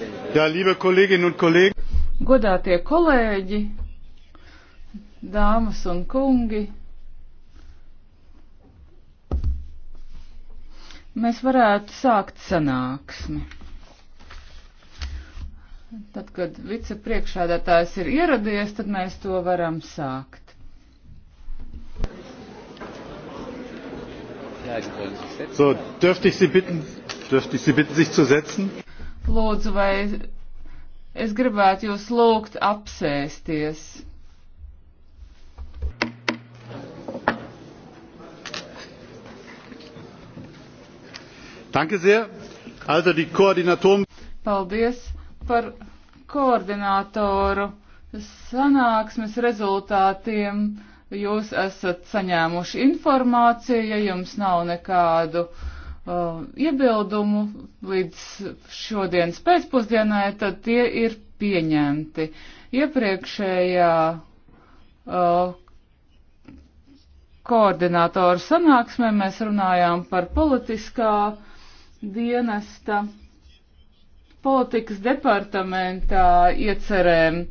Jā, ja, liebe kolēģin un kolēģi. Godātie kolēģi, dāmas un kungi, mēs varētu sākt sanāksmi. Tad, kad vicepriekšādātājs ir ieradies, tad mēs to varam sākt. So, dürfte ich Sie bitten, dürfte ich Sie bitten, sich zu setzen? Lūdzu, vai es gribētu jūs lūgt apsēsties? Danke sehr. Also die Koordinatoren. Paldies par koordinatoru sanāksmes rezultātiem. Jūs esat saņēmuši informāciju, ja jums nav nekādu uh, uh, iebildumu līdz šodienas pēcpusdienai, tad tie ir pieņemti. Iepriekšējā uh, koordinātoru sanāksmē mēs runājām par politiskā dienesta politikas departamentā iecerēm.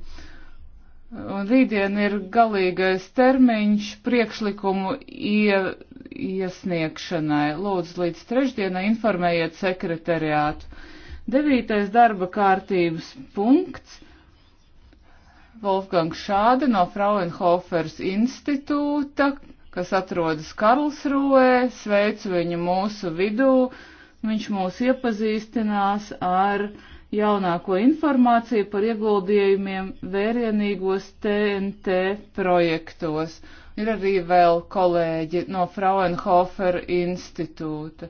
Un rītdien ir galīgais termiņš priekšlikumu ie, iesniegšanai. Lūdzu, līdz trešdienai informējiet sekretariātu. Devītais darba kārtības punkts. Wolfgang Šāde no Fraunhofers institūta, kas atrodas Karlsruē, sveicu viņu mūsu vidū. Viņš mūs iepazīstinās ar jaunāko informāciju par ieguldījumiem vērienīgos TNT projektos Ir arī vēl kolēģi no Fraunhofer institūta.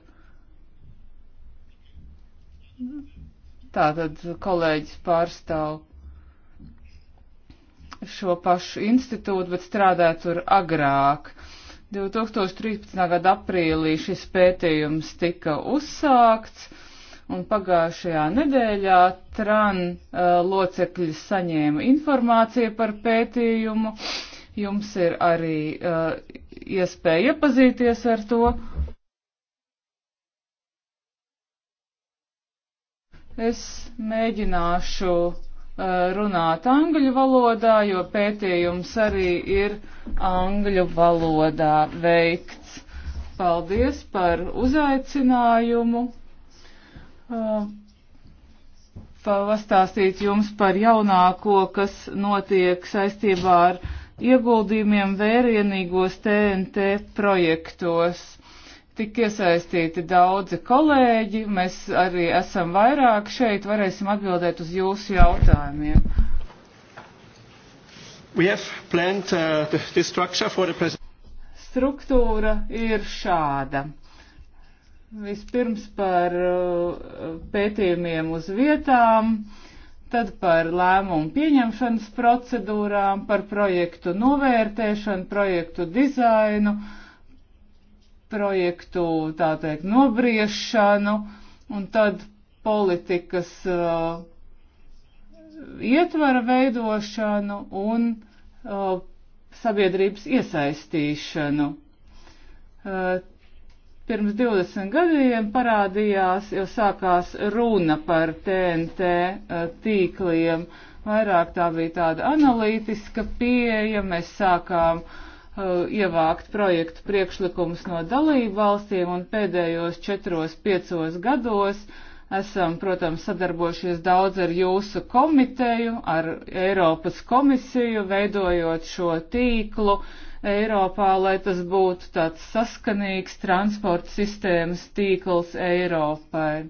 Tātad kolēģis pārstāv šo pašu institūtu, bet strādāja tur agrāk. 2013. gada aprīlī šis pētījums tika uzsākts, un pagājušajā nedēļā TRAN uh, locekļi saņēma informāciju par pētījumu. Uh, Jums ir arī uh, iespēja iepazīties ar to. Es mēģināšu uh, runāt angļu valodā, jo pētījums arī ir angļu valodā veikts. Paldies par uzaicinājumu. Uh, pastāstīt jums par jaunāko, kas notiek saistībā ar ieguldījumiem vērienīgos TNT projektos. Tik iesaistīti daudzi kolēģi, mēs arī esam vairāk šeit, varēsim atbildēt uz jūsu jautājumiem. Planned, uh, Struktūra ir šāda. Vispirms par uh, pētījumiem uz vietām. Uh, tad par lēmumu pieņemšanas procedūrām, par projektu novērtēšanu, projektu dizainu, projektu, tā teikt, nobriešanu un tad politikas uh, ietvara veidošanu un uh, sabiedrības iesaistīšanu. Uh, pirms 20 gadiem parādījās, jau sākās runa par TNT eh, tīkliem. Vairāk tā bija tāda analītiska pieeja, mēs sākām uh, ievākt projektu priekšlikumus no dalību valstīm un pēdējos 4-5 gados esam, protams, sadarbojušies daudz ar jūsu komiteju, ar Eiropas komisiju, veidojot šo tīklu. Uh, Eiropā, lai tas būtu tāds saskanīgs transporta sistēmas tīkls Eiropai.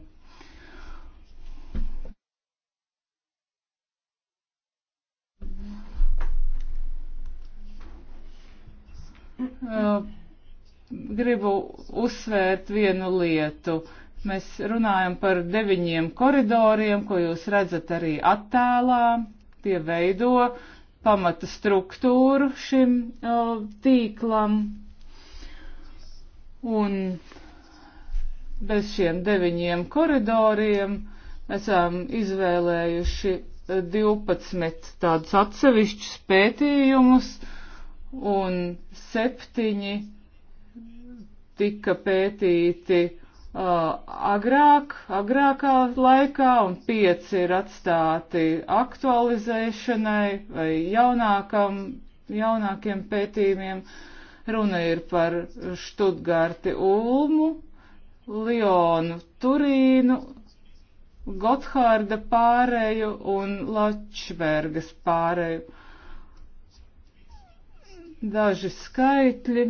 Gribu uzsvērt vienu lietu. Mēs runājam par deviņiem koridoriem, ko jūs redzat arī attēlā. Tie veido pamata struktūru šim uh, tīklam. Un bez šiem deviņiem koridoriem esam izvēlējuši 12 tādus atsevišķus pētījumus, un septiņi tika pētīti Uh, agrāk, agrākā laikā, un pieci ir atstāti aktualizēšanai vai jaunākam, jaunākiem pētījumiem. Runa ir par Študgārti Ulmu, Lionu Turīnu, Gotthārda pārēju un Ločbergas pārēju. Daži skaitļi.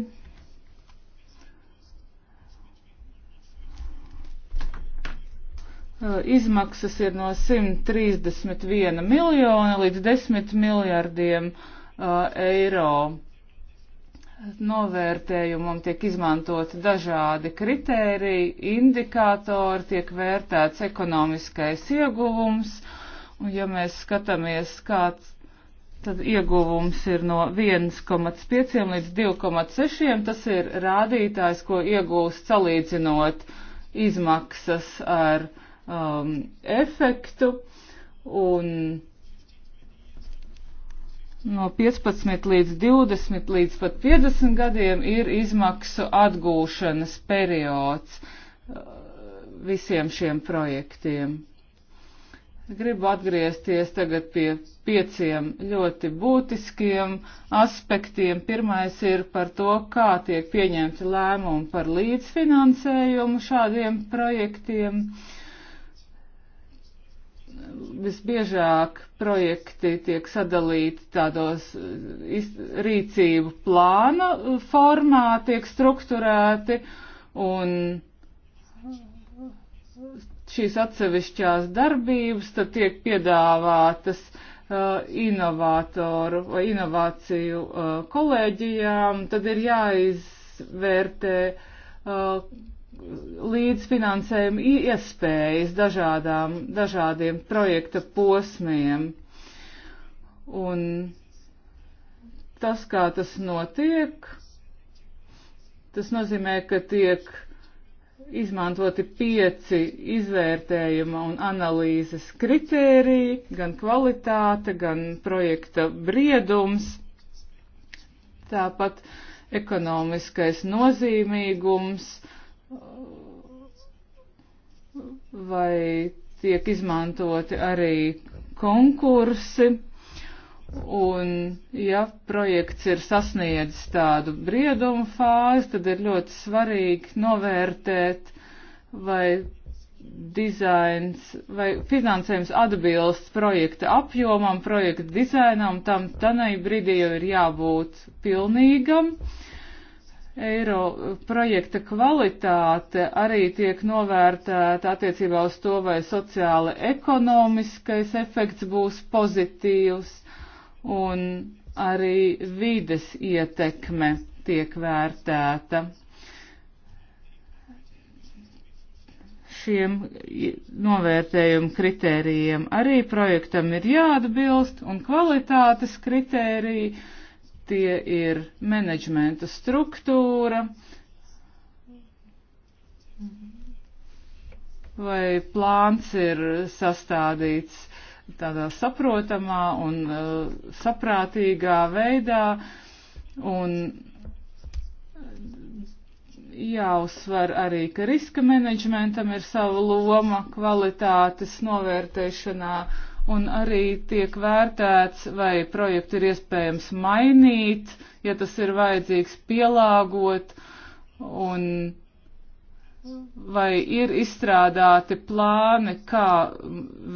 Uh, izmaksas ir no 131 miljona līdz 10 miljardiem uh, eiro. Novērtējumam tiek izmantoti dažādi kritēriji, indikātori, tiek vērtēts ekonomiskais ieguvums, un ja mēs skatāmies, kāds tad ieguvums ir no 1,5 līdz 2,6, tas ir rādītājs, ko iegūst salīdzinot izmaksas ar uh, um, efektu un no 15 līdz 20 līdz pat 50 gadiem ir izmaksu atgūšanas periods uh, visiem šiem projektiem. Gribu atgriezties tagad pie pieciem ļoti būtiskiem aspektiem. Pirmais ir par to, kā tiek pieņemti lēmumi par līdzfinansējumu šādiem projektiem. Uh, visbiežāk projekti tiek sadalīti tādos eh, rīcību plāna formā, tiek strukturēti un šīs atsevišķās darbības tad tiek piedāvātas uh, inovātoru vai inovāciju uh, kolēģijām, tad ir jāizvērtē uh, līdzfinansējuma iespējas dažādām, dažādiem projekta posmiem. Un tas, kā tas notiek, tas nozīmē, ka tiek izmantoti pieci izvērtējuma un analīzes kritēriji, gan kvalitāte, gan projekta briedums, tāpat ekonomiskais nozīmīgums, uh, vai tiek izmantoti arī konkursi. Un, ja projekts ir sasniedzis tādu briedumu fāzi, tad ir ļoti svarīgi novērtēt, vai dizains vai finansējums atbilst projekta apjomam, projekta dizainam, tam tanai brīdī jau ir jābūt pilnīgam. Uh, eiro projekta kvalitāte arī tiek novērtēta attiecībā uz to, vai sociāli ekonomiskais efekts būs pozitīvs un arī vides ietekme tiek vērtēta. Šiem novērtējumu kritērijiem arī projektam ir jāatbilst un kvalitātes kritērija Tie ir menedžmenta struktūra vai plāns ir sastādīts tādā saprotamā un uh, saprātīgā veidā un jāuzsver arī, ka riska menedžmentam ir sava loma kvalitātes novērtēšanā un arī tiek vērtēts, vai projektu ir iespējams mainīt, ja tas ir vajadzīgs pielāgot, un vai ir izstrādāti plāni, kā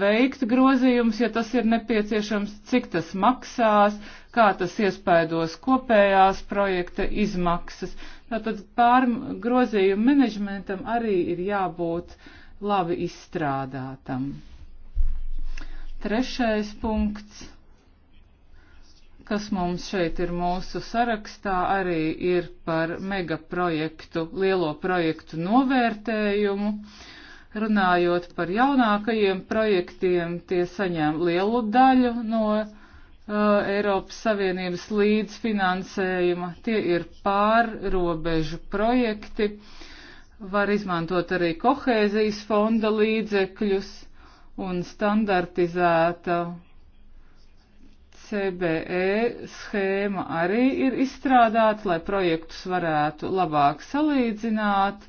veikt grozījumus, ja tas ir nepieciešams, cik tas maksās, kā tas iespaidos kopējās projekta izmaksas. Tātad pār grozījumu menedžmentam arī ir jābūt labi izstrādātam. Trešais punkts, kas mums šeit ir mūsu sarakstā, arī ir par megaprojektu, lielo projektu novērtējumu. Runājot par jaunākajiem projektiem, tie saņem lielu daļu no uh, Eiropas Savienības līdzfinansējuma. Tie ir pārrobežu projekti. Var izmantot arī kohēzijas fonda līdzekļus un standartizēta CBE schēma arī ir izstrādāta, lai projektus varētu labāk salīdzināt.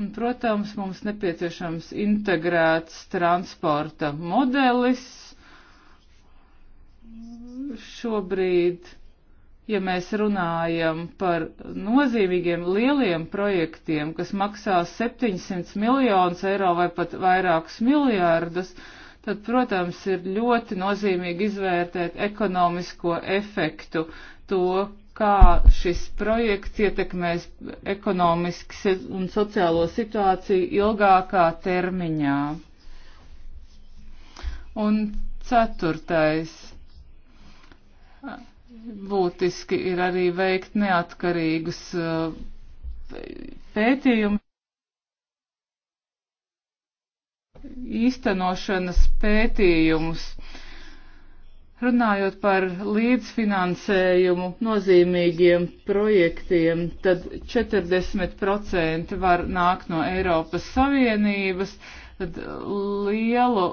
Un, protams, mums nepieciešams integrēts transporta modelis. Šobrīd ja mēs runājam par nozīmīgiem lieliem projektiem, kas maksās 700 miljonus eiro vai pat vairākus miljārdus, tad, protams, ir ļoti nozīmīgi izvērtēt ekonomisko efektu, to, kā šis projekts ietekmēs ekonomiski un sociālo situāciju ilgākā termiņā. Un ceturtais būtiski ir arī veikt neatkarīgus eh, pētījumus. īstenošanas pētījumus. Runājot par līdzfinansējumu nozīmīgiem projektiem, tad 40% var nākt no Eiropas Savienības, tad lielu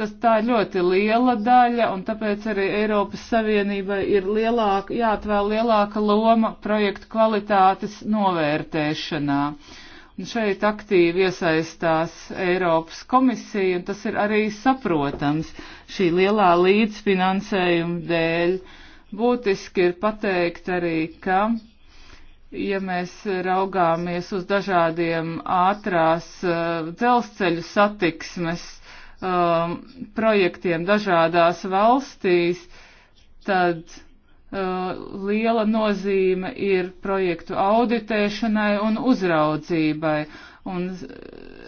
Tas tā ir ļoti liela daļa, un tāpēc arī Eiropas Savienībai ir lielāka, jāatvēl lielāka loma projektu kvalitātes novērtēšanā. Un šeit aktīvi iesaistās Eiropas komisija, un tas ir arī saprotams šī lielā līdzfinansējuma dēļ. Būtiski ir pateikt arī, ka ja mēs raugāmies uz dažādiem ātrās uh, eh, dzelzceļu satiksmes um, projektiem dažādās valstīs, tad uh, liela nozīme ir projektu auditēšanai un uzraudzībai. Un, uh,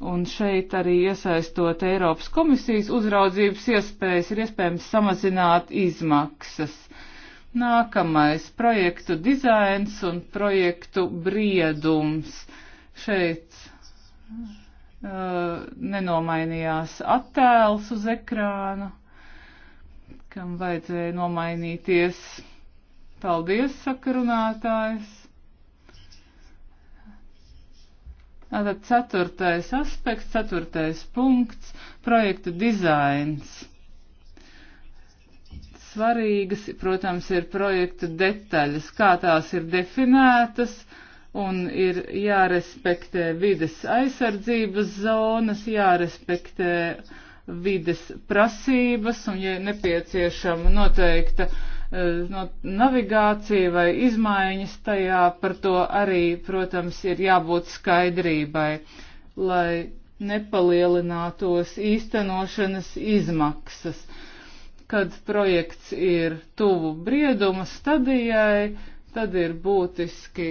Un šeit arī iesaistot Eiropas komisijas uzraudzības iespējas, ir iespējams samazināt izmaksas. Nākamais - projektu dizains un projektu briedums. Šeit Uh, nenomainījās attēls uz ekrāna, kam vajadzēja nomainīties. Paldies, sakarunātājs. Tātad ceturtais aspekts, ceturtais punkts - projektu dizains. Svarīgas, protams, ir projekta detaļas, kā tās ir definētas, uh, un ir jārespektē vides aizsardzības zonas, jārespektē vides prasības un, ja nepieciešama noteikta eh, no, navigācija vai izmaiņas tajā, par to arī, protams, ir jābūt skaidrībai, lai nepalielinātos īstenošanas izmaksas. Kad projekts ir tuvu brieduma stadijai, tad ir būtiski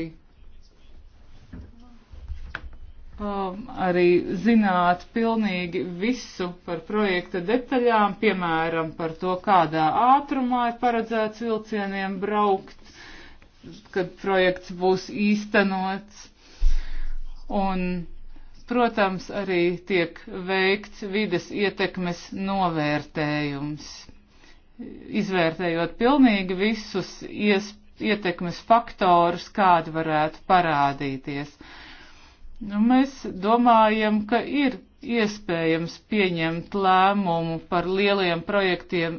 Um, arī zināt pilnīgi visu par projekta detaļām, piemēram, par to, kādā ātrumā ir paredzēts vilcieniem braukt, kad projekts būs īstenots. Un, protams, arī tiek veikts vides ietekmes novērtējums, izvērtējot pilnīgi visus ies, ietekmes faktorus, kādi varētu parādīties Nu, mēs domājam, ka ir iespējams pieņemt lēmumu par lieliem projektiem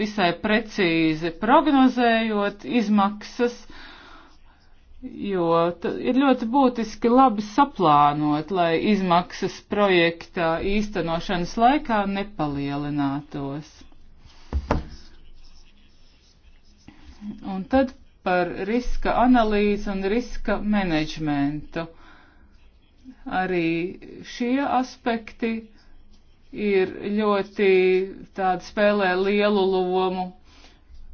visai precīzi prognozējot izmaksas, jo ir ļoti būtiski labi saplānot, lai izmaksas projektā īstenošanas laikā nepalielinātos. Un tad par riska analīzi un riska menedžmentu arī šie aspekti ir ļoti tādi spēlē lielu lomu.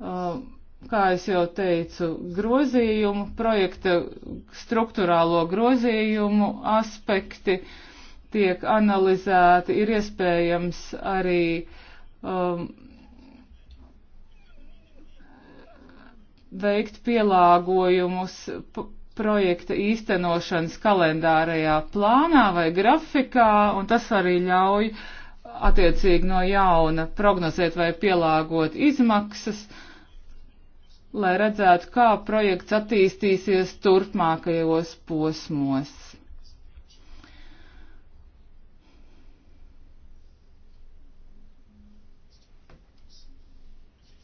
Uh, kā es jau teicu, grozījumu, projekta struktūrālo grozījumu aspekti tiek analizēti, ir iespējams arī um, veikt pielāgojumus projekta īstenošanas kalendārajā plānā vai grafikā, un tas arī ļauj attiecīgi no jauna prognozēt vai pielāgot izmaksas, lai redzētu, kā projekts attīstīsies turpmākajos posmos.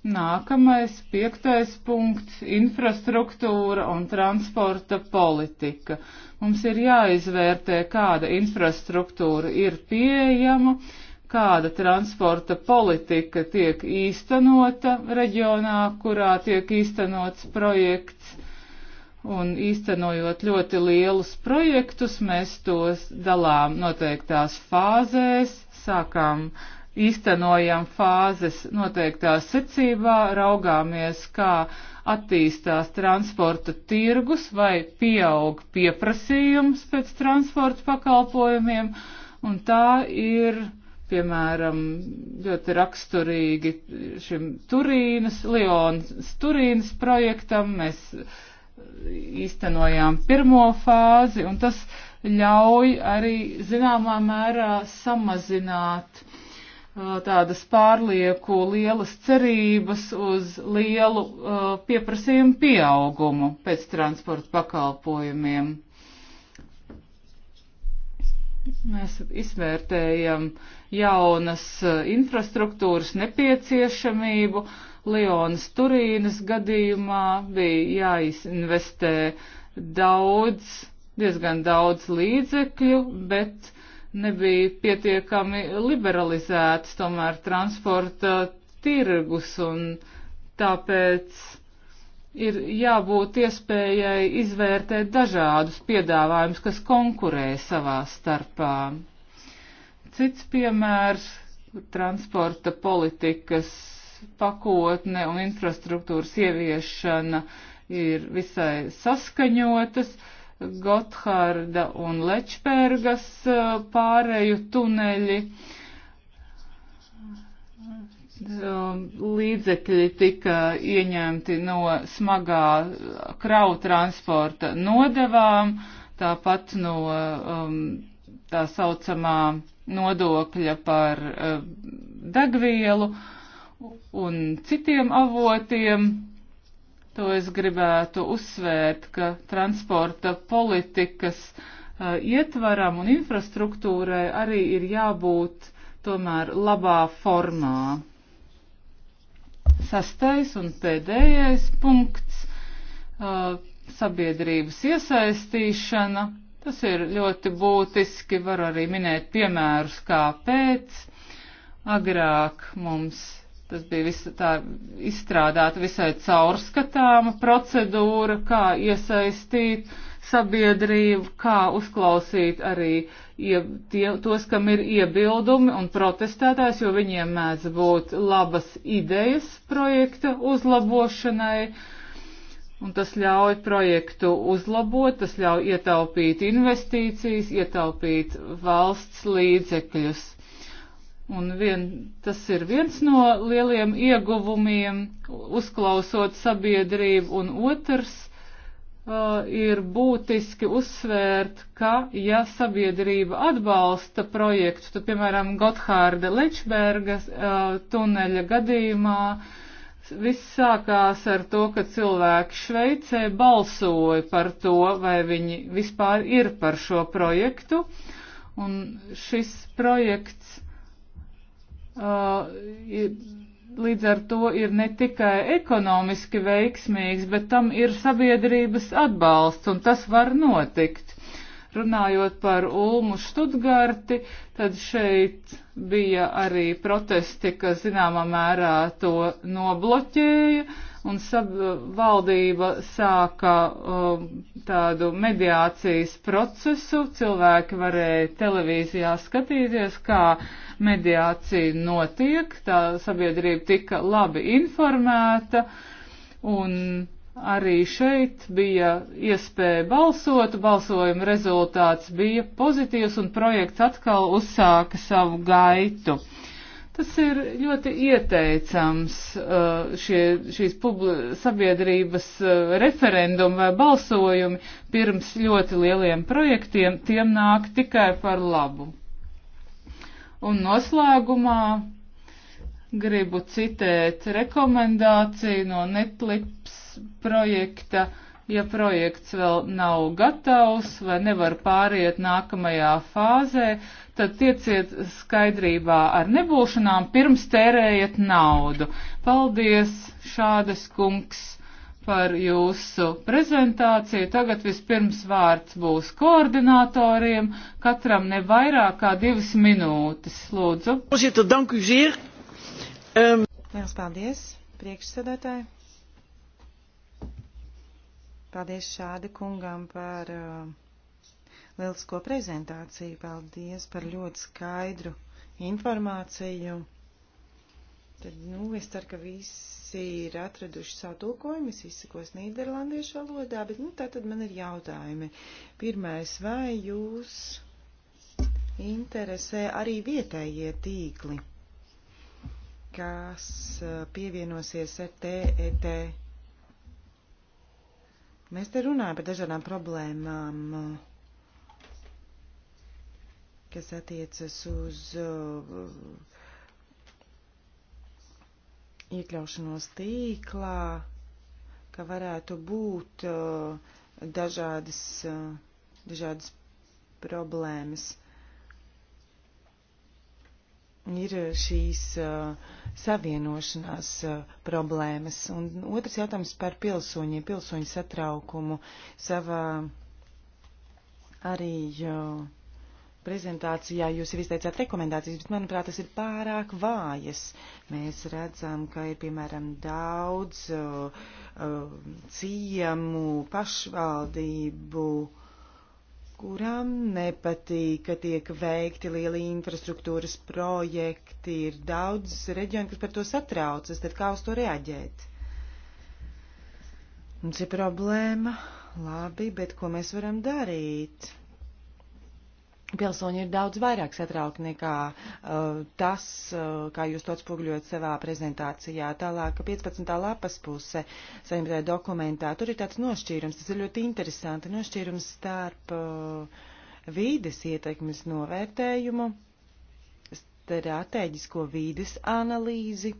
Nākamais piektais punkts - infrastruktūra un transporta politika. Mums ir jāizvērtē, kāda infrastruktūra ir pieejama, kāda transporta politika tiek īstenota reģionā, kurā tiek īstenots projekts. Un īstenojot ļoti lielus projektus, mēs tos dalām noteiktās fāzēs, sākām uh, īstenojam fāzes noteiktā secībā, raugāmies, kā attīstās transporta tirgus vai pieaug pieprasījums pēc transporta pakalpojumiem, un tā ir, piemēram, ļoti raksturīgi šim Turīnas, Lionas Turīnas projektam. Mēs īstenojām pirmo fāzi, un tas ļauj arī zināmā mērā samazināt uh, Uh, tādas pārlieku lielas cerības uz lielu uh, pieprasījumu pieaugumu pēc transporta pakalpojumiem. Mēs izvērtējam jaunas uh, infrastruktūras nepieciešamību. Lionas Turīnas gadījumā bija jāinvestē daudz, diezgan daudz līdzekļu, bet nebija pietiekami liberalizēts tomēr transporta tirgus un tāpēc ir jābūt iespējai izvērtēt dažādus piedāvājumus, kas konkurē savā starpā. Cits piemērs - transporta politikas pakotne un infrastruktūras ieviešana ir visai saskaņotas. Uh, Gotthārda un Lečpērgas uh, pārēju tuneļi. Um, līdzekļi tika ieņemti no smagā krautransporta nodevām, tāpat no um, tā saucamā nodokļa par uh, degvielu un citiem avotiem To es gribētu uzsvērt, ka transporta politikas uh, ietvaram un infrastruktūrai arī ir jābūt tomēr labā formā. Sastais un pēdējais punkts uh, - sabiedrības iesaistīšana. Tas ir ļoti būtiski, var arī minēt piemērus, kāpēc agrāk mums Tas bija visa tā izstrādāta visai caurskatāma procedūra, kā iesaistīt sabiedrību, kā uzklausīt arī ja tie, tos, kam ir iebildumi un protestētājs, jo viņiem mēdz būt labas idejas projekta uzlabošanai. Un tas ļauj projektu uzlabot, tas ļauj ietaupīt investīcijas, ietaupīt valsts līdzekļus. Un vien, tas ir viens no lieliem ieguvumiem, uzklausot sabiedrību, un otrs uh, ir būtiski uzsvērt, ka, ja sabiedrība atbalsta projektu, tad, piemēram, Gotthārda Lečberga uh, tuneļa gadījumā, viss sākās ar to, ka cilvēki Šveicē balsoja par to, vai viņi vispār ir par šo projektu, un šis projekts Uh, līdz ar to ir ne tikai ekonomiski veiksmīgs, bet tam ir sabiedrības atbalsts, un tas var notikt. Runājot par Ulmu Študgarti, tad šeit bija arī protesti, kas zināmā mērā to nobloķēja un sab, valdība sāka um, tādu mediācijas procesu. Cilvēki varēja televīzijā skatīties, kā mediācija notiek. Tā sabiedrība tika labi informēta un arī šeit bija iespēja balsot. Balsojuma rezultāts bija pozitīvs un projekts atkal uzsāka savu gaitu. Tas ir ļoti ieteicams uh, šie, šīs sabiedrības uh, referendumi vai balsojumi pirms ļoti lieliem projektiem, tiem nāk tikai par labu. Un noslēgumā gribu citēt rekomendāciju no Netflix projekta. Ja projekts vēl nav gatavs vai nevar pāriet nākamajā fāzē, uh, tad tieciet skaidrībā ar nebūšanām, pirms tērējat naudu. Paldies, Šādes kungs, par jūsu prezentāciju. Tagad vispirms vārds būs koordinatoriem, katram ne vairāk kā divas minūtes, lūdzu. Ehm, Liels paldies, priekšsēdētāji. Paldies šādi kungam par uh, lielisko prezentāciju. Paldies par ļoti skaidru informāciju. Tad, nu, es ceru, ka visi ir atraduši savu tulkojumu, es izsakos nīderlandiešu valodā, bet, nu, tā tad man ir jautājumi. Pirmais, vai jūs interesē arī vietējie tīkli, kas pievienosies ar TET? Mēs te runājam par dažādām problēmām. Uh, kas attiecas uz uh, iekļaušanos tīklā, ka varētu būt uh, dažādas, uh, dažādas problēmas ir šīs uh, savienošanās uh, problēmas. Un otrs jautājums par pilsoņiem, pilsoņu satraukumu savā arī uh, prezentācijā jūs jau izteicāt rekomendācijas, bet manuprāt, tas ir pārāk vājas. Mēs redzam, ka ir, piemēram, daudz uh, ciemu pašvaldību kurām nepatīk, ka tiek veikti lieli infrastruktūras projekti, ir daudz reģionu, kas par to satraucas, tad kā uz to reaģēt? Mums ir problēma, labi, bet ko mēs varam darīt? Pilsoņi ir daudz vairāk satraukti nekā uh, tas, uh, kā jūs to atspoguļojat savā prezentācijā. Tālāk, 15. lapas puse saimtajā dokumentā, tur ir tāds nošķīrums, tas ir ļoti interesanti, nošķīrums starp uh, vīdes ietekmes novērtējumu, stratēģisko vīdes analīzi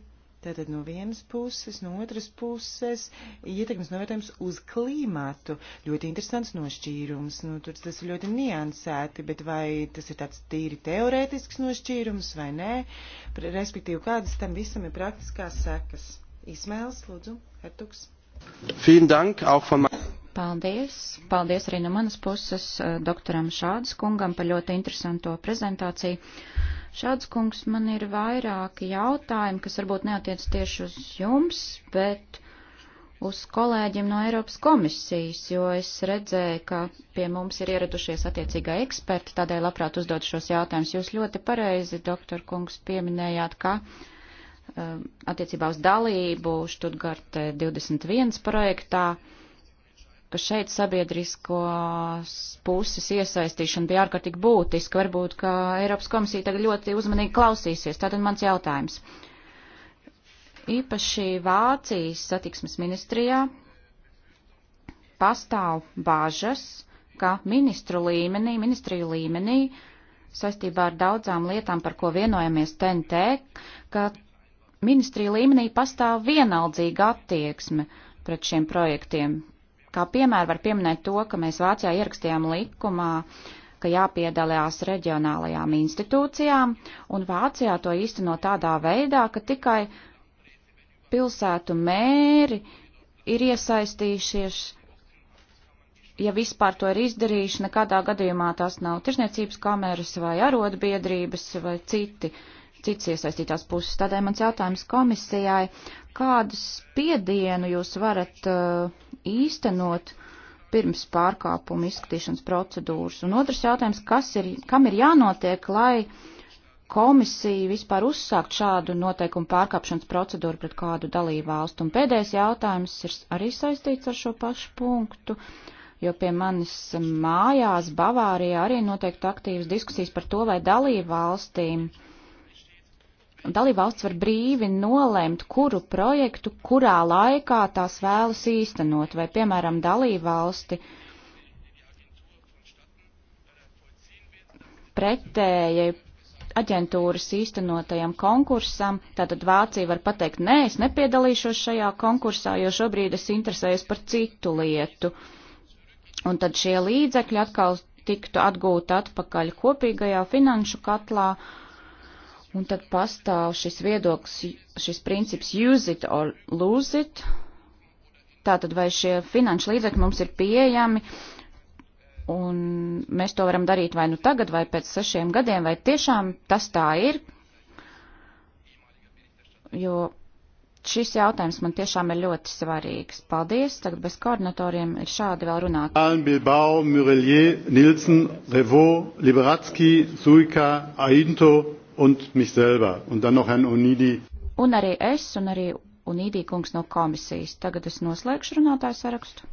Tātad no vienas puses, no otras puses ietekmes novērtējums uz klimatu. Ļoti interesants nošķīrums. Nu, tur tas ir ļoti niansēti, bet vai tas ir tāds tīri teorētisks nošķīrums vai nē? Respektīvi, kādas tam visam ir praktiskās sekas? Ismēls, lūdzu, Hertuks. Paldies! Paldies arī no manas puses eh, doktoram Šādas kungam par ļoti interesanto prezentāciju. Šāds kungs man ir vairāki jautājumi, kas varbūt neatiec tieši uz jums, bet uz kolēģiem no Eiropas komisijas, jo es redzēju, ka pie mums ir ieradušies attiecīgā eksperta, tādēļ labprāt uzdot šos jautājumus. Jūs ļoti pareizi, doktor kungs, pieminējāt, ka um, attiecībā uz dalību Štutgarte 21 projektā ka šeit sabiedriskos puses iesaistīšana bija ārkārtīgi būtiska. Varbūt, ka Eiropas komisija tagad ļoti uzmanīgi klausīsies. Tātad mans jautājums. Īpaši Vācijas satiksmes ministrijā pastāv bāžas, ka ministru līmenī, ministriju līmenī, saistībā ar daudzām lietām, par ko vienojamies TNT, ka ministriju līmenī pastāv vienaldzīga attieksme pret šiem projektiem. Kā piemēru var pieminēt to, ka mēs Vācijā ierakstījām likumā, ka jāpiedalās reģionālajām institūcijām, un Vācijā to īsteno tādā veidā, ka tikai pilsētu mēri ir iesaistījušies ja vispār to ir izdarījuši, nekādā gadījumā tās nav tirzniecības kameras vai arotbiedrības vai citi cits iesaistītās puses. Tādēļ mans jautājums komisijai, kādu spiedienu jūs varat uh, īstenot pirms pārkāpuma izskatīšanas procedūras? Un otrs jautājums, kas ir, kam ir jānotiek, lai komisija vispār uzsākt šādu noteikumu pārkāpšanas procedūru pret kādu dalību valstu? Un pēdējais jautājums ir arī saistīts ar šo pašu punktu. Uh, jo pie manis mājās Bavārijā arī noteikti aktīvas diskusijas par to, vai dalību valstīm dalībvalsts var brīvi nolemt, kuru projektu, kurā laikā tās vēlas īstenot, vai, piemēram, dalībvalsti pretējai aģentūras īstenotajam konkursam. Tātad Vācija var pateikt, nē, es nepiedalīšos šajā konkursā, jo šobrīd es interesējos par citu lietu. Un tad šie līdzekļi atkal tiktu atgūti atpakaļ kopīgajā finanšu katlā. Uh, Un tad pastāv šis viedoklis, šis princips use it or lose it. Tātad vai šie finanšu līdzekļi mums ir pieejami, un mēs to varam darīt vai nu tagad, vai pēc sešiem gadiem, vai tiešām tas tā ir. Jo šis jautājums man tiešām ir ļoti svarīgs. Paldies, tagad bez koordinatoriem ir šādi vēl runāt. Bilbao, Murelier, Nilsen, Revo, Liberatski, Suika, Ainto, und mich selber und dann noch Herrn Onidi. Un arī es un arī Onidi kungs no komisijas. Tagad es noslēgšu runātāju sarakstu.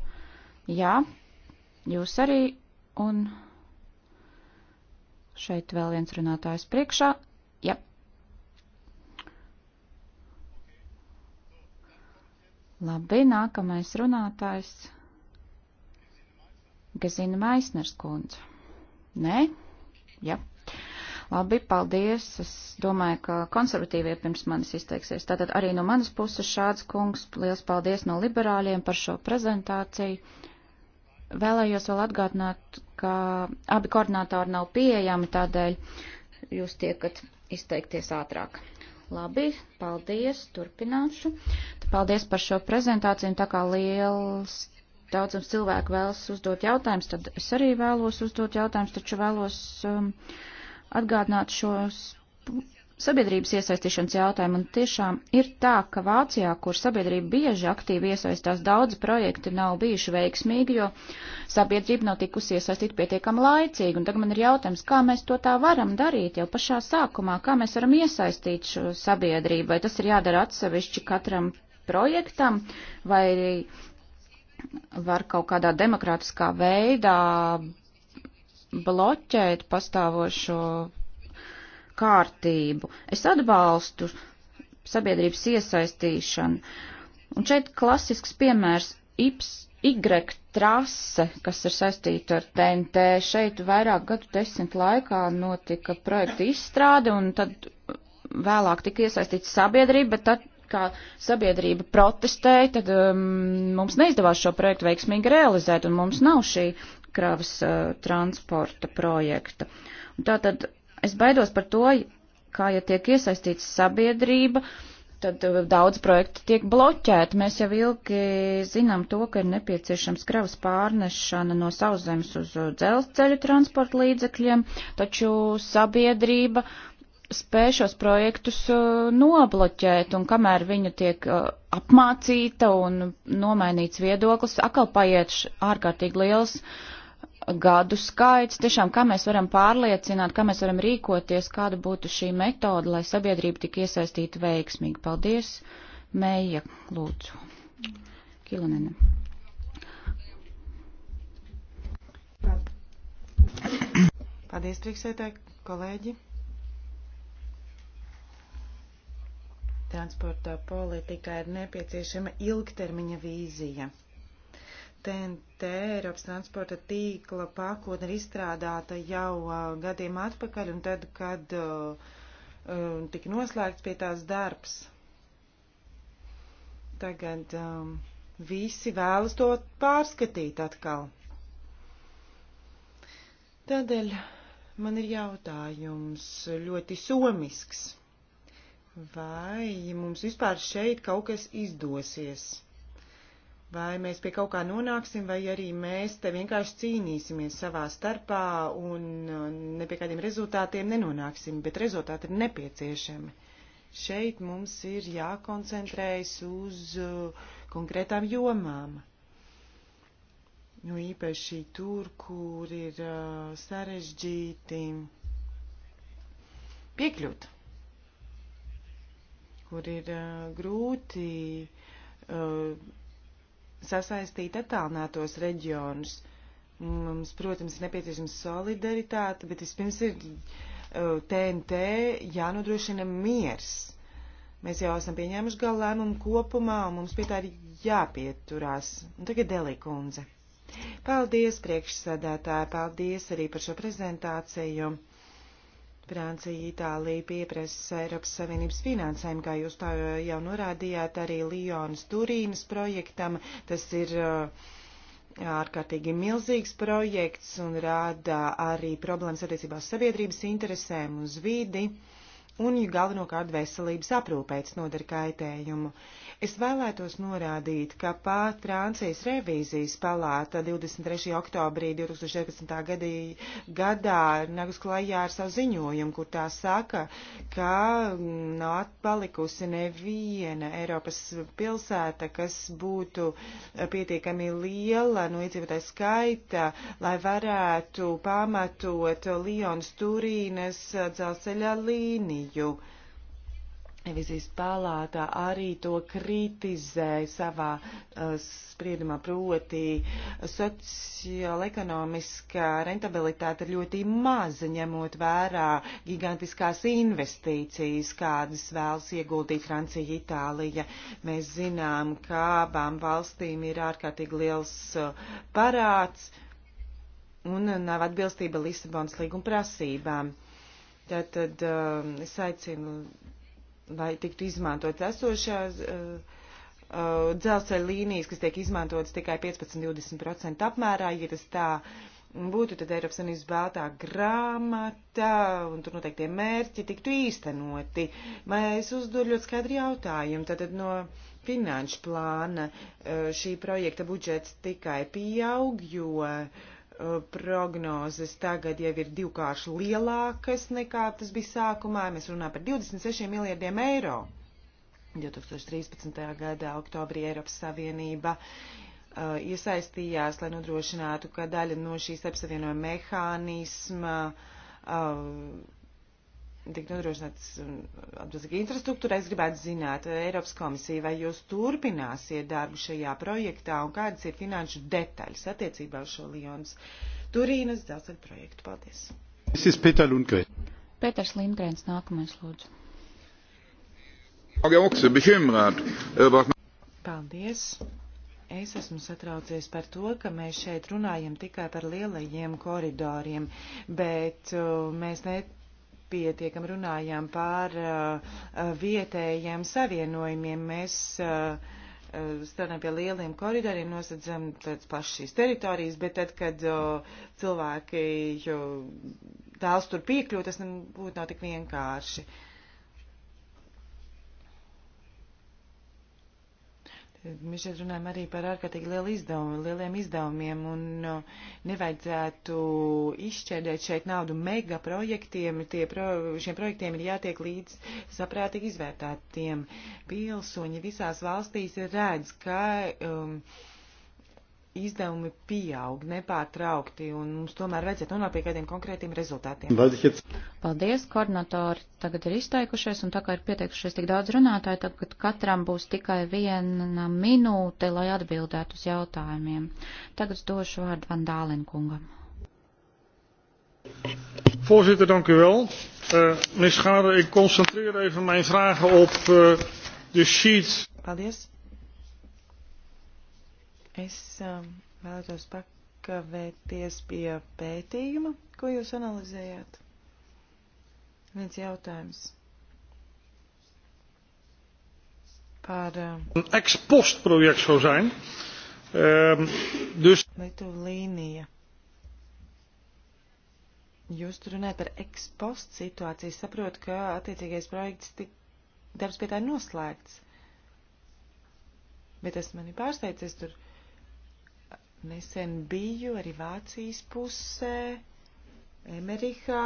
Jā, jūs arī un šeit vēl viens runātājs priekšā. Jā. Labi, nākamais runātājs. Gazina Maisners kundze. Nē? Jā. Ja. Labi, paldies. Es domāju, ka konservatīvie pirms manis izteiksies. Tātad arī no manas puses šāds kungs. Liels paldies no liberāļiem par šo prezentāciju. Vēlējos vēl atgādināt, ka abi koordinātori nav pieejami, tādēļ jūs tiekat izteikties ātrāk. Labi, paldies, turpināšu. Paldies par šo prezentāciju, un tā kā liels daudzums cilvēku vēlas uzdot jautājumus, tad es arī vēlos uzdot jautājumus, taču vēlos um, atgādināt šos sabiedrības iesaistīšanas jautājumu, un tiešām ir tā, ka Vācijā, kur sabiedrība bieži aktīvi iesaistās, daudz projekti nav bijuši veiksmīgi, jo sabiedrība nav tikusi iesaistīta pietiekami laicīgi, un tagad man ir jautājums, kā mēs to tā varam darīt jau pašā sākumā, kā mēs varam iesaistīt šo sabiedrību, vai tas ir jādara atsevišķi katram projektam, vai var kaut kādā demokrātiskā veidā bloķēt pastāvošo kārtību. Es atbalstu sabiedrības iesaistīšanu. Un šeit klasisks piemērs IPS Y trase, kas ir saistīta ar TNT. Šeit vairāk gadu desmit laikā notika projekta izstrāde, un tad vēlāk tika iesaistīta sabiedrība, bet tad, kā sabiedrība protestēja, tad um, mums neizdevās šo projektu veiksmīgi realizēt, un mums nav šī kravas uh, transporta projekta. Un tātad es baidos par to, kā ja tiek iesaistīts sabiedrība, tad uh, daudz projektu tiek bloķēti. Mēs jau ilgi zinām to, ka ir nepieciešams kravas pārnešana no sauszemes uz dzelzceļu transporta līdzekļiem, taču sabiedrība spēj šos projektus nobloķēt, un kamēr viņa tiek apmācīta un nomainīts viedoklis, atkal paiet ārkārtīgi liels gadu skaits, tiešām kā mēs varam pārliecināt, kā mēs varam rīkoties, kāda būtu šī metode, lai sabiedrība tik iesaistītu veiksmīgi. Paldies, Meija, lūdzu. Kilonene. Paldies, priekšsētāji, kolēģi. Transporta politikā ir nepieciešama ilgtermiņa vīzija. TNT Eiropas transporta tīkla pakotne ir izstrādāta jau uh, gadiem atpakaļ, un tad, kad uh, uh, tika noslēgts pie tās darbs, tagad um, visi vēlas to pārskatīt atkal. Tādēļ man ir jautājums ļoti somisks. Vai mums vispār šeit kaut kas izdosies? Vai mēs pie kaut kā nonāksim, vai arī mēs te vienkārši cīnīsimies savā starpā un uh, ne pie kādiem rezultātiem nenonāksim, bet rezultāti ir nepieciešami. Šeit mums ir jākoncentrējas uz uh, konkrētām jomām. Nu, īpaši tur, kur ir uh, sarežģīti piekļūt, kur ir uh, grūti uh, sasaistīt attālinātos reģionus. Mums, protams, ir nepieciešama solidaritāte, bet vispirms ir TNT uh, jānodrošina miers. Mēs jau esam pieņēmuši galu lēmumu kopumā, un mums pie tā ir jāpieturās. Un tagad Delī kundze. Paldies, priekšsēdētāji, paldies arī par šo prezentāciju. Francija, Itālija pieprasa Eiropas Savienības finansējumu, kā jūs tā jau norādījāt, arī Lionas Turīnas projektam. Tas ir uh, ārkārtīgi milzīgs projekts un rāda arī problēmas attiecībā uz sabiedrības interesēm, uz vidi. Uh, un galvenokārt veselības aprūpēts nodara kaitējumu. Es vēlētos norādīt, ka pār Francijas revīzijas palāta 23. oktobrī 2014. Gadī, gadā nagus klajā ar savu ziņojumu, kur tā saka, ka mm, nav atpalikusi neviena Eiropas pilsēta, kas būtu eh, pietiekami liela no iedzīvotāju skaita, lai varētu pamatot Lionas Turīnas dzelzceļa līniju Dāniju. Revizijas palātā arī to kritizē savā uh, spriedumā, proti sociāla-ekonomiskā rentabilitāte ir ļoti maza, ņemot vērā gigantiskās investīcijas, kādas vēlas ieguldīt Francija, Itālija. Mēs zinām, ka abām valstīm ir ārkārtīgi liels uh, parāds un nav atbilstība Lisabonas līguma prasībām. Uh, Tātad um, es aicinu, lai tiktu izmantot esošās. Uh, uh, dzelzceļa līnijas, kas tiek izmantotas tikai 15-20% apmērā, ja tas tā būtu, tad Eiropas Savienības baltā grāmata un tur noteiktie mērķi tiktu īstenoti. Mēs uzdod ļoti skaidru jautājumu. Tātad no finanšu plāna uh, šī projekta budžets tikai pieaug, jo uh, Uh, prognozes tagad jau ir divkārši lielākas nekā tas bija sākumā. Mēs runājam par 26 miljardiem eiro. 2013. gadā oktobrī Eiropas Savienība uh, iesaistījās, lai nodrošinātu, ka daļa no šīs apsavienojuma mehānisma uh, tik nodrošināts um, atbilstīga infrastruktūra. Es gribētu zināt, eh, Eiropas komisija, vai jūs turpināsiet darbu šajā projektā un kādas ir finanšu detaļas attiecībā uz šo Lions Turīnas dzelzceļa projektu. Paldies. Es esmu Pēter Lundgren. Pēters Lindgrens, nākamais lūdzu. Paldies. Es esmu satraucies par to, ka mēs šeit runājam tikai par lielajiem koridoriem, bet uh, mēs ne pietiekam runājām par uh, vietējiem savienojumiem. Mēs uh, uh, strādājam pie lieliem koridoriem, nosedzam tādas pašas šīs teritorijas, bet tad, kad uh, cilvēki tās tur piekļūt, tas nebūtu nav tik vienkārši. Uh, Mēs šeit runājam arī par ārkārtīgi lielu izdevumu, lieliem izdevumiem, un uh, nevajadzētu izšķērdēt šeit naudu mega projektiem. Tie pro, šiem projektiem ir jātiek līdz saprātīgi izvērtētiem. Pilsoņi visās valstīs redz, ka. Um, izdevumi pieaug nepārtraukti, un mums tomēr vajadzētu nonākt pie kādiem konkrētiem rezultātiem. Paldies, koordinatori tagad ir izteikušies, un tā kā ir pieteikušies tik daudz runātāju, tagad katram būs tikai viena minūte, lai atbildētu uz jautājumiem. Tagad došu vārdu Vandālin kungam. Voorzitter, dank u wel. Uh, meneer Schade, ik concentreer even mijn vragen op uh, de sheets. Paldies. Es um, vēlētos pakavēties pie pētījuma, ko jūs analizējāt. Viens jautājums. Par. Um, Ex post project zou zijn. Um, dus. Lietuvlīnija. Jūs tur runājat par ekspostu situāciju. Saprotu, ka attiecīgais projekts tik darbs pie tā ir noslēgts. Bet tas mani pārsteidz, es tur Nesen biju arī Vācijas pusē, Emerihā,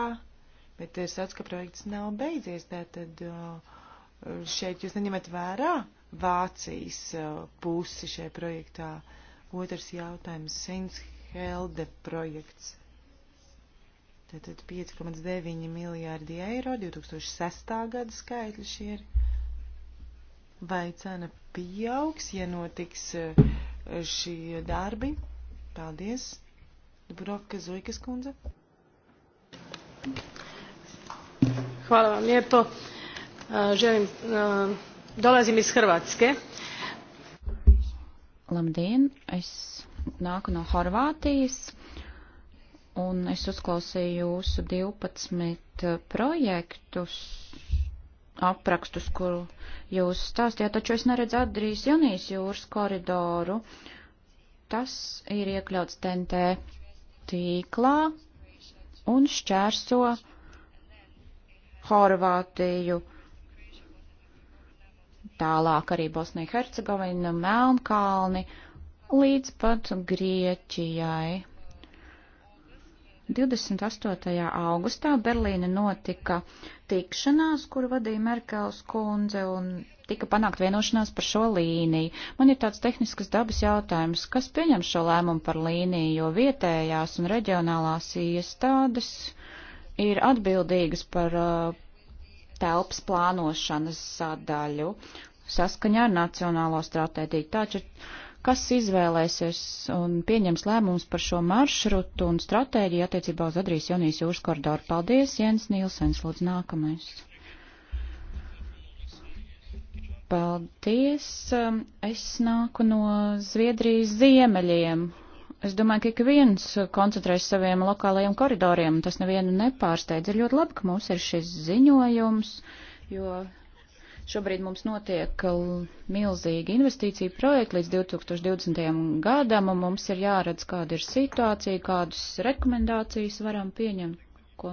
bet ir sats, ka projekts nav beidzies, tātad uh, šeit jūs neņemat vērā Vācijas uh, pusi šajā projektā. Otrs jautājums - Sinshelde projekts. Tātad 5,9 miljārdi eiro, 2006. gada skaitļi šie ir. Vai cena pieaugs, ja notiks uh, šie darbi. Paldies. Dubrovka Zujkas kundze. Hvala vam lijepo. Želim, dolazim iz Hrvatske. Labdien, es nāku no Horvātijas un es uzklausīju jūsu 12 projektus aprakstus, kuru jūs stāstījāt, taču es neredzu Adrijas Junijas jūras koridoru. Tas ir iekļauts TNT tīklā un šķērso Horvātiju. Tālāk arī Bosnija, Hercegovina, Melnkalni līdz pat Grieķijai. 28. augustā Berlīne notika tikšanās, kuru vadīja Merkels kundze un tika panākt vienošanās par šo līniju. Man ir tāds tehnisks dabas jautājums, kas pieņem šo lēmumu par līniju, jo vietējās un reģionālās iestādes ir atbildīgas par uh, telpas plānošanas sadaļu saskaņā ar nacionālo stratēģiju. Taču kas izvēlēsies un pieņems lēmumus par šo maršrutu un stratēģiju attiecībā uz Adrijas Jonijas jūras koridoru. Paldies, Jens Nīlsens, lūdzu nākamais. Paldies, um, es nāku no Zviedrijas ziemeļiem. Es domāju, ka ik viens koncentrēs saviem lokālajiem koridoriem, un tas nevienu nepārsteidz. Ir ļoti labi, ka mums ir šis ziņojums, jo Šobrīd mums notiek uh, milzīgi investīcija projekti līdz 2020. gadam, un mums ir jāredz, kāda ir situācija, kādas rekomendācijas varam pieņemt, ko,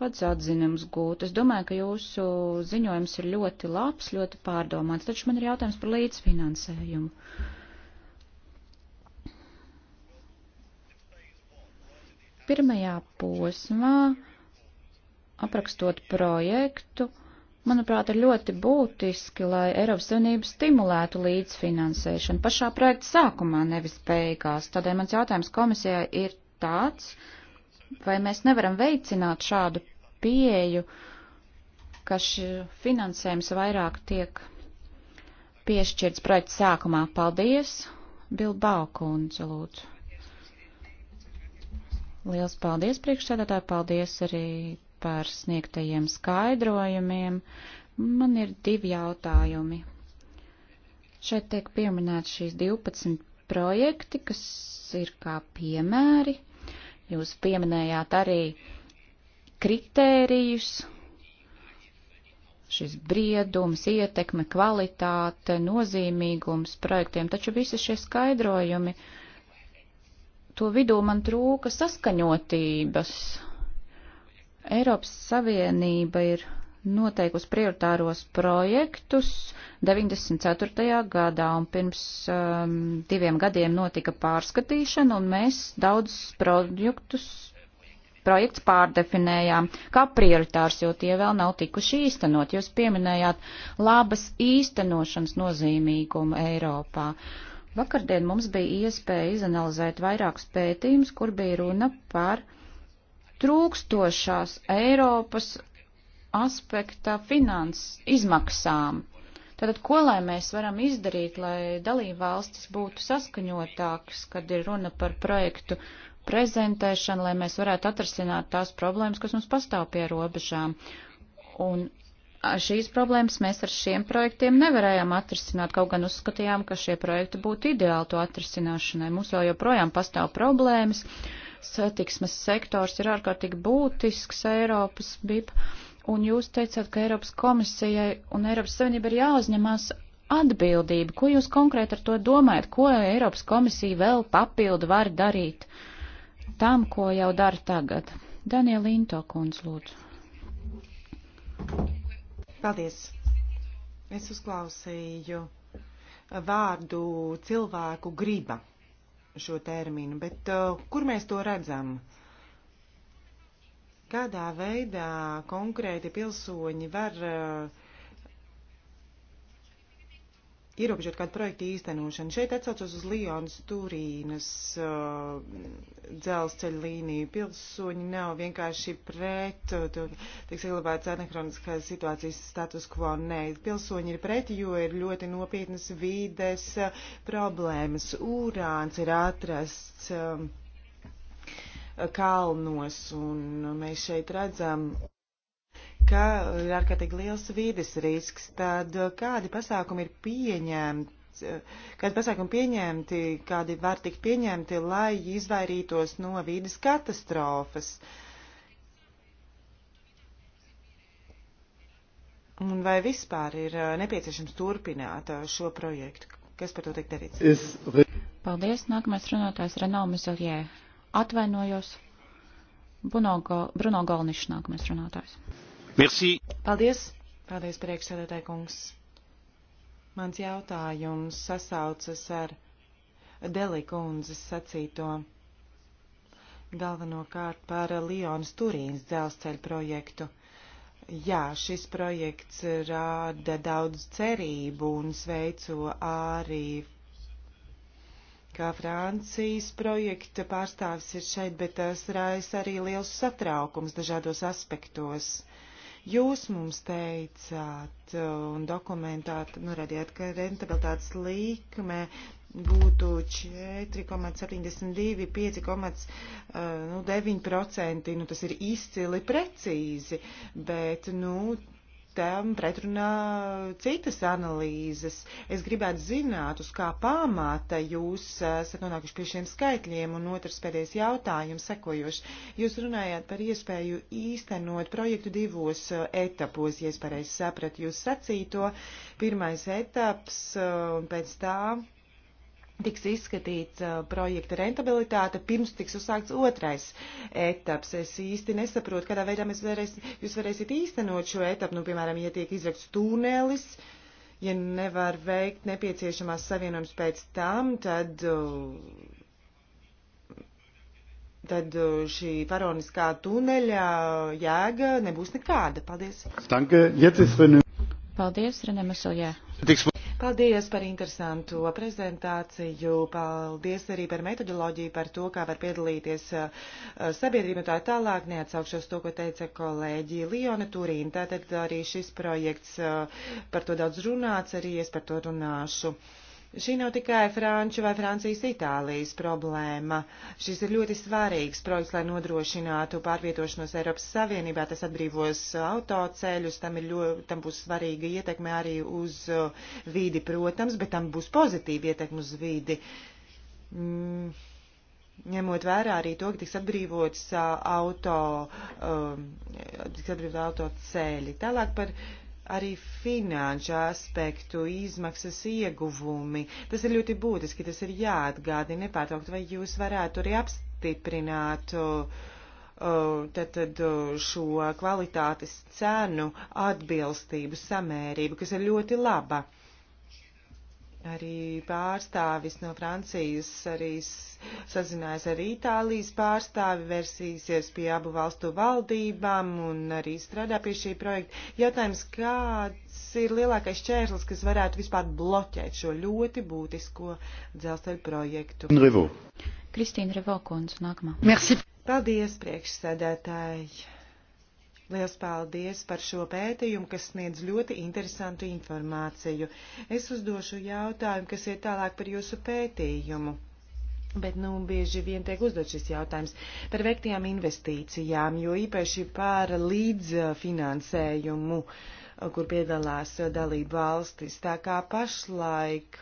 kādas atziņas gūt. Es domāju, ka jūsu ziņojums ir ļoti labs, ļoti pārdomāts, taču man ir jautājums par līdzfinansējumu. Pirmajā posmā aprakstot projektu manuprāt, ir ļoti būtiski, lai Eiropas Savienība stimulētu līdzfinansēšanu pašā projekta sākumā, nevis beigās. Tādēļ mans jautājums komisijai ir tāds, vai mēs nevaram veicināt šādu pieeju, ka finansējums vairāk tiek piešķirts projekta sākumā. Paldies, Bilbao kundze, lūdzu. Liels paldies priekšsēdētāji, paldies arī par sniegtajiem skaidrojumiem. Man ir divi jautājumi. Šeit tiek pieminēts šīs 12 projekti, kas ir kā piemēri. Jūs pieminējāt arī kritērijus, šis briedums, ietekme, kvalitāte, nozīmīgums projektiem, taču visi šie skaidrojumi, to vidū man trūka saskaņotības. Eiropas Savienība ir noteikusi prioritāros projektus 94. gadā, un pirms um, diviem gadiem notika pārskatīšana, un mēs daudzus projektus projekts pārdefinējām kā prioritārs, jo tie vēl nav tikuši īstenot. Jūs pieminējāt labas īstenošanas nozīmīgumu Eiropā. Vakardien mums bija iespēja izanalizēt vairākus pētījumus, kur bija runa par uh, trūkstošās Eiropas aspekta finanses izmaksām. Tātad, ko lai mēs varam izdarīt, lai dalībvalstis būtu saskaņotāks, kad ir runa par projektu prezentēšanu, lai mēs varētu atrasināt tās problēmas, kas mums pastāv pie robežām. Un šīs problēmas mēs ar šiem projektiem nevarējām atrisināt, kaut gan uzskatījām, ka šie projekti būtu ideāli to atrisināšanai. Mums vēl joprojām pastāv problēmas, uh, satiksmes sektors ir ārkārtīgi būtisks Eiropas BIP, un jūs teicāt, ka Eiropas komisijai un Eiropas Savienība ir jāuzņemās atbildība. Ko jūs konkrēti ar to domājat? Ko Eiropas komisija vēl papildu var darīt tam, ko jau dara tagad? Daniela Into kundz, lūdzu. Paldies. Es uzklausīju vārdu cilvēku griba šo terminu, bet uh, kur mēs to redzam? Kādā veidā konkrēti pilsoņi var uh, ierobežot kādu projektu īstenošanu. Šeit atsaucos uz Lionas Turīnas uh, dzelzceļa līniju. Pilsoņi nav vienkārši pret, uh, tiek saglabāts anahroniskas situācijas status quo. Nē, pilsoņi ir pret, jo ir ļoti nopietnas vīdes uh, problēmas. Urāns ir atrasts uh, kalnos, un mēs šeit redzam ka ir ārkārtīgi liels vīdes risks, tad eh, kādi pasākumi ir pieņemti, eh, kādi pasākumi pieņemti, kādi var tikt pieņemti, lai izvairītos no vīdes katastrofas? Un vai vispār ir eh, nepieciešams turpināt šo projektu? Kas par to tiek darīts? Es... Paldies. Nākamais runātājs Renaud Mizeljē. Atvainojos. Bruno, Bruno Galnišs nākamais runātājs. Merci. Paldies. Paldies, priekšsēdētāji kungs. Mans jautājums sasaucas ar Delikundzes sacīto galvenokārt par Lionas Turīnas dzelzceļa projektu. Jā, šis projekts rāda daudz cerību un sveico arī, kā Francijas projekta pārstāvis ir šeit, bet tas rais arī liels satraukums dažādos aspektos. Uh, Jūs mums teicāt un dokumentāt, norādījāt, nu, ka rentabilitātes līkme būtu 4,72, 5,9%. Nu, nu, tas ir izcili precīzi, bet nu, tam pretrunā citas analīzes. Es gribētu zināt, uz kā pamata jūs esat nonākuši pie šiem skaitļiem, un otrs pēdējais jautājums sekojoši. Jūs runājāt par iespēju īstenot projektu divos uh, etapos, ja es pareizi sapratu jūs sacīto. Pirmais etaps, uh, un pēc tā tiks izskatīts uh, projekta rentabilitāte, pirms tiks uzsākts otrais etaps. Es īsti nesaprotu, kādā veidā mēs varēs, jūs varēsiet īstenot šo etapu, nu, piemēram, ja tiek izrakts tūnelis, ja nevar veikt nepieciešamās savienojums pēc tam, tad, uh, tad uh, šī faroniskā tuneļa jēga nebūs nekāda. Paldies. Danke. Jetzt ist Paldies, Renemesoļē. Tiks Paldies par interesantu prezentāciju, paldies arī par metodoloģiju, par to, kā var piedalīties eh, sabiedrība tā tālāk, neatsaukšos to, ko teica kolēģi Liona Turīna. Tātad arī šis projekts eh, par to daudz runāts, arī es par to runāšu. Šī nav tikai Franču vai Francijas Itālijas problēma. Šis ir ļoti svarīgs projekts, lai nodrošinātu pārvietošanos Eiropas Savienībā. Tas atbrīvos autoceļus, tam, ir ļoti, tam būs svarīga ietekme arī uz uh, vīdi, protams, bet tam būs pozitīva ietekme uz vīdi. Mm. Ņemot vērā arī to, ka tiks atbrīvots uh, auto, um, tiks atbrīvot auto ceļi. Tālāk par uh, arī finanšu aspektu, izmaksas ieguvumi. Tas ir ļoti būtiski, tas ir jāatgādina nepārtraukt, vai jūs varētu arī apstiprināt tātad šo kvalitātes cenu atbilstību, samērību, kas ir ļoti laba arī pārstāvis no Francijas arī sazinājās ar Itālijas pārstāvi, versīsies pie abu valstu valdībām un arī strādā pie šī projekta. Jautājums, kāds ir lielākais čērslis, kas varētu vispār bloķēt šo ļoti būtisko dzelzceļu projektu? Revo. Kristīna Revo, kundze, nākamā. Merci. Paldies, priekšsēdētāji. Liels paldies par šo pētījumu, kas sniedz ļoti interesantu informāciju. Es uzdošu jautājumu, kas ir tālāk par jūsu pētījumu. Bet, nu, bieži vien tiek uzdot šis jautājums par veiktajām investīcijām, jo īpaši par līdzfinansējumu, kur piedalās dalība valstis. Tā kā pašlaik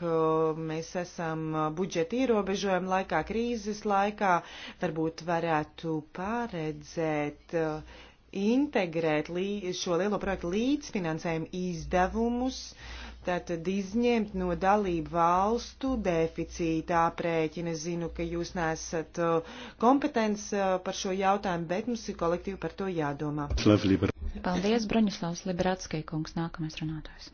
mēs esam budžeta ierobežojuma laikā, krīzes laikā, varbūt varētu pārredzēt integrēt lī, šo lielo projektu līdzfinansējumu izdevumus, tātad izņemt no dalību valstu deficītā prēķina. Es zinu, ka jūs nesat uh, kompetents uh, par šo jautājumu, bet mums ir kolektīvi par to jādomā. Paldies, Broņislavs Liberātskai kungs, nākamais runātājs.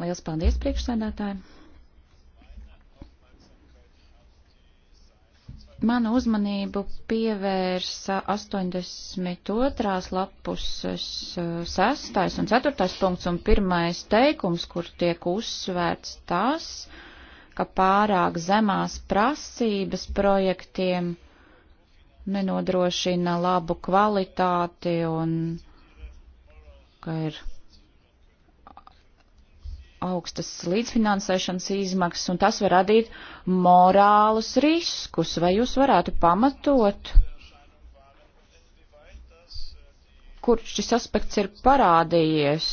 Liels paldies priekšsēdētājiem! Manu uzmanību pievērsa 82. lapuses 6. un 4. punkts un pirmais teikums, kur tiek uzsvērts tas, ka pārāk zemās prasības projektiem nenodrošina labu kvalitāti un ka ir augstas līdzfinansēšanas izmaksas, un tas var radīt morālus riskus. Vai jūs varētu pamatot, kur šis aspekts ir parādījies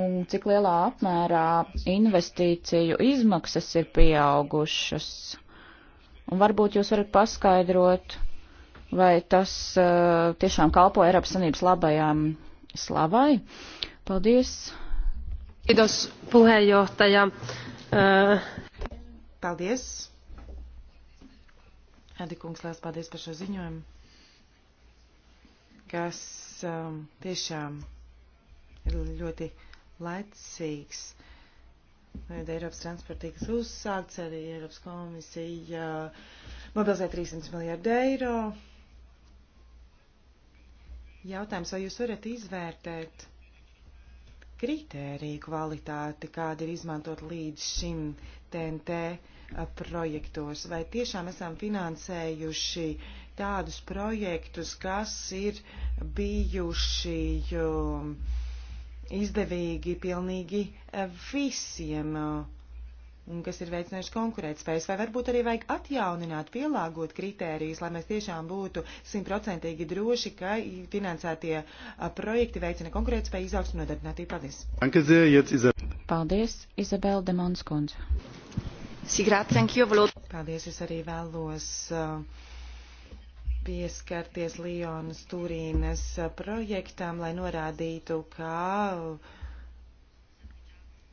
un cik lielā apmērā investīciju izmaksas ir pieaugušas? Un varbūt jūs varat paskaidrot, vai tas uh, tiešām kalpo Eiropas Sanības labajām slavai. Paldies! Kiitos puheenjohtaja. Äh, paldies. Edikungs, liels paldies par šo ziņojumu, kas um, tiešām ir ļoti laicīgs. Kad Eiropas transporta tiks uzsākts, arī Eiropas komisija uh, mobilizē 300 miljardu eiro. Jautājums, vai jūs varat izvērtēt kritēriju kvalitāti, kāda ir izmantot līdz šim TNT projektos. Vai tiešām esam finansējuši tādus projektus, kas ir bijuši izdevīgi pilnīgi visiem un kas ir veicinājuši konkurētspējas, vai varbūt arī vajag atjaunināt, pielāgot kritērijas, lai mēs tiešām būtu simtprocentīgi droši, ka finansētie projekti veicina konkurētspēju izaugsmu nodarbinātību. Paldies! Paldies, Izabela Demonskundze! Paldies, es arī vēlos pieskarties Lionas Turīnas projektam, lai norādītu, kā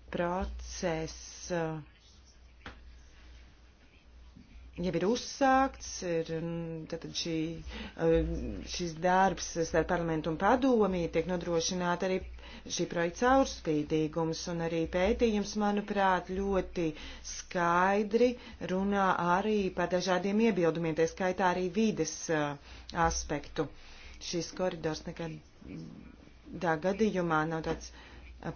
process jau ir uzsākts, ir tātad šī, um, šis darbs starp parlamentu un padomī, tiek nodrošināta arī šī projekta caurspīdīgums un arī pētījums, manuprāt, ļoti skaidri runā arī par dažādiem iebildumiem, tā skaitā arī vides uh, aspektu. Šis koridors nekad tā gadījumā nav tāds. Uh,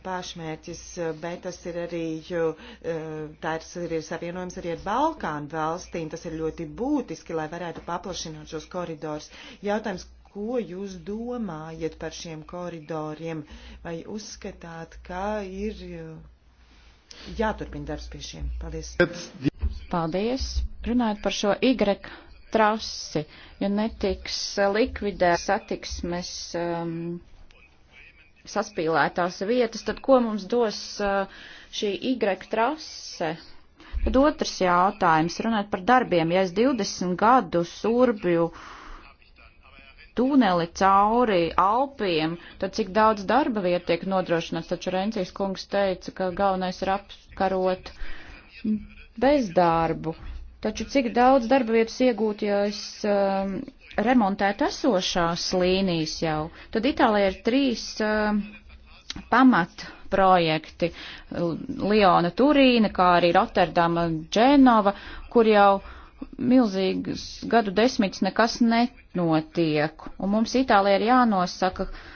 pašmērķis, bet tas ir arī, eh, tas ir savienojums arī ar Balkānu valstīm. Tas ir ļoti būtiski, lai varētu paplašināt šos koridors. Jautājums, ko jūs domājat par šiem koridoriem? Vai uzskatāt, ka ir eh, jāturpina darbs pie šiem? Paldies. Paldies. Runājot par šo Y trasi, ja netiks likvidēt satiksmes. Um, saspīlētās vietas, tad ko mums dos uh, šī Y trase? Tad otrs jautājums, runājot par darbiem, ja es 20 gadu surbju tuneli cauri Alpiem, tad cik daudz darba vietu tiek nodrošināts, taču Rencijas kungs teica, ka galvenais ir apkarot bezdarbu. Taču cik daudz darba vietas iegūt, ja es um, remontēt esošās līnijas jau, tad Itālijā ir trīs uh, pamat projekti - Liona Turīna, kā arī Rotterdama Dženova, kur jau milzīgas gadu desmitus nekas nenotiek. Un mums Itālijā ir jānosaka, uh,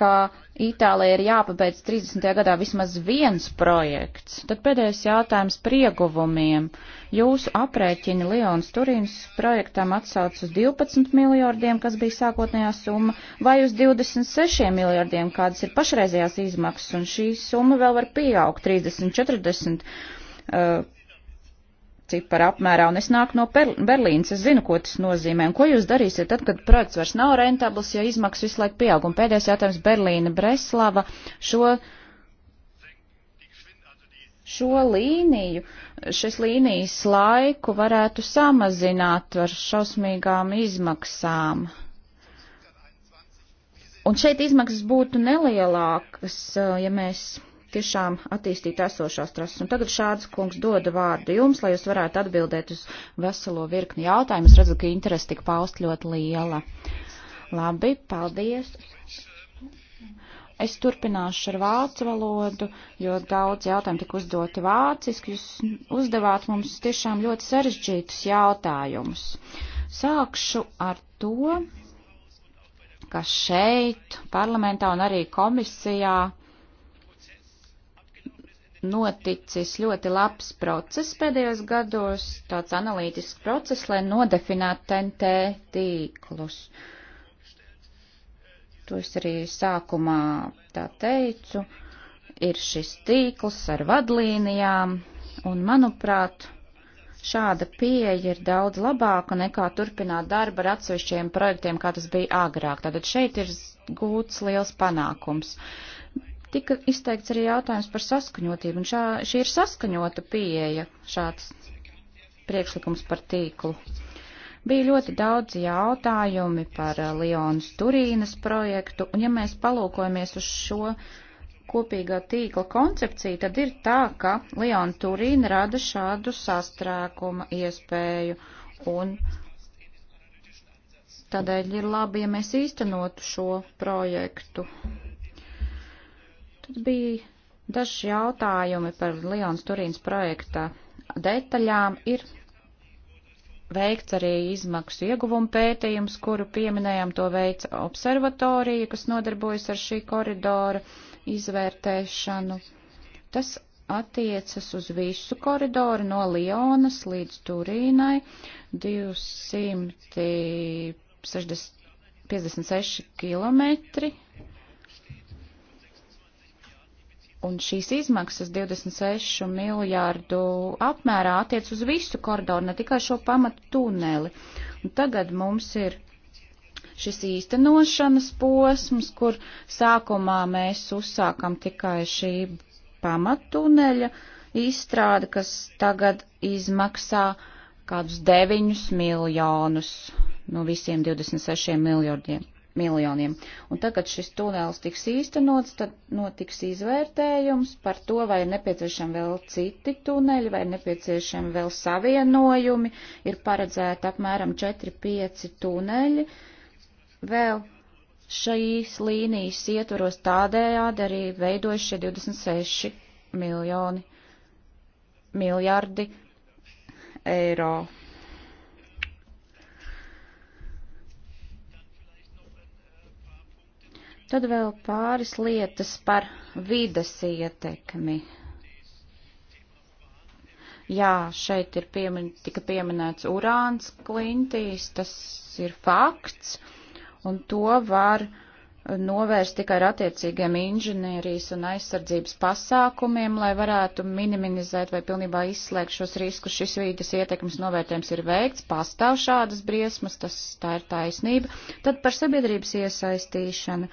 ka Itālijai ir jāpabeidz 30. gadā vismaz viens projekts. Tad pēdējais jautājums par ieguvumiem. Jūsu aprēķini Lions Turīns projektam atsauc uz 12 miljardiem, kas bija sākotnējā summa, vai uz 26 miljardiem, kādas ir pašreizējās izmaksas, un šī summa vēl var pieaugt 30, 40. Uh, cipara apmērā, un es nāku no Berlīnas, es zinu, ko tas nozīmē, un ko jūs darīsiet tad, kad projekts vairs nav rentabls, ja izmaksas visu laiku pieaug, un pēdējais jautājums Berlīna, Breslava, šo, šo līniju, šis līnijas laiku varētu samazināt ar šausmīgām izmaksām. Un šeit izmaksas būtu nelielākas, eh, ja mēs tiešām attīstīt esošās trases. Un tagad šāds kungs doda vārdu jums, lai jūs varētu atbildēt uz veselo virkni jautājumus. Redzu, ka interesi tik paust ļoti liela. Labi, paldies. Es turpināšu ar vācu valodu, jo daudz jautājumu tika uzdoti vāciski. Jūs uzdevāt mums tiešām ļoti sarežģītus jautājumus. Sākšu ar to, ka šeit, parlamentā un arī komisijā noticis ļoti labs process pēdējos gados, tāds analītisks process, lai nodefinētu TNT tīklus. To es arī sākumā tā teicu. Ir šis tīkls ar vadlīnijām, un manuprāt, šāda pieeja ir daudz labāka nekā turpināt darbu ar atsevišķiem projektiem, kā tas bija agrāk. Tātad šeit ir gūts liels panākums. Uh, Tika izteikts arī jautājums par saskaņotību, un šā, šī ir saskaņota pieeja šāds priekšlikums par tīklu. Bija ļoti daudz jautājumi par uh, Lionas Turīnas projektu, un ja mēs palūkojamies uz šo kopīgā tīkla koncepciju, tad ir tā, ka Liona Turīna rada šādu sastrēkuma iespēju, un tādēļ ir labi, ja mēs īstenotu šo projektu Tad bija daži jautājumi par Lions Turīnas projekta detaļām. Ir veikts arī izmaksu ieguvumu pētījums, kuru pieminējām, to veica observatorija, kas nodarbojas ar šī koridora izvērtēšanu. Tas attiecas uz visu koridoru no Lionas līdz Turīnai 256 km Un šīs izmaksas 26 miljārdu apmērā attiec uz visu koridoru, ne tikai šo pamatu tuneli. Un tagad mums ir šis īstenošanas posms, kur sākumā mēs uzsākam tikai šī pamatuneļa izstrāde, kas tagad izmaksā kādus 9 miljonus no visiem 26 miljardiem miljoniem. Un tagad šis tunels tiks īstenots, tad notiks izvērtējums par to, vai ir nepieciešami vēl citi tuneļi, vai ir nepieciešami vēl savienojumi. Ir paredzēta apmēram 4-5 tuneļi. Vēl šīs līnijas ietvaros tādējādi arī veidojušie 26 miljoni, miljardi eiro. Tad vēl pāris lietas par vides ietekmi. Jā, šeit ir piemin, tika pieminēts urāns klintīs, tas ir fakts, un to var uh, novērst tikai ar attiecīgiem inženierijas un aizsardzības pasākumiem, lai varētu minimizēt vai pilnībā izslēgt šos riskus. Šis vīdas ietekmes novērtējums ir veikts, pastāv šādas briesmas, tas tā ir taisnība. Tad par sabiedrības iesaistīšanu.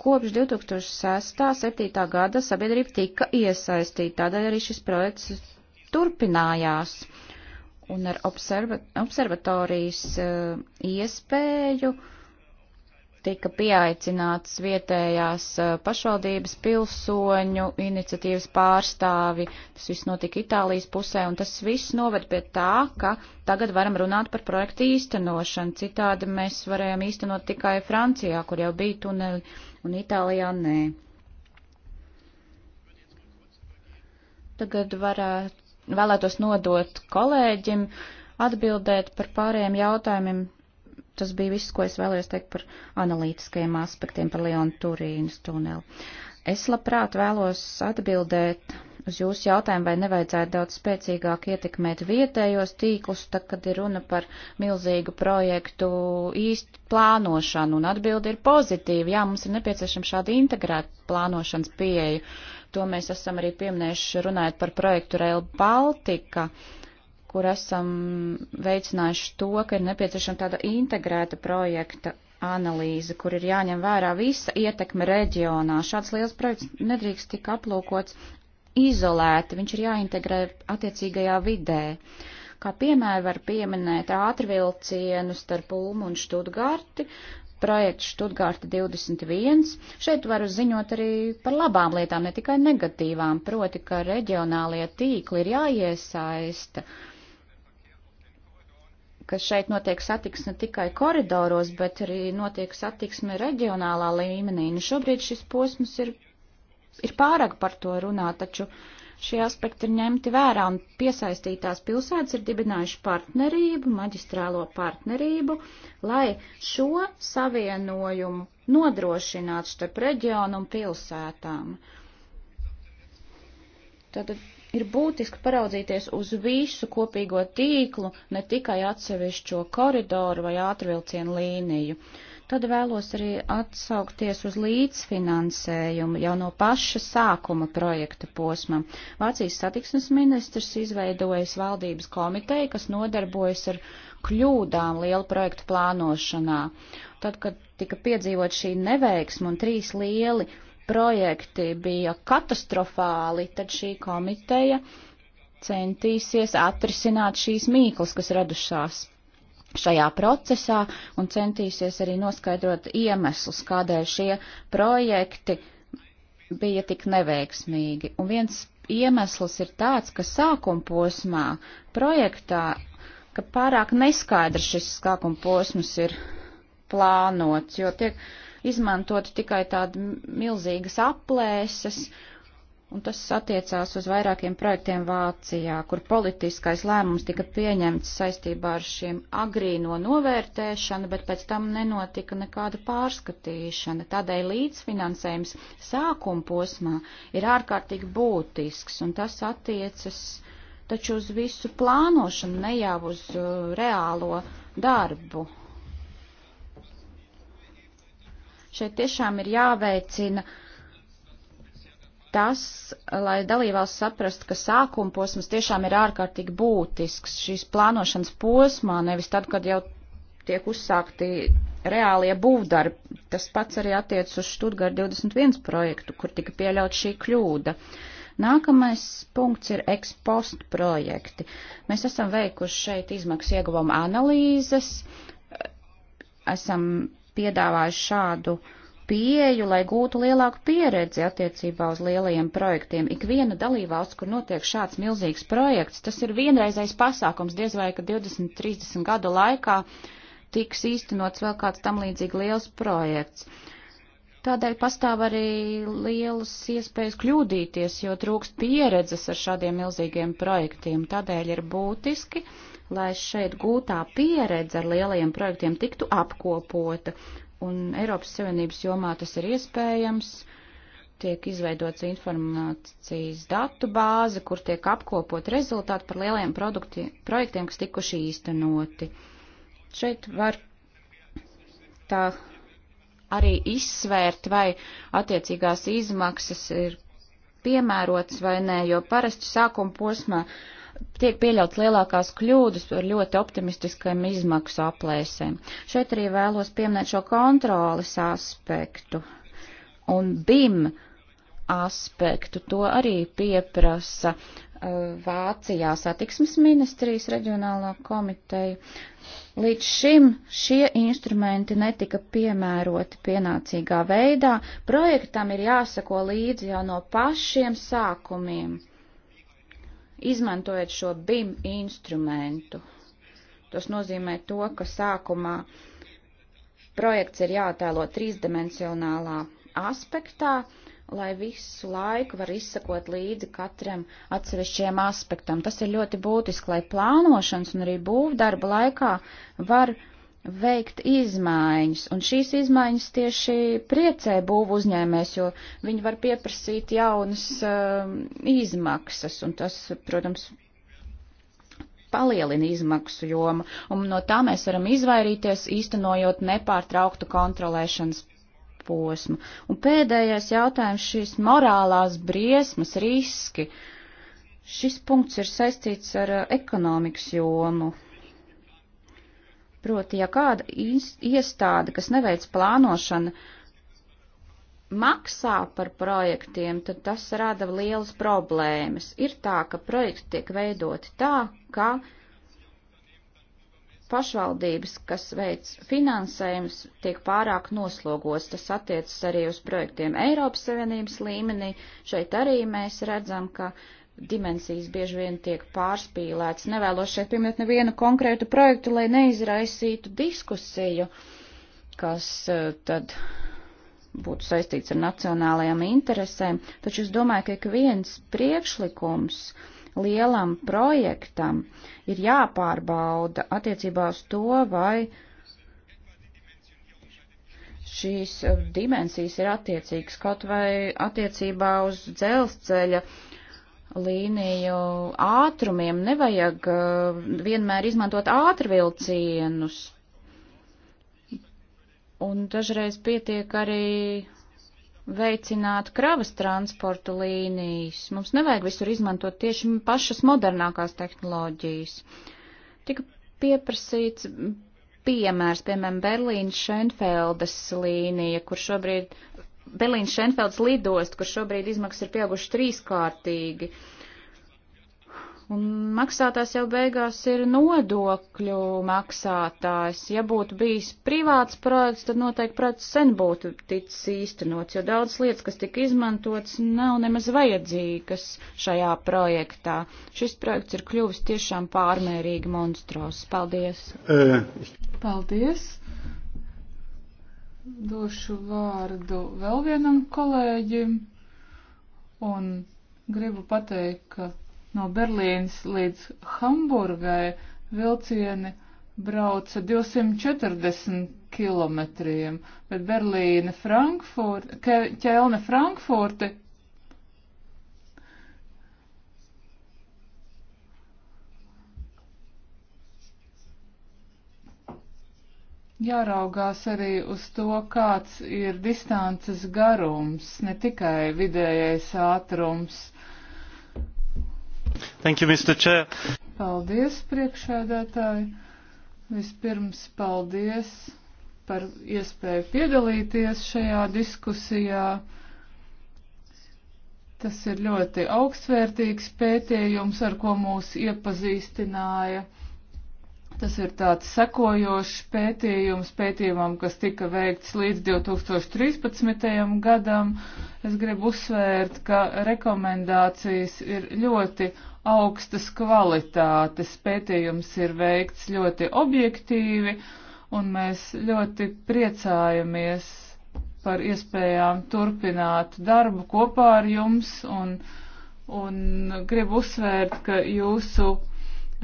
Kopš 2006.7. gada sabiedrība tika iesaistīta, tādēļ arī šis projekts turpinājās. Un ar observa observatorijas uh, iespēju uh, tika pieaicināts vietējās eh, pašvaldības pilsoņu iniciatīvas pārstāvi. Tas viss notika Itālijas pusē, un tas viss noved pie tā, ka tagad varam runāt par projektu īstenošanu. Citādi mēs varējām īstenot tikai Francijā, kur jau bija tuneli, un Itālijā nē. Tagad varētu, vēlētos nodot kolēģim atbildēt par pārējiem jautājumiem, tas bija viss, ko es vēlējos teikt par analītiskajiem aspektiem par Leonu Turīnas tuneli. Es labprāt vēlos atbildēt uz jūsu jautājumu, vai nevajadzētu daudz spēcīgāk ietekmēt vietējos tīklus, tad, kad ir runa par milzīgu projektu īstu plānošanu, un atbildi ir pozitīva. Jā, mums ir nepieciešama šāda integrēta plānošanas pieeja. To mēs esam arī pieminējuši runājot par projektu Rail Baltica. Uh, kur esam veicinājuši to, ka ir nepieciešama tāda integrēta projekta analīze, kur ir jāņem vērā visa ietekme reģionā. Šāds liels projekts nedrīkst tik aplūkots izolēti, viņš ir jāintegrē attiecīgajā vidē. Kā piemēru var pieminēt ātrvilcienu starp Ulmu un Študgārti, projekts Študgārta 21. Šeit varu ziņot arī par labām lietām, ne tikai negatīvām, proti, ka reģionālie tīkli ir jāiesaista ka šeit notiek satiksme tikai koridoros, bet arī notiek satiksme reģionālā līmenī. Nu, šobrīd šis posms ir, ir pārāk par to runā, taču šie aspekti ir ņemti vērā un piesaistītās pilsētas ir dibinājuši partnerību, maģistrālo partnerību, lai šo savienojumu nodrošinātu starp reģionu un pilsētām. Tātad Ir būtiski paraudzīties uz visu kopīgo tīklu, ne tikai atsevišķo koridoru vai ātrvilcienu līniju. Tad vēlos arī atsaukties uz līdzfinansējumu jau no paša sākuma projekta posma. Vācijas satiksmes ministrs izveidojas valdības komiteju, kas nodarbojas ar kļūdām lielu projektu plānošanā. Tad, kad tika piedzīvot šī neveiksma un trīs lieli projekti bija katastrofāli, tad šī komiteja centīsies atrisināt šīs mīklas, kas radušās šajā procesā, un centīsies arī noskaidrot iemeslus, kādēļ šie projekti bija tik neveiksmīgi. Un viens iemesls ir tāds, ka sākuma posmā projektā, ka pārāk neskaidrs šis sākuma posms ir plānots, jo tiek izmantot tikai tādi milzīgas aplēses, un tas attiecās uz vairākiem projektiem Vācijā, kur politiskais lēmums tika pieņemts saistībā ar šiem agrīno novērtēšanu, bet pēc tam nenotika nekāda pārskatīšana. Tādēļ līdzfinansējums sākuma posmā ir ārkārtīgi būtisks, un tas attiecas taču uz visu plānošanu, ne jau uz uh, reālo darbu. Šeit tiešām ir jāveicina tas, lai dalībvalsts saprastu, ka sākuma posms tiešām ir ārkārtīgi būtisks šīs plānošanas posmā, nevis tad, kad jau tiek uzsākti reālie būvdarbi. Tas pats arī attiec uz Štutgara 21 projektu, kur tika pieļaut šī kļūda. Nākamais punkts ir ekspost projekti. Mēs esam veikuši šeit izmaksu ieguvumu analīzes, esam piedāvājuši šādu pieju, lai gūtu lielāku pieredzi attiecībā uz lielajiem projektiem. Ikviena dalībvalsts, kur notiek šāds milzīgs projekts, tas ir vienreizais pasākums, diez vai ka 20-30 gadu laikā tiks īstenots vēl kāds tam līdzīgi liels projekts. Uh, Tādēļ pastāv arī lielas iespējas kļūdīties, jo trūkst pieredzes ar šādiem milzīgiem projektiem. Tādēļ ir būtiski, lai šeit gūtā pieredze ar lielajiem projektiem tiktu apkopota. Un Eiropas Savienības jomā tas ir iespējams. Tiek izveidots informācijas datu bāze, kur tiek apkopot rezultāti par lielajiem produkti, projektiem, kas tikuši īstenoti. Šeit var tā arī izsvērt, vai attiecīgās izmaksas ir piemērotas vai nē, jo parasti sākuma posmā tiek pieļauts lielākās kļūdas ar ļoti optimistiskajiem izmaksu aplēsēm. Šeit arī vēlos pieminēt šo kontroles aspektu un BIM aspektu. To arī pieprasa uh, Vācijā satiksmes ministrijas reģionālā komiteja. Līdz šim šie instrumenti netika piemēroti pienācīgā veidā. Projektam ir jāsako līdzi jau no pašiem sākumiem, izmantojot šo BIM instrumentu. Tas nozīmē to, ka sākumā projekts ir jātēlo trīsdimensionālā aspektā, lai visu laiku var izsakot līdzi katram atsevišķiem aspektam. Tas ir ļoti būtiski, lai plānošanas un arī būvdarba laikā var veikt izmaiņas, un šīs izmaiņas tieši priecē būvu uzņēmēs, jo viņi var pieprasīt jaunas uh, izmaksas, un tas, protams, palielina izmaksu jomu, un no tā mēs varam izvairīties, īstenojot nepārtrauktu kontrolēšanas posmu. Un pēdējais jautājums - šīs morālās briesmas, riski. Šis punkts ir saistīts ar uh, ekonomikas jomu. Proti, ja kāda iestāde, kas neveic plānošanu, maksā par projektiem, tad tas rada lielas problēmas. Ir tā, ka projekti tiek veidoti tā, ka pašvaldības, kas veic finansējums, tiek pārāk noslogots. Tas attiecas arī uz projektiem Eiropas Savienības līmenī. Šeit arī mēs redzam, ka dimensijas bieži vien tiek pārspīlētas. Nevēlos šeit pieminēt nevienu konkrētu projektu, lai neizraisītu diskusiju, kas eh, tad būtu saistīts ar nacionālajām interesēm, taču es domāju, ka ik viens priekšlikums, uh, lielam projektam ir jāpārbauda attiecībā uz to, vai šīs dimensijas ir attiecīgas, kaut vai attiecībā uz dzelzceļa līniju ātrumiem nevajag uh, vienmēr izmantot ātrvilcienus. Un dažreiz pietiek arī veicināt kravas transportu līnijas. Mums nevajag visur izmantot tieši pašas modernākās tehnoloģijas. Tika pieprasīts piemērs, piemēram, Berlīnas Šenfeldes līnija, kur šobrīd, Berlīnas Šenfeldes lidost, kur šobrīd izmaksas ir pieauguši trīskārtīgi. Uh, Un maksātājs jau beigās ir nodokļu maksātājs. Ja būtu bijis privāts projekts, tad noteikti projekts sen būtu ticis īstenots, jo daudz lietas, kas tika izmantots, nav nemaz vajadzīgas šajā projektā. Šis projekts ir kļuvis tiešām pārmērīgi monstros. Paldies! E. Paldies! Došu vārdu vēl vienam kolēģim un gribu pateikt, ka No Berlīnas līdz Hamburgai vilcieni brauca 240 kilometriem, bet Berlīne, Frankfurte, Ķelne, Frankfurte. Jāraugās arī uz to, kāds ir distances garums, ne tikai vidējais ātrums. Uh, Thank you, Mr. Chair. Paldies, priekšēdētāji. Vispirms paldies par iespēju piedalīties šajā diskusijā. Tas ir ļoti augstvērtīgs pētījums, ar ko mūs iepazīstināja. Tas ir tāds sekojošs pētījums pētījumam, kas tika veikts līdz 2013. gadam. Es gribu uzsvērt, ka rekomendācijas ir ļoti augstas kvalitātes. Pētījums ir veikts ļoti objektīvi, un mēs ļoti priecājamies par iespējām turpināt darbu kopā ar jums, un, un gribu uzsvērt, ka jūsu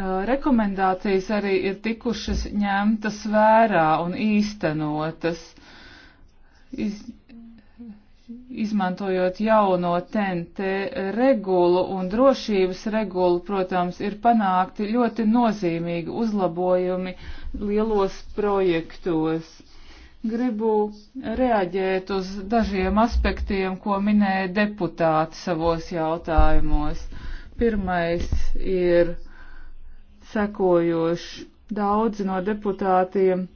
rekomendācijas arī ir tikušas ņemtas vērā un īstenotas, iz, izmantojot jauno TNT regulu un drošības regulu, protams, ir panākti ļoti nozīmīgi uzlabojumi lielos projektos. Gribu reaģēt uz dažiem aspektiem, ko minēja deputāti savos jautājumos. Pirmais ir uh, sekojoši. Daudzi no deputātiem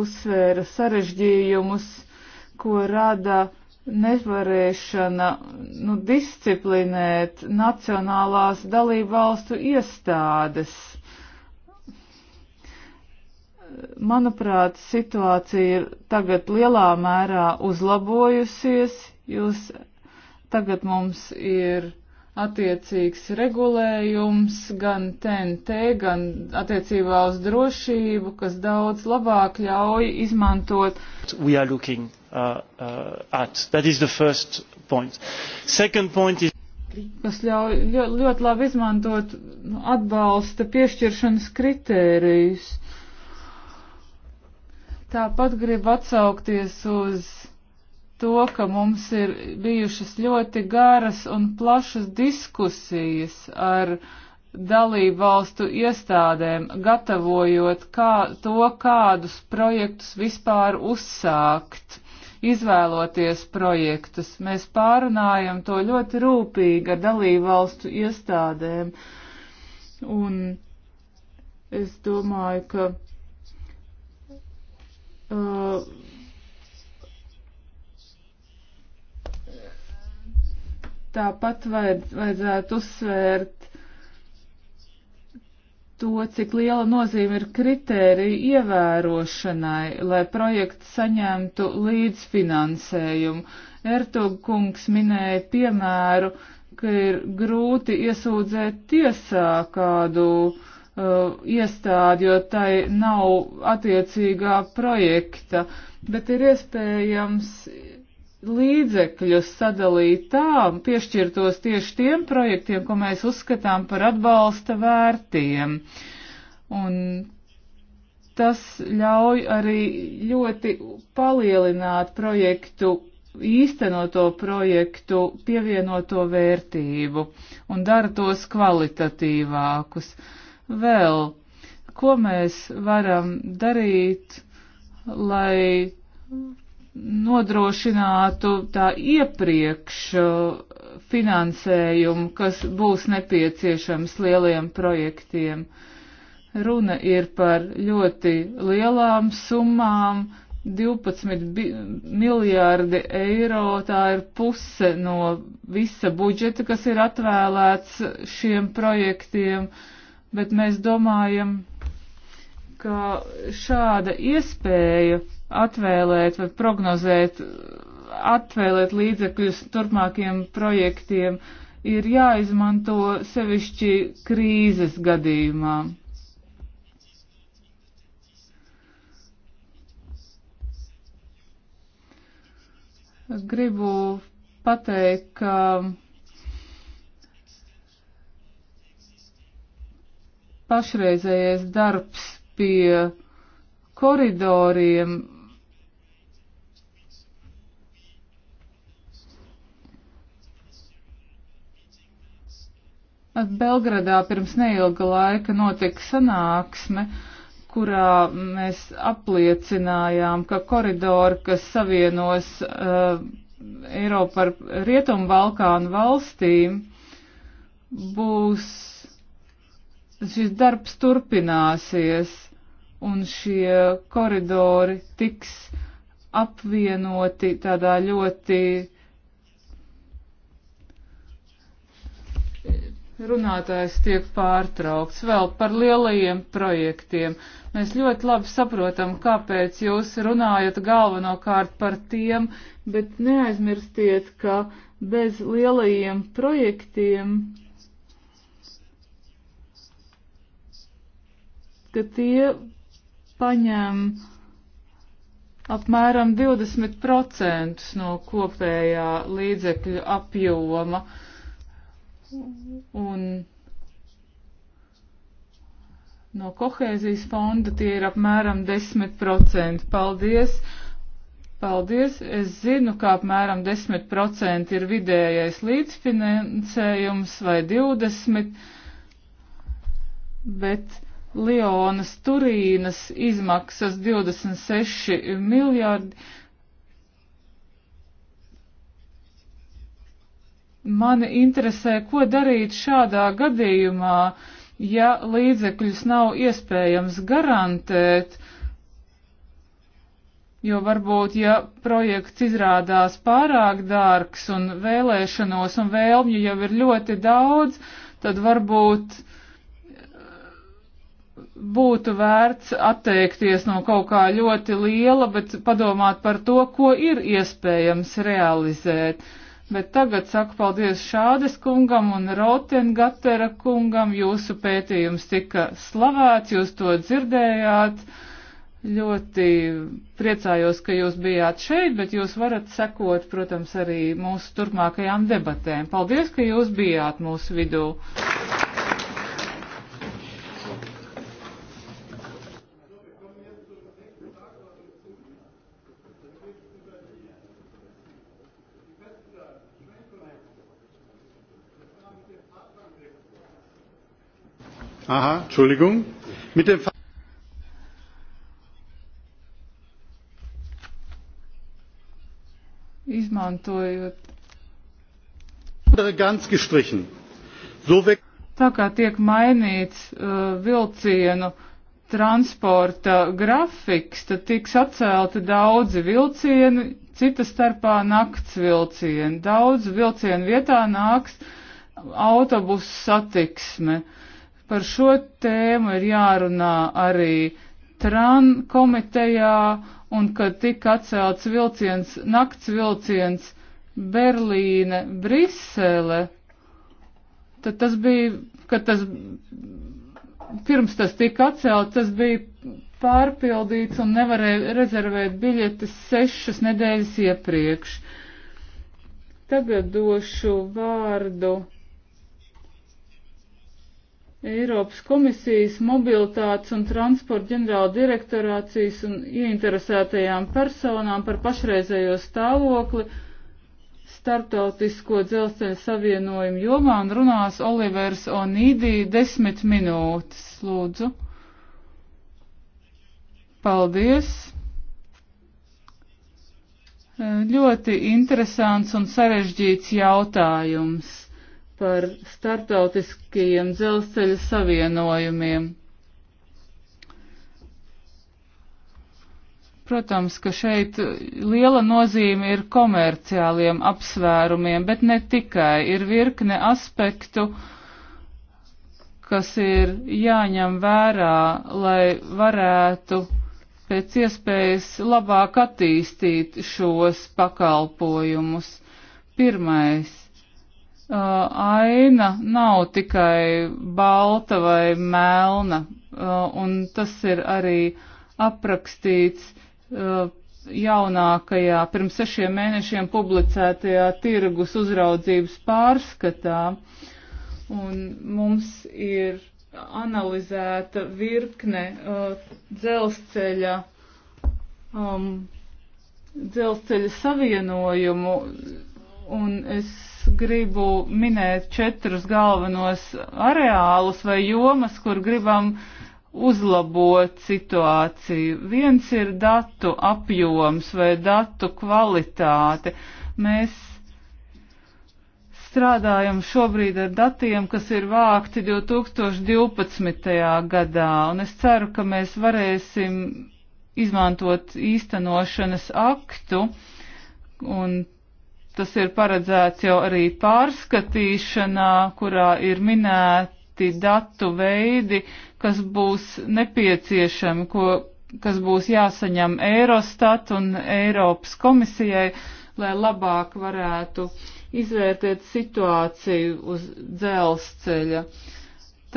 uzsvēra sarežģījumus, ko rada nevarēšana nu, disciplinēt nacionālās dalībvalstu iestādes. Manuprāt, situācija ir tagad lielā mērā uzlabojusies. Jūs tagad mums ir attiecīgs regulējums gan TNT, gan attiecībā uz drošību, kas daudz labāk ļauj izmantot. Looking, uh, uh, point. Point is... kas ļauj ļoti, ļoti labi izmantot atbalsta piešķiršanas kritērijus. Tāpat gribu atsaukties uz to, ka mums ir bijušas ļoti garas un plašas diskusijas ar dalību valstu iestādēm, gatavojot kā, to, kādus projektus vispār uzsākt, izvēloties projektus. Mēs pārunājam to ļoti rūpīgi ar dalību valstu iestādēm. Un es domāju, ka uh, Tāpat vajadz, vajadzētu uzsvērt to, cik liela nozīme ir kritēriju ievērošanai, lai projekts saņemtu līdzfinansējumu. Ertug kungs minēja piemēru, ka ir grūti iesūdzēt tiesā kādu uh, iestādi, jo tai nav attiecīgā projekta, bet ir iespējams līdzekļus sadalīt tā, piešķirtos tieši tiem projektiem, ko mēs uzskatām par atbalsta vērtiem. Un tas ļauj arī ļoti palielināt projektu, īstenoto projektu pievienoto vērtību un dara tos kvalitatīvākus. Vēl, ko mēs varam darīt, lai nodrošinātu tā iepriekš uh, finansējumu, kas būs nepieciešams lieliem projektiem. Runa ir par ļoti lielām summām, 12 miljārdi eiro, tā ir puse no visa budžeta, kas ir atvēlēts šiem projektiem, bet mēs domājam, ka šāda iespēja atvēlēt vai prognozēt, atvēlēt līdzekļus turpmākiem projektiem, ir jāizmanto sevišķi krīzes gadījumā. Gribu pateikt, ka pašreizējais darbs pie koridoriem Belgradā pirms neilga laika notika sanāksme, kurā mēs apliecinājām, ka koridori, kas savienos uh, Eiropu ar Rietumu Balkānu valstīm, būs, šis darbs turpināsies un šie koridori tiks apvienoti tādā ļoti runātājs tiek pārtraukts. Vēl par lielajiem projektiem. Mēs ļoti labi saprotam, kāpēc jūs runājat galvenokārt par tiem, bet neaizmirstiet, ka bez lielajiem projektiem, ka tie paņem apmēram 20% no kopējā līdzekļu apjoma. Uh, Un no kohēzijas fonda tie ir apmēram 10%. Paldies! Paldies! Es zinu, ka apmēram 10% ir vidējais līdzfinansējums vai 20%, bet Lionas Turīnas izmaksas 26 miljardi Mani interesē, ko darīt šādā gadījumā, ja līdzekļus nav iespējams garantēt, jo varbūt, ja projekts izrādās pārāk dārgs un vēlēšanos un vēlmju jau ir ļoti daudz, tad varbūt eh, būtu vērts atteikties no kaut kā ļoti liela, bet padomāt par to, ko ir iespējams realizēt bet tagad saku paldies Šādes kungam un Rotengatera kungam. Jūsu pētījums tika slavēts, jūs to dzirdējāt. Ļoti priecājos, ka jūs bijāt šeit, bet jūs varat sekot, protams, arī mūsu turpmākajām debatēm. Paldies, ka jūs bijāt mūsu vidū. Aha, Entschuldigung. Mit dem Izmantojot. Ganz gestrichen. So weg. Tā kā tiek mainīts uh, vilcienu transporta grafiks, tad tiks atcelti daudzi vilcieni, cita starpā nakts vilcieni. Daudz vilcienu vietā nāks autobusu satiksme. Uh, Par šo tēmu ir jārunā arī TRAN komitejā, un kad tika atcelts vilciens, nakts vilciens Berlīne, Brisele, tad tas bija, kad tas, pirms tas tika atcelts, tas bija pārpildīts un nevarēja rezervēt biļetes sešas nedēļas iepriekš. Tagad došu vārdu Eiropas komisijas mobilitātes un transporta ģenerāla direktorācijas un ieinteresētajām personām par pašreizējo stāvokli starptautisko dzelzceļa savienojumu jomā un runās Olivers Onīdī desmit minūtes, lūdzu. Paldies! Ļoti interesants un sarežģīts jautājums par startautiskajiem dzelzceļa savienojumiem. Protams, ka šeit liela nozīme ir komerciāliem apsvērumiem, bet ne tikai. Ir virkne aspektu, kas ir jāņem vērā, lai varētu pēc iespējas labāk attīstīt šos pakalpojumus. Pirmais Uh, aina nav tikai balta vai melna, uh, un tas ir arī aprakstīts uh, jaunākajā, pirms sešiem mēnešiem publicētajā tirgus uzraudzības pārskatā. Un mums ir analizēta virkne uh, dzelzceļa, um, dzelzceļa savienojumu, un es gribu minēt četrus galvenos areālus vai jomas, kur gribam uzlabot situāciju. Viens ir datu apjoms vai datu kvalitāte. Mēs strādājam šobrīd ar datiem, kas ir vākti 2012. gadā, un es ceru, ka mēs varēsim izmantot īstenošanas aktu un Tas ir paredzēts jau arī pārskatīšanā, kurā ir minēti datu veidi, kas būs nepieciešami, ko, kas būs jāsaņem Eurostat un Eiropas komisijai, lai labāk varētu izvērtēt situāciju uz dzelzceļa.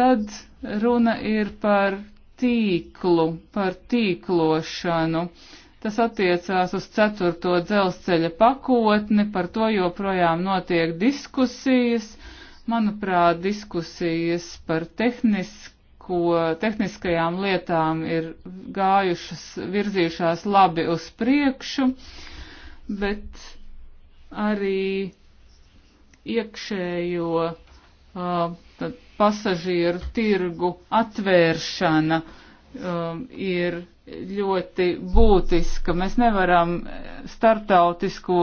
Tad runa ir par tīklu, par tīklošanu. Uh, Tas attiecās uz ceturto dzelzceļa pakotni, par to joprojām notiek diskusijas. Manuprāt, diskusijas par tehnisko, tehniskajām lietām ir gājušas, virzījušās labi uz priekšu, bet arī iekšējo uh, pasažieru tirgu atvēršana uh, um, ir ļoti būtiska. Mēs nevaram startautisko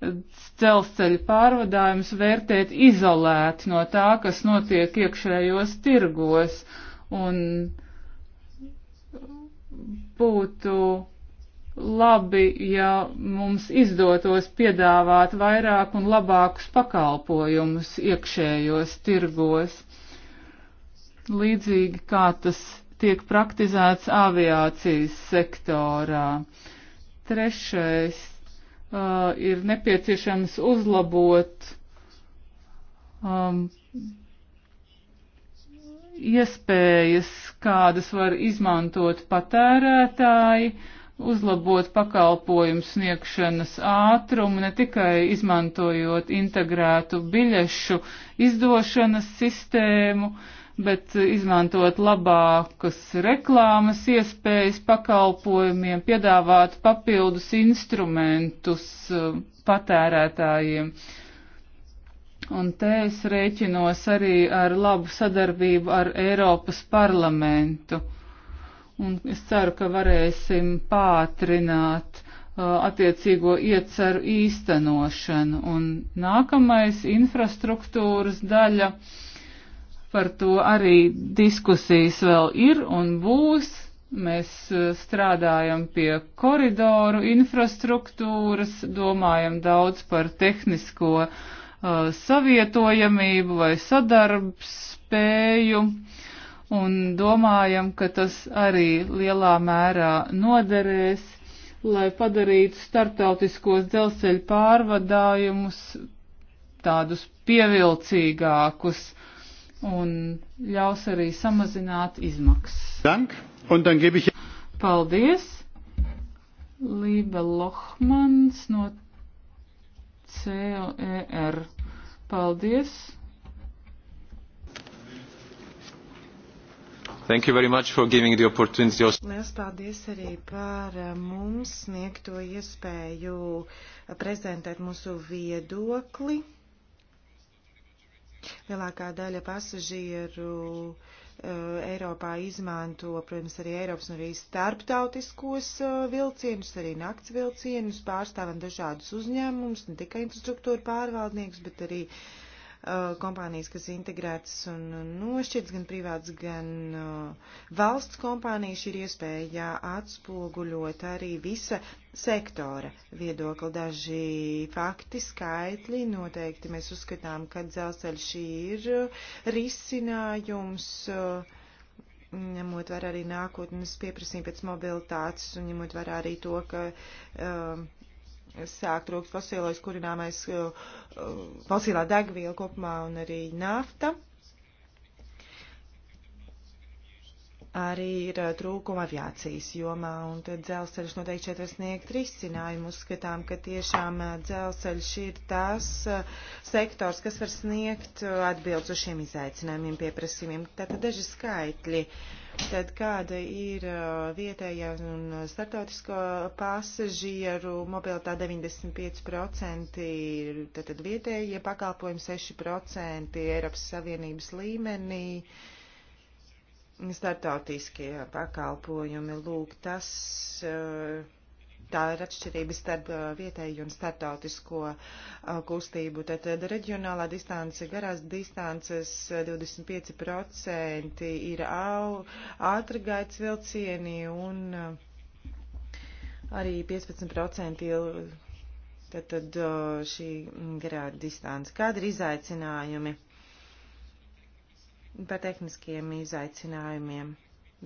dzelzceļa pārvadājumus vērtēt izolēti no tā, kas notiek iekšējos tirgos. Un būtu labi, ja mums izdotos piedāvāt vairāk un labākus pakalpojumus iekšējos tirgos. Līdzīgi kā tas tiek praktizēts aviācijas sektorā. Trešais uh, ir nepieciešams uzlabot um, iespējas, kādas var izmantot patērētāji, uzlabot pakalpojumu sniegšanas ātrumu, ne tikai izmantojot integrētu biļešu izdošanas sistēmu, uh, bet izmantot labākas reklāmas iespējas pakalpojumiem, piedāvāt papildus instrumentus uh, patērētājiem. Un te es rēķinos arī ar labu sadarbību ar Eiropas parlamentu. Un es ceru, ka varēsim pātrināt uh, attiecīgo ieceru īstenošanu. Un nākamais infrastruktūras daļa. Uh, Par to arī diskusijas vēl ir un būs. Mēs eh, strādājam pie koridoru infrastruktūras, domājam daudz par tehnisko uh, savietojamību vai sadarbspēju un domājam, ka tas arī lielā mērā noderēs, lai padarītu starptautiskos dzelzceļa pārvadājumus tādus pievilcīgākus un ļaus arī samazināt izmaksas. Dank, un dann gebe ich... Paldies! Lība Lohmans no CER. Paldies! Thank you very much for giving the opportunity. Liels paldies arī par eh, mums sniegto iespēju prezentēt mūsu viedokli. Lielākā daļa pasažieru e, Eiropā izmanto, protams, arī Eiropas un arī starptautiskos e, vilcienus, arī nakts vilcienus, pārstāvam dažādus uzņēmumus, ne tikai infrastruktūra pārvaldniekus, bet arī uh, Uh, kompānijas, kas integrētas un nošķirts, gan privāts, gan uh, valsts kompānijas ir iespēja atspoguļot arī visa sektora viedokli. Daži fakti, skaitļi noteikti mēs uzskatām, ka dzelzceļš ir risinājums uh, ņemot vērā arī nākotnes pieprasījumu pēc mobilitātes un ņemot vērā arī to, ka um, sāk trūkt fosilais kurināmais uh, uh, fosilā degviela kopumā un arī nafta. Arī ir uh, trūkuma aviācijas jomā, un tad dzelzceļš noteikti šeit var sniegt risinājumu. Uzskatām, ka tiešām dzelzceļš ir tas sektors, kas var sniegt atbildes uz šiem izaicinājumiem, pieprasījumiem. Tātad daži skaitļi. Uh, Tad kāda ir vietējā un startautisko pasažieru mobilitāte 95% ir tad vietējie pakalpojumi 6% Eiropas Savienības līmenī. Startautiskie pakalpojumi, lūk, tas uh, Tā ir atšķirība starp uh, vietēju un starptautisko uh, kustību. Tātad uh, reģionālā distance, garās distances 25% ir ātrgaitas vilcieni un arī 15% ir tātad šī garā distance. Kādi ir izaicinājumi par tehniskiem izaicinājumiem?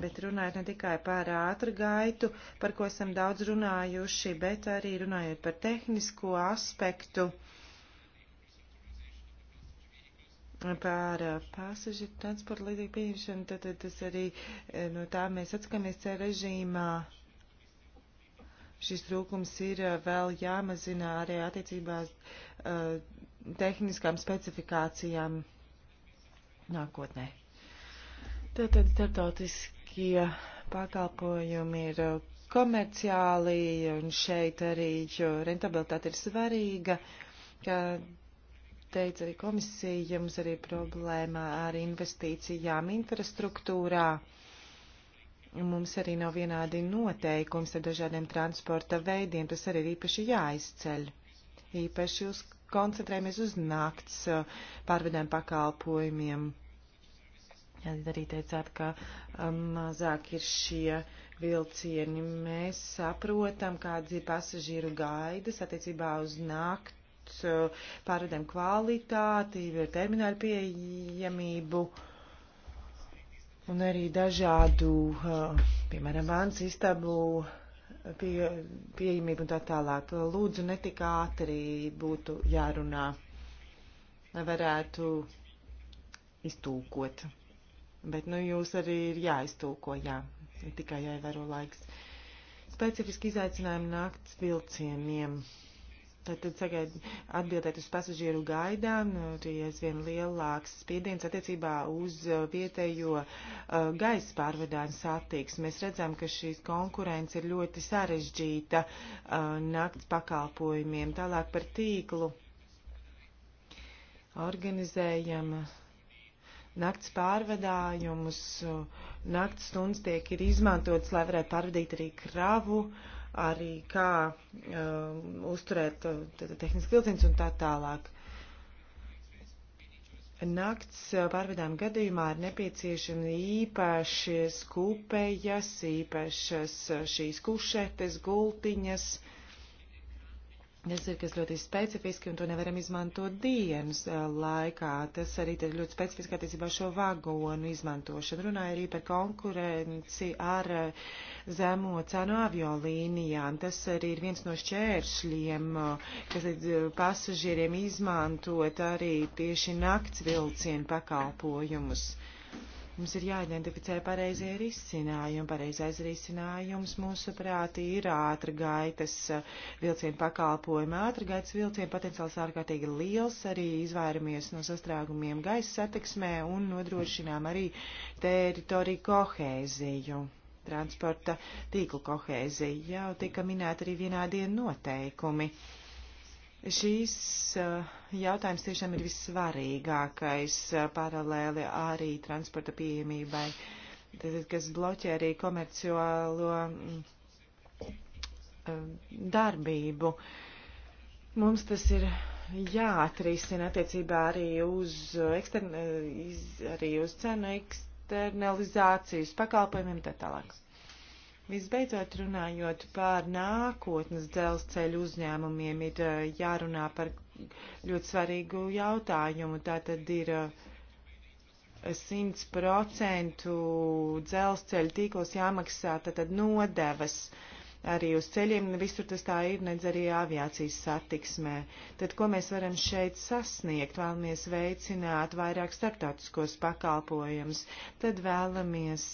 Bet runājot ne tikai par ātru gaitu, par ko esam daudz runājuši, bet arī runājot par tehnisko aspektu, par eh, pasažieru transporta līdzekļu pieņemšanu, tad, tad tas arī eh, no tā mēs atskamies C režīmā. Šis trūkums ir eh, vēl jāmazina arī attiecībās uh, tehniskām specifikācijām nākotnē. Tātad starptautiski publiskie pakalpojumi ir uh, komerciāli, un šeit arī rentabilitāte ir svarīga. Kā teica arī komisija, mums arī problēma ar investīcijām infrastruktūrā. Mums arī nav vienādi noteikumi ar dažādiem transporta veidiem, tas arī ir īpaši jāizceļ. Īpaši jūs koncentrējamies uz nakts uh, pārvedēm pakalpojumiem. Jā, arī teicāt, ka um, mazāk ir šie vilcieni. Mēs saprotam, kādas ir pasažieru gaidas attiecībā uz nakts uh, pārvedēm kvalitāti, terminālu pieejamību un arī dažādu, uh, piemēram, vans istabu uh, pie, pieejamību un tā tālāk. Lūdzu, netik ātri būtu jārunā, lai varētu iztūkot. Bet, nu, jūs arī ir jāiztūko, jā, tikai jāievēro laiks. Specifiski izaicinājumi nakts vilcieniem. Tad, tad sagaid, atbildēt uz pasažieru gaidām, arī nu, aizvien lielāks spiediens attiecībā uz uh, vietējo uh, gaisa pārvadājumu satīks. Mēs redzam, ka šīs konkurence ir ļoti sarežģīta uh, nakts pakalpojumiem. Tālāk par tīklu organizējam. Uh, nakts pārvadājumus, nakts stundas tiek ir izmantotas, lai varētu pārvadīt arī kravu, arī kā um, uzturēt uh, tehniski vilciens un tā tālāk. Nakts uh, pārvedām gadījumā ir nepieciešama īpašas kupejas, īpašas uh, šīs kušetes, gultiņas, uh, Tas ir kas ļoti specifiski, un to nevaram izmantot dienas eh, laikā. Tas arī ir ļoti specifiski attiecībā šo vagonu izmantošanu. Runāja arī par konkurenci ar eh, zemo cenu aviolīnijām. Tas arī ir viens no šķēršļiem, eh, kas pasažieriem izmantot arī tieši nakts vilcienu pakalpojumus. Uh, Mums ir jāidentificē pareizie risinājumi. Pareizais risinājums, mūsuprāt, ir ātra gaitas vilcienu pakalpojumi. Ātra gaitas vilcienu potenciāls ārkārtīgi liels, arī izvairamies no sastrēgumiem gaisa satiksmē un nodrošinām arī teritoriju kohēziju transporta tīklu kohēzija. Jau tika minēta arī vienādie noteikumi. Uh, Šīs eh, jautājums tiešām ir vissvarīgākais eh, paralēli arī transporta pieejamībai, tātad, kas bloķē arī komerciālo eh, darbību. Mums tas ir jāatrisina attiecībā arī uz, ekstern, iz, arī uz cenu eksternalizācijas pakalpojumiem tā tālāk. Visbeidzot, runājot par nākotnes dzelzceļu uzņēmumiem, ir eh, jārunā par ļoti svarīgu jautājumu. Tā tad ir 100% eh, dzelzceļu tīklos jāmaksā tātad nodevas arī uz ceļiem, visur tas tā ir, nedz arī aviācijas satiksmē. Tad, ko mēs varam šeit sasniegt? Vēlamies veicināt vairāk starptautiskos pakalpojumus, tad vēlamies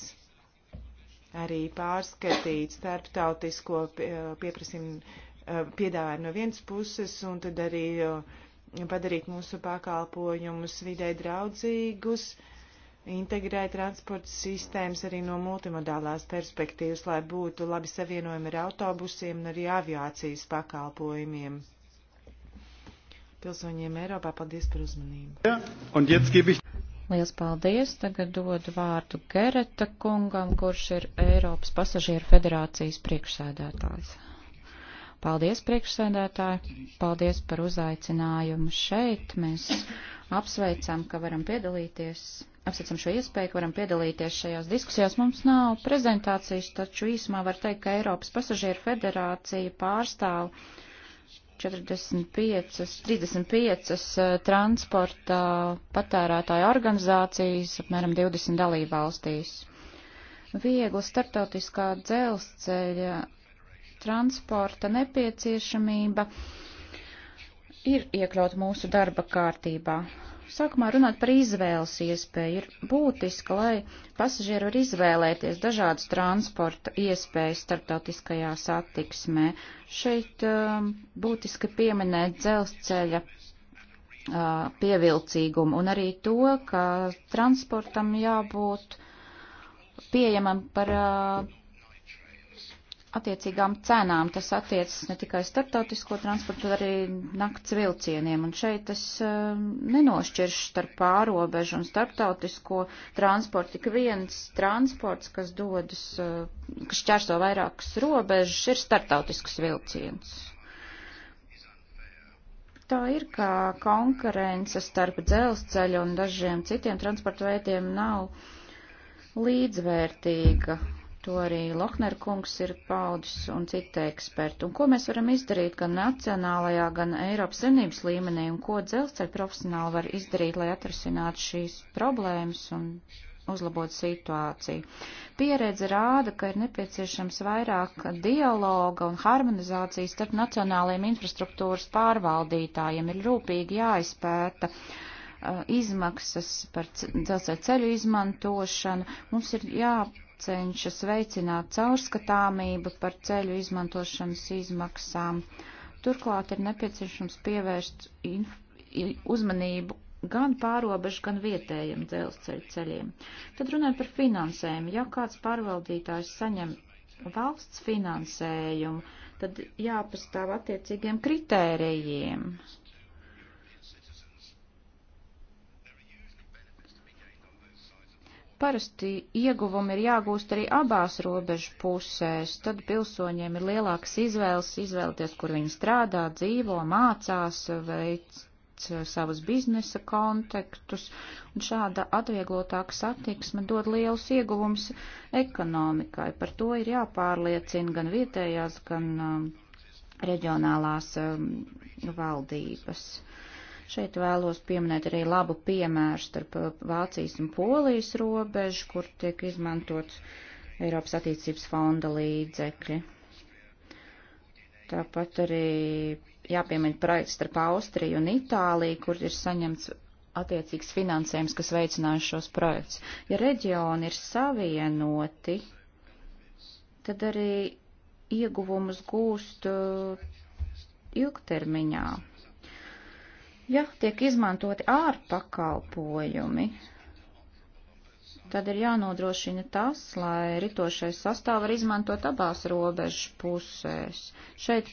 arī pārskatīt starptautisko pieprasījumu eh, piedāvājumu no vienas puses un tad arī eh, padarīt mūsu pakalpojumus vidē draudzīgus, integrēt transporta sistēmas arī no multimodālās perspektīvas, lai būtu labi savienojumi ar autobusiem un arī aviācijas pakalpojumiem. Pilsoņiem Eiropā paldies par uzmanību. Ja, Liels paldies! Tagad dodu vārdu Gereta kungam, kurš ir Eiropas pasažieru federācijas priekšsēdētājs. Paldies, priekšsēdētāji! Paldies par uzaicinājumu šeit! Mēs apsveicam, ka varam piedalīties, apsveicam šo iespēju, ka varam piedalīties šajās diskusijās. Mums nav prezentācijas, taču īsumā var teikt, ka Eiropas pasažieru federācija pārstāv 45, 35 eh, transporta patērētāju organizācijas, apmēram 20 dalībvalstīs. Viegla startautiskā dzelzceļa transporta nepieciešamība ir iekļaut mūsu darba kārtībā sākumā runāt par izvēles iespēju. Ir būtiski, lai pasažieri var izvēlēties dažādas transporta iespējas starptautiskajā satiksmē. Šeit um, būtiski pieminēt dzelzceļa uh, pievilcīgumu un arī to, ka transportam jābūt pieejamam par uh, attiecīgām cenām. Tas attiecas ne tikai starptautisko transportu, bet arī nakts vilcieniem. Un šeit es eh, nenošķiršu starp pārobežu un starptautisko transportu. Tik viens transports, kas dodas, eh, kas šķērso vairākas robežas, ir starptautisks vilciens. Tā ir, ka konkurence starp dzelzceļu un dažiem citiem transporta veidiem nav līdzvērtīga To arī Lohner kungs ir paudis un citi eksperti. Un ko mēs varam izdarīt gan nacionālajā, gan Eiropas savinības līmenī, un ko dzelzceļa profesionāli var izdarīt, lai atrasinātu šīs problēmas un uzlabot situāciju. Pieredze rāda, ka ir nepieciešams vairāk dialoga un harmonizācijas starp nacionālajiem infrastruktūras pārvaldītājiem. Ir rūpīgi jāizpēta uh, izmaksas par dzelzceļa ceļu izmantošanu. Mums ir jā cenšas veicināt caurskatāmību par ceļu izmantošanas izmaksām. Turklāt ir nepieciešams pievērst uzmanību gan pārobežu, gan vietējiem dzelzceļu ceļiem. Tad runājot par finansējumu. Ja kāds pārvaldītājs saņem valsts finansējumu, tad jāpastāv attiecīgiem kritērijiem. Parasti ieguvumi ir jāgūst arī abās robežu pusēs, tad pilsoņiem ir lielākas izvēles izvēlēties, kur viņi strādā, dzīvo, mācās, veic savus biznesa kontaktus, un šāda atvieglotāka satiksme dod lielus ieguvumus ekonomikai. Par to ir jāpārliecina gan vietējās, gan um, reģionālās um, valdības. Uh, Šeit vēlos pieminēt arī labu piemēru starp uh, Vācijas un Polijas robežu, kur tiek izmantots Eiropas attīstības fonda līdzekļi. Tāpat arī jāpiemina projekts starp Austriju un Itāliju, kur ir saņemts attiecīgs finansējums, kas veicinās šos projekts. Ja reģioni ir savienoti, tad arī ieguvumus gūst uh, ilgtermiņā. Ja tiek izmantoti ārpakalpojumi, tad ir jānodrošina tas, lai ritošais sastāv var izmantot abās robežu pusēs. Šeit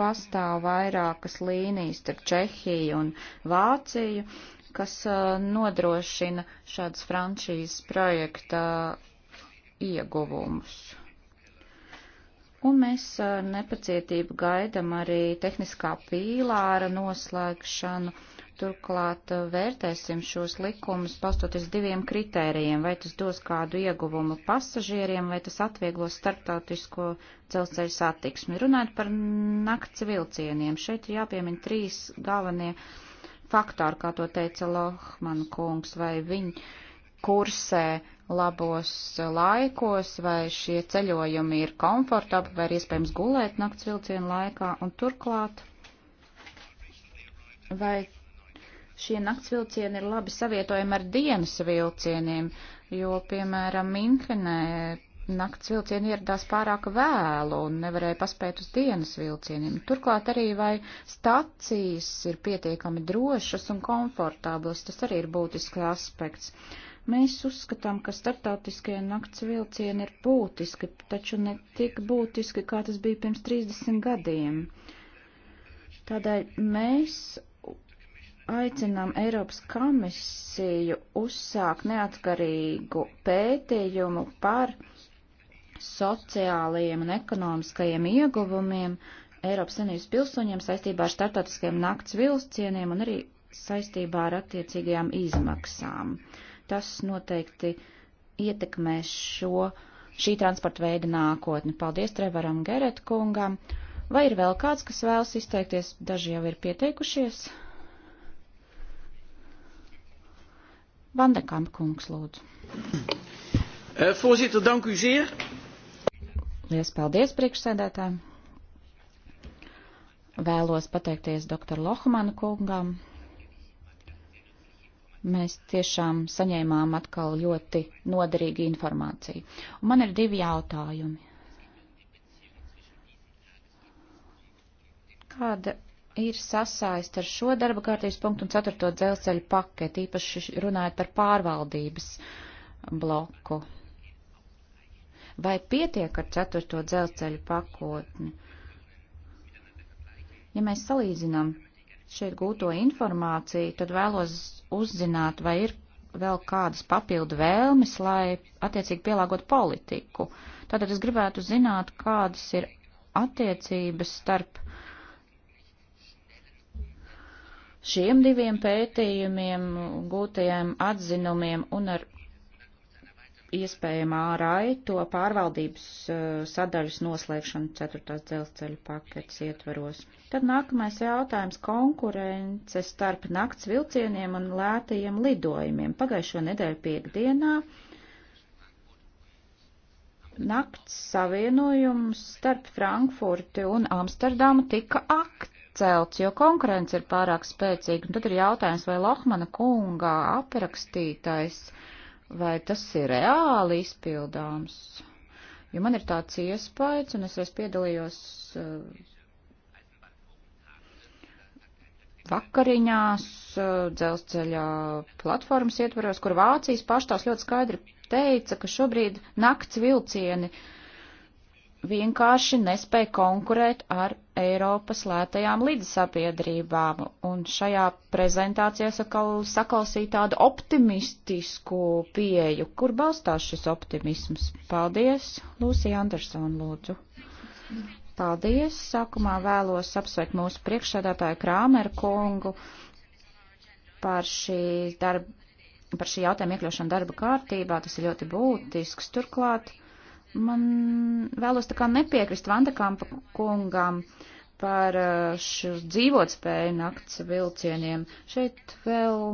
pastāv vairākas līnijas starp Čehiju un Vāciju, kas nodrošina šādas franšīzes projekta ieguvumus. Un mēs ar nepacietību gaidam arī tehniskā pīlāra noslēgšanu. Turklāt vērtēsim šos likumus, pastoties diviem kritērijiem, vai tas dos kādu ieguvumu pasažieriem, vai tas atvieglos starptautisko dzelzceļa satiksmi. Runājot par nakts vilcieniem, šeit ir jāpiemina trīs galvenie faktori, kā to teica Lohman kungs, vai viņi kursē labos eh, laikos, vai šie ceļojumi ir komfortabli, vai ir iespējams gulēt nakts vilcienu laikā, un turklāt, vai šie nakts vilcieni ir labi savietojami ar dienas vilcieniem, jo, piemēram, Minhenē nakts vilcieni ieradās pārāk vēlu un nevarēja paspēt uz dienas vilcieniem. Turklāt arī vai stacijas ir pietiekami drošas un komfortablas, tas arī ir būtisks aspekts. Mēs uzskatām, ka startautiskie nakts vilcieni ir būtiski, taču ne tik būtiski, kā tas bija pirms 30 gadiem. Tādēļ mēs aicinām Eiropas komisiju uzsākt neatkarīgu pētījumu par sociālajiem un ekonomiskajiem ieguvumiem Eiropas Savienības pilsoņiem saistībā ar startautiskiem nakts vilcieniem un arī saistībā ar attiecīgajām izmaksām. Uh, tas noteikti ietekmēs šo, šī transporta veida nākotni. Paldies Trevaram Geret kungam. Vai ir vēl kāds, kas vēlas izteikties? Daži jau ir pieteikušies. Vandekamp kungs, lūdzu. Eh, voorzitter, dank u zeer. Lies paldies priekšsēdētājiem. Vēlos pateikties doktor Lohmanu kungam Mēs tiešām saņēmām atkal ļoti noderīgu informāciju. Un man ir divi jautājumi. Kāda ir sasaist ar šo darba kārtības punktu un ceturto dzelzceļu paketi, īpaši runājot par pārvaldības bloku? Vai pietiek ar ceturto dzelzceļu pakotni? Ja mēs salīdzinām šeit gūto informāciju, tad vēlos uzzināt, vai ir vēl kādas papildu vēlmes, lai attiecīgi pielāgot politiku. Tātad es gribētu zināt, kādas ir attiecības starp šiem diviem pētījumiem, gūtajiem atzinumiem un ar iespējamā ārai to pārvaldības eh, sadaļas noslēgšanu 4. dzelzceļa paketes ietveros. Tad nākamais jautājums - konkurence starp nakts vilcieniem un lētajiem lidojumiem. Pagājušo nedēļu piekdienā nakts savienojums starp Frankfurti un Amsterdamu tika akcelts, jo konkurence ir pārāk spēcīga. Un tad ir jautājums, vai Lohmana kungā aprakstītais uh, vai tas ir reāli izpildāms. Jo man ir tāds iespējas, un es reiz piedalījos uh, vakariņās uh, dzelzceļa platformas ietvaros, kur Vācijas paštās ļoti skaidri teica, ka šobrīd nakts vilcieni vienkārši nespēja konkurēt ar Eiropas lētajām lidsapiedrībām. Un šajā prezentācijā sakal, sakalsīja tādu optimistisku pieju. Kur balstās šis optimisms? Paldies, Lūsija Andersona, lūdzu. Paldies. Sākumā vēlos apsveikt mūsu priekšsēdētāju Krāmeru kungu par šī, darba, par šī jautājuma iekļaušanu darba kārtībā. Tas ir ļoti būtisks. Turklāt Man vēlos tā kā nepiekrist Vandekampa kungam par uh, šo dzīvotspēju nakts vilcieniem. Šeit vēl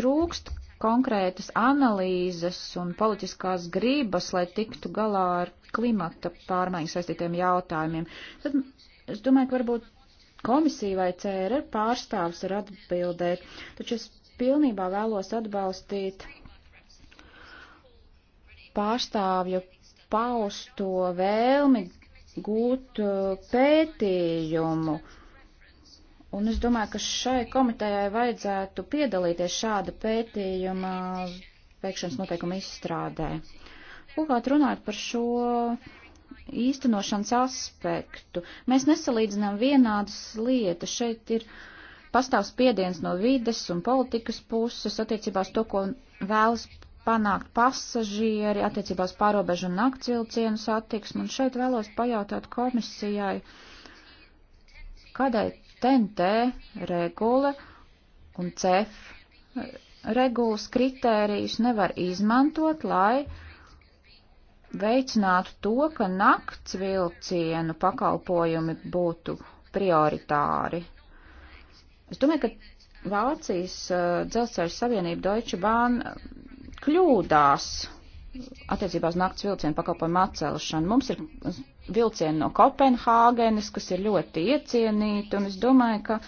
trūkst konkrētas analīzes un politiskās gribas, lai tiktu galā ar klimata pārmaiņu saistītiem jautājumiem. Tad es domāju, ka varbūt komisija vai CR pārstāvs ir atbildēt, taču es pilnībā vēlos atbalstīt pārstāvju pausto vēlmi gūt uh, pētījumu. Un es domāju, ka šai komitejai vajadzētu piedalīties šāda pētījuma veikšanas noteikuma izstrādē. Lūkāt runāt par šo īstenošanas aspektu. Mēs nesalīdzinām vienādas lietas. Šeit ir pastāv spiediens no vides un politikas puses attiecībā uz to, ko vēlas panākt pasažieri attiecībās pārobežu un naktsvilcienu satiksmu. Un šeit vēlos pajautāt komisijai, kādai TNT regula un CEF regulas kritērijus nevar izmantot, lai veicinātu to, ka naktsvilcienu pakalpojumi būtu prioritāri. Es domāju, ka Vācijas uh, dzelzceļa savienība Deutsche Bahn kļūdās attiecībā uz nakts vilcienu pakalpojumu atcelšanu. Mums ir vilcieni no Kopenhāgenes, kas ir ļoti iecienīti, un es domāju, ka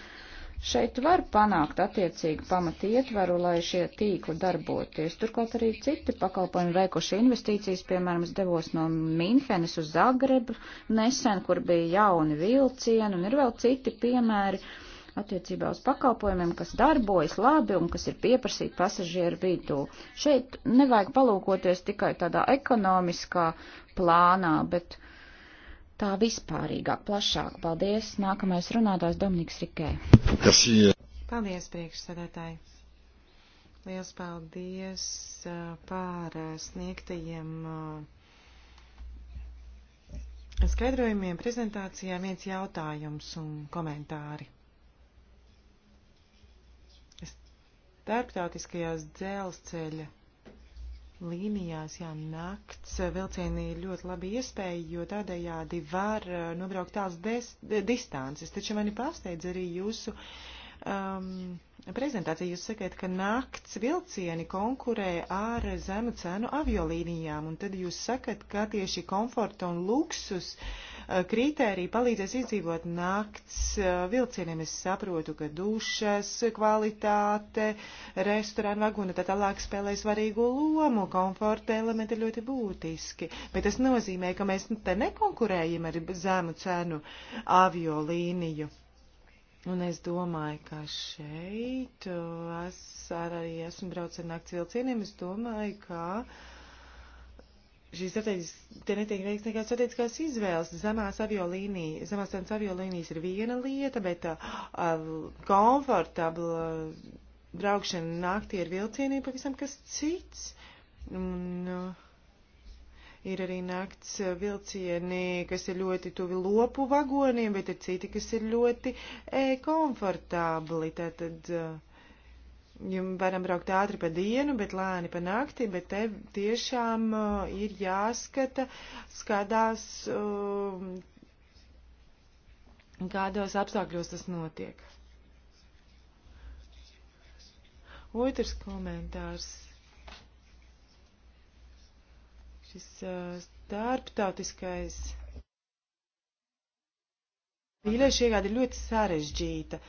šeit var panākt attiecīgu pamati ietvaru, lai šie tīkli darboties. Turklāt arī citi pakalpojumi veikuši investīcijas, piemēram, es devos no Minhenes uz Zagrebu nesen, kur bija jauni vilcieni, un ir vēl citi piemēri. Uh, attiecībā uz pakalpojumiem, kas darbojas labi un kas ir pieprasīti pasažieru vidū. Šeit nevajag palūkoties tikai tādā ekonomiskā plānā, bet tā vispārīgāk, plašāk. Paldies! Nākamais runātājs Dominiks Rikē. Paldies, priekšsēdētāji! Liels paldies uh, par uh, sniegtajiem uh, skaidrojumiem, prezentācijām, viens jautājums un komentāri. Starptautiskajās dzelzceļa līnijās, jā, nakts eh, vilcieni ir ļoti labi iespēja, jo tādējādi var eh, nobraukt tāls distances. Taču mani pārsteidz arī jūsu um, prezentāciju jūs sakāt, ka nakts vilcieni konkurē ar zemu cenu aviolīnijām, un tad jūs sakat, ka tieši komforta un luksus eh, kritērija palīdzēs izdzīvot nakts eh, vilcieniem. Es saprotu, ka dušas kvalitāte, restorāna vaguna tā tālāk spēlē svarīgu lomu, komforta elementi ir ļoti būtiski, bet tas nozīmē, ka mēs te nekonkurējam ar zemu cenu aviolīniju Un es domāju, ka šeit uh, es arī esmu braucis ar nakts vilcieniem. Es domāju, ka šīs strateģiskas, te netiek veikts nekāds strateģiskās izvēles. Zemās aviolīnijas, zemās cenas aviolīnijas ir viena lieta, bet uh, uh, komfortabla braukšana naktī ar vilcieniem pavisam kas cits. Un, uh, Ir arī nakts eh, vilcieni, kas ir ļoti tuvi lopu vagoniem, bet ir citi, kas ir ļoti e, komfortabli. Tātad eh, jums varam braukt ātri pa dienu, bet lēni pa nakti, bet te tiešām uh, ir jāskata, skatās, uh, kādos apstākļos tas notiek. Otrs komentārs šis starptautiskais vīliešu iegāde ir ļoti sarežģīta.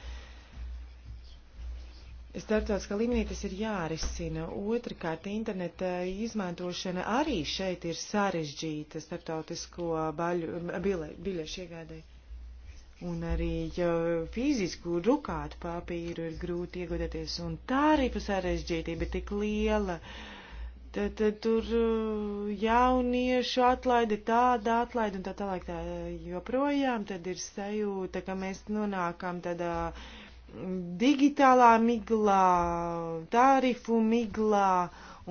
Starptautiskā līmenī tas ir jārisina. Otrakārt, interneta izmantošana arī šeit ir sarežģīta starptautisko baļu, bile, biļešu iegādēji. Un arī ja fizisku drukātu papīru ir grūti iegūties, un tā arī pa sarežģītība ir tik liela. Uh, Tad, tad tur eh, jauniešu atlaide, tāda atlaide un tā tālāk tā joprojām, tad ir sajūta, ka mēs nonākam tādā mm, digitālā miglā, tarifu miglā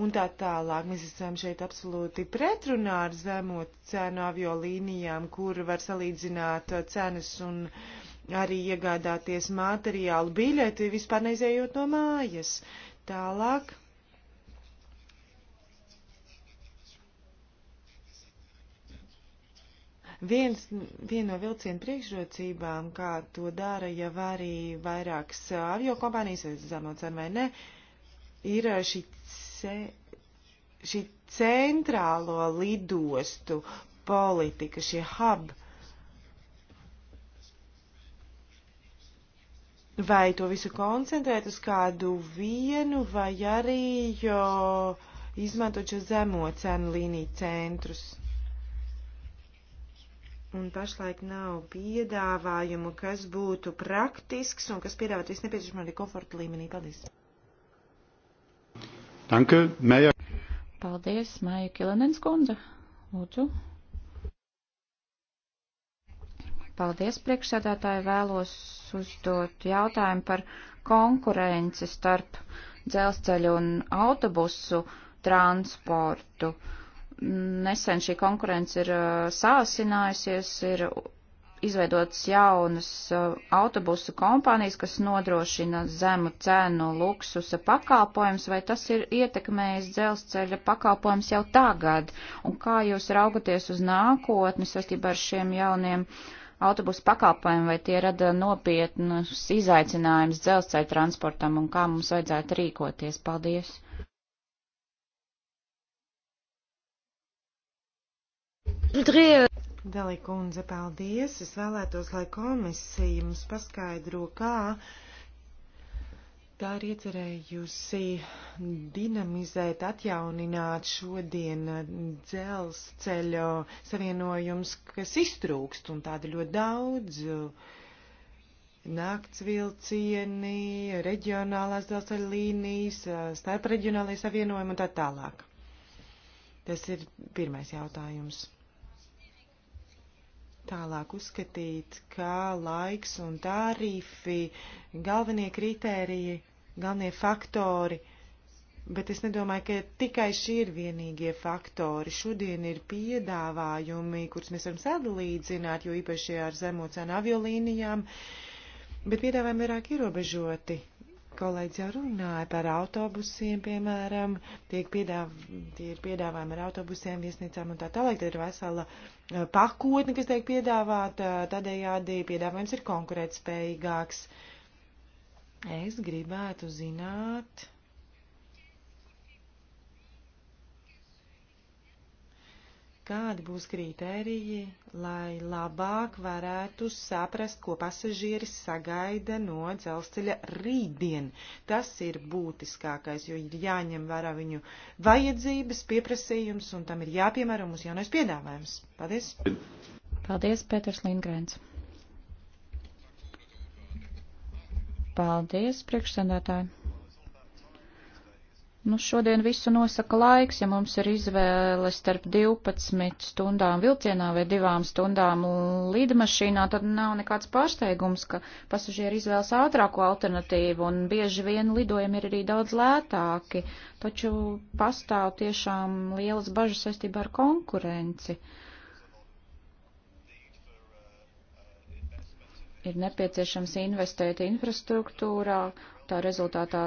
un tā tālāk. Mēs esam šeit absolūti pretrunā ar zemo cenu aviolīnijām, kur var salīdzināt eh, cenas un arī iegādāties materiālu biļeti, vispār neizējot no mājas. Tālāk Viens, viena no vilcienu priekšrocībām, kā to dara jau arī vairākas avio kompānijas, vai zemocen vai ne, ir šī, ce, šī centrālo lidostu politika, šie hub. Vai to visu koncentrēt uz kādu vienu, vai arī jo, izmantot šo zemo cenu līniju centrus? un pašlaik nav piedāvājumu, kas būtu praktisks un kas piedāvātu visnepieciešamo arī komforta līmenī. Paldies! Danke, Meja. Paldies, Maija Kilenens kundze. Lūdzu. Paldies, priekšsēdētāji. Vēlos uzdot jautājumu par konkurenci starp dzelzceļu un autobusu transportu. Uh, nesen šī konkurence ir uh, sāsinājusies, ir izveidotas jaunas uh, autobusu kompānijas, kas nodrošina zemu cenu luksusa pakalpojums, vai tas ir ietekmējis dzelzceļa pakalpojums jau tagad? Un kā jūs raugaties uz nākotni saistībā ar šiem jauniem autobusu pakalpojumiem, vai tie rada nopietnus izaicinājumus dzelzceļa transportam un kā mums vajadzētu rīkoties? Paldies! Dali kundze, paldies. Es vēlētos, lai komisija mums paskaidro, kā tā ir iecerējusi dinamizēt, atjaunināt šodien dzelzceļa savienojums, kas iztrūkst un tāda ļoti daudz. Nakts vilcieni, reģionālās dzelzceļa līnijas, starpreģionālajie savienojumi un tā tālāk. Tas ir pirmais jautājums tālāk uzskatīt, ka laiks un tarifi, galvenie kritēriji, galvenie faktori, bet es nedomāju, ka tikai šie ir vienīgie faktori. Šodien ir piedāvājumi, kurus mēs varam sadalīdzināt, jo īpaši ar zemo cenu aviolīnijām, bet piedāvājumi vairāk ierobežoti. Kolēģis jau runāja par autobusiem, piemēram, tiek piedāv, tie ir piedāvājumi ar autobusiem, viesnīcām un tā tālāk. Tad ir vesela eh, pakotne, kas tiek piedāvāta, tādējādi piedāvājums ir konkurētspējīgāks. Es gribētu zināt. kādi būs kriteriji, lai labāk varētu saprast, ko pasažieris sagaida no dzelzceļa rītdien. Tas ir būtiskākais, jo ir jāņem vērā viņu vajadzības, pieprasījums, un tam ir jāpiemēro mūsu jaunais piedāvājums. Paldies! Paldies, Pēters Lindgrēns! Paldies, priekšsēdētāji! Nu, šodien visu nosaka laiks, ja mums ir izvēle starp 12 stundām vilcienā vai 2 stundām lidmašīnā, tad nav nekāds pārsteigums, ka pasažieri izvēlas ātrāko alternatīvu un bieži vien lidojumi ir arī daudz lētāki, taču pastāv tiešām lielas bažas saistībā ar konkurenci. Ir nepieciešams investēt infrastruktūrā, tā rezultātā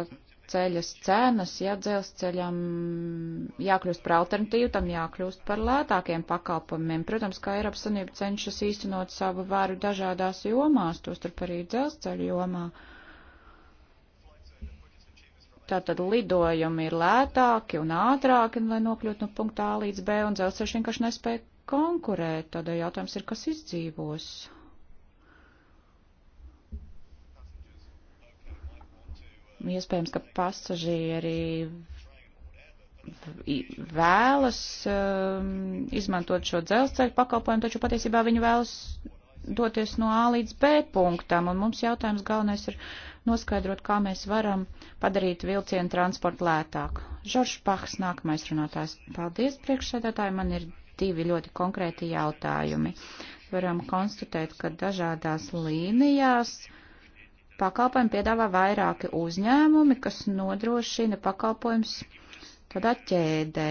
ceļas cenas, ja dzelzceļam jākļūst par alternatīvu, tam jākļūst par lētākiem pakalpojumiem. Protams, kā Eiropas Savienība cenšas īstenot savu varu dažādās jomās, tostarp arī dzelzceļu jomā. Tātad lidojumi ir lētāki un ātrāki, lai nokļūtu no punkta A līdz B, un dzelzceļš vienkārši nespēja konkurēt. Tādēļ jautājums ir, kas izdzīvos. Iespējams, ka pasažieri vēlas um, izmantot šo dzelzceļa pakalpojumu, taču patiesībā viņi vēlas doties no A līdz B punktam, un mums jautājums galvenais ir noskaidrot, kā mēs varam padarīt vilcienu transportu lētāku. Žoržs Pahs, nākamais runātājs. Paldies, priekšsēdētāji, man ir divi ļoti konkrēti jautājumi. Varam konstatēt, ka dažādās līnijās uh, pakalpojumu piedāvā vairāki uzņēmumi, kas nodrošina pakalpojums tādā ķēdē.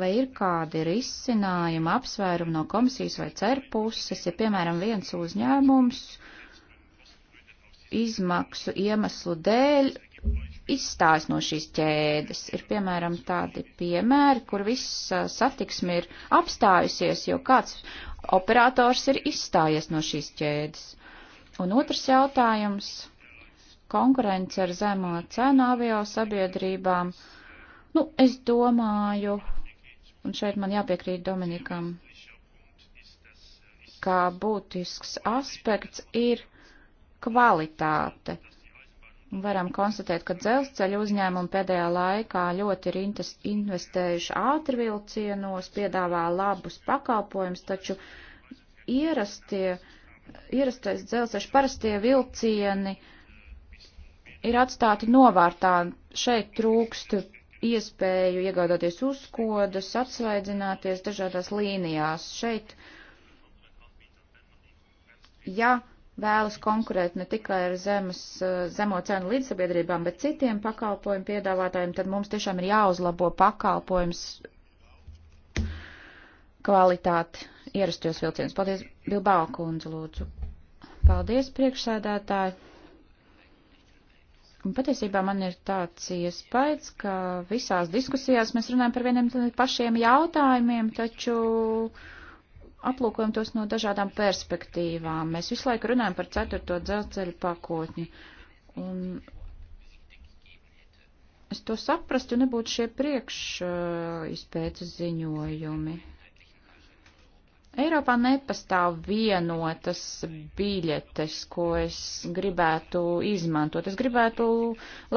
Vai ir kādi risinājumi, apsvērumi no komisijas vai cer puses, ja, piemēram, viens uzņēmums izmaksu iemeslu dēļ izstājas no šīs ķēdes. Ir piemēram tādi piemēri, kur viss satiksmi ir apstājusies, jo kāds operators ir izstājies no šīs ķēdes. Un otrs jautājums - konkurence ar zemā cenu avio sabiedrībām. Nu, es domāju, un šeit man jāpiekrīt Dominikam, kā būtisks aspekts ir kvalitāte. Varam konstatēt, ka dzelzceļa uzņēmumi pēdējā laikā ļoti ir investējuši ātrvilcienos, piedāvā labus pakalpojumus, taču ierastie uh, Ierastais dzelzceļš, parastie vilcieni ir atstāti novārtā. Šeit trūkst iespēju iegādāties uzkodas, atsvaidzināties dažādās līnijās. Šeit, ja vēlas konkurēt ne tikai ar zemes, zemo cenu līdzsabiedrībām, bet citiem pakalpojumu piedāvātājiem, tad mums tiešām ir jāuzlabo pakalpojums kvalitāti ierastos vilcienus. Paldies, Bilbao kundze, lūdzu. Paldies, priekšsēdētāji. Un patiesībā man ir tāds iespējas, ka visās diskusijās mēs runājam par vieniem pašiem jautājumiem, taču aplūkojam tos no dažādām perspektīvām. Mēs visu laiku runājam par ceturto dzelzceļu pakotni. Un es to saprastu, nebūtu šie priekš uh, izpētes ziņojumi. Eiropā nepastāv vienotas biļetes, ko es gribētu izmantot. Es gribētu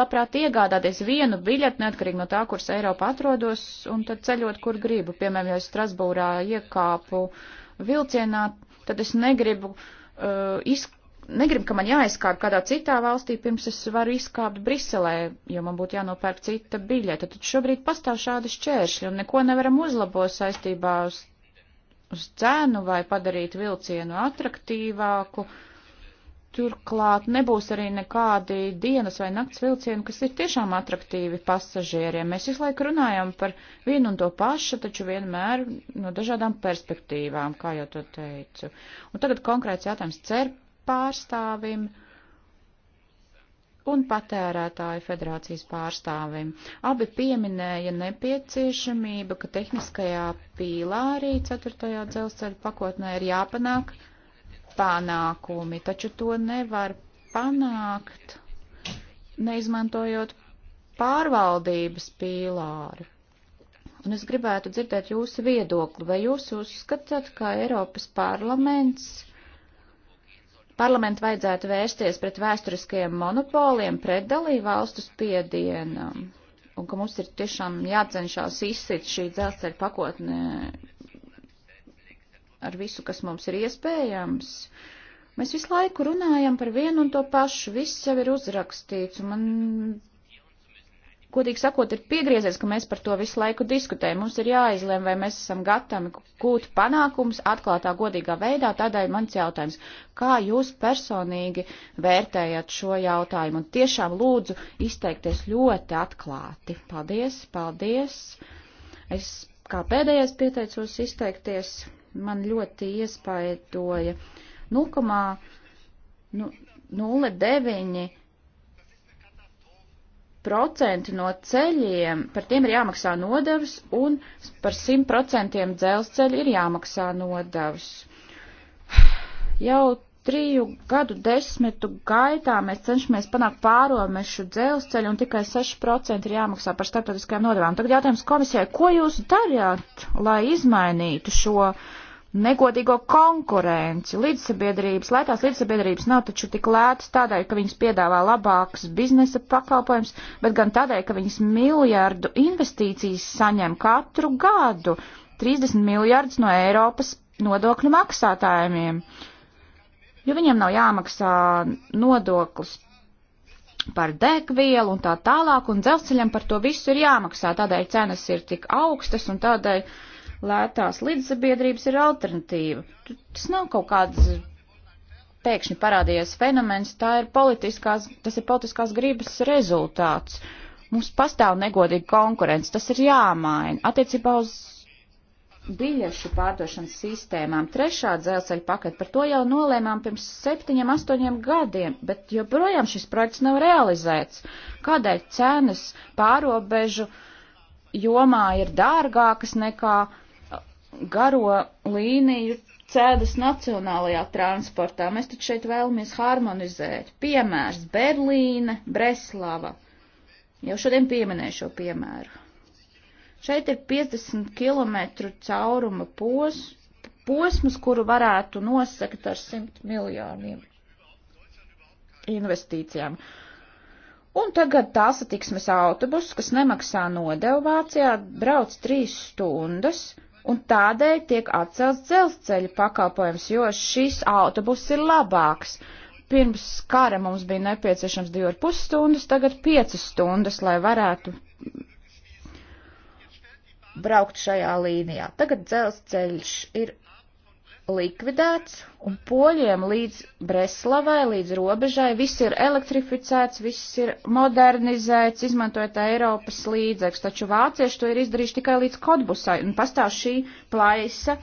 labprāt iegādāties vienu biļeti, neatkarīgi no tā, kuras Eiropā atrodos, un tad ceļot, kur gribu. Piemēram, ja es Strasbūrā iekāpu vilcienā, tad es negribu, uh, iz, negribu, ka man jāizkāp kādā citā valstī, pirms es varu izkāpt Briselē, jo man būtu jānopērk cita biļete. Tad šobrīd pastāv šādi šķēršļi, un neko nevaram uzlabot saistībā uz uz cenu vai padarīt vilcienu atraktīvāku. Turklāt nebūs arī nekādi dienas vai nakts vilcieni, kas ir tiešām atraktīvi pasažieriem. Mēs visu laiku runājam par vienu un to pašu, taču vienmēr no dažādām perspektīvām, kā jau to teicu. Un tagad konkrēts jautājums cer pārstāvim. Uh, un patērētāju federācijas pārstāvim. Abi pieminēja nepieciešamību, ka tehniskajā pīlārī 4. dzelzceļa pakotnē ir jāpanāk panākumi, taču to nevar panākt, neizmantojot pārvaldības pīlāru. Un es gribētu dzirdēt jūsu viedokli, vai jūs uzskatāt, ka Eiropas parlaments Parlamentu vajadzētu vērsties pret vēsturiskajiem monopoliem, pret dalību valstu spiedienam, un ka mums ir tiešām jācenšās izsit šī dzelzceļa pakotne ar visu, kas mums ir iespējams. Mēs visu laiku runājam par vienu un to pašu, viss jau ir uzrakstīts, un man godīgi sakot, ir piegriezies, ka mēs par to visu laiku diskutējam. Mums ir jāizlēm, vai mēs esam gatavi gūt panākumus atklātā, godīgā veidā. Tādēļ mans jautājums, kā jūs personīgi vērtējat šo jautājumu? Un tiešām lūdzu izteikties ļoti atklāti. Paldies, paldies. Es kā pēdējais pieteicos izteikties, man ļoti iespaidoja 0,09 nu, procenti no ceļiem, par tiem ir jāmaksā nodevs, un par 100% dzelzceļi ir jāmaksā nodevs. Jau triju gadu desmitu gaitā mēs cenšamies panākt pāromešu dzelzceļu, un tikai 6% ir jāmaksā par starptautiskajām nodevām. Tagad jautājums komisijai, ko jūs darījāt, lai izmainītu šo uh, negodīgo konkurenci. Līdzsabiedrības, lētās līdzsabiedrības nav taču tik lētas tādēļ, ka viņas piedāvā labākas biznesa pakalpojums, bet gan tādēļ, ka viņas miljardu investīcijas saņem katru gadu - 30 miljardus no Eiropas nodokļu maksātājiem. Jo viņiem nav jāmaksā nodoklis par degvielu un tā tālāk, un dzelzceļam par to visu ir jāmaksā, tādēļ cenas ir tik augstas un tādēļ uh, lētās līdzsabiedrības ir alternatīva. Tas nav kaut kāds pēkšņi parādījies fenomens, tā ir politiskās, tas ir politiskās gribas rezultāts. Mums pastāv negodīga konkurence, tas ir jāmaina. Attiecībā uz biļešu pārdošanas sistēmām. Trešā dzelzceļa pakete par to jau nolēmām pirms septiņiem, astoņiem gadiem, bet joprojām šis projekts nav realizēts. Kādēļ cenas pārobežu jomā ir dārgākas nekā uh, garo līniju cēdas nacionālajā transportā. Mēs taču šeit vēlamies harmonizēt. Piemērs Berlīne, Breslava. Jau šodien pieminēju šo piemēru. Šeit ir 50 km cauruma pos, posms, kuru varētu nosakt ar 100 miljoniem investīcijām. Un tagad tā satiksmes autobus, kas nemaksā nodevu Vācijā, brauc 3 stundas, un tādēļ tiek atcelts dzelzceļa pakalpojums, jo šis autobus ir labāks. Pirms kara mums bija nepieciešams 2,5 stundas, tagad 5 stundas, lai varētu braukt šajā līnijā. Tagad dzelzceļš ir likvidēts, un poļiem līdz Breslavai, līdz robežai, viss ir elektrificēts, viss ir modernizēts, izmantojot Eiropas līdzekļus, taču vācieši to ir izdarījuši tikai līdz Kodbusai, un pastāv šī plaisa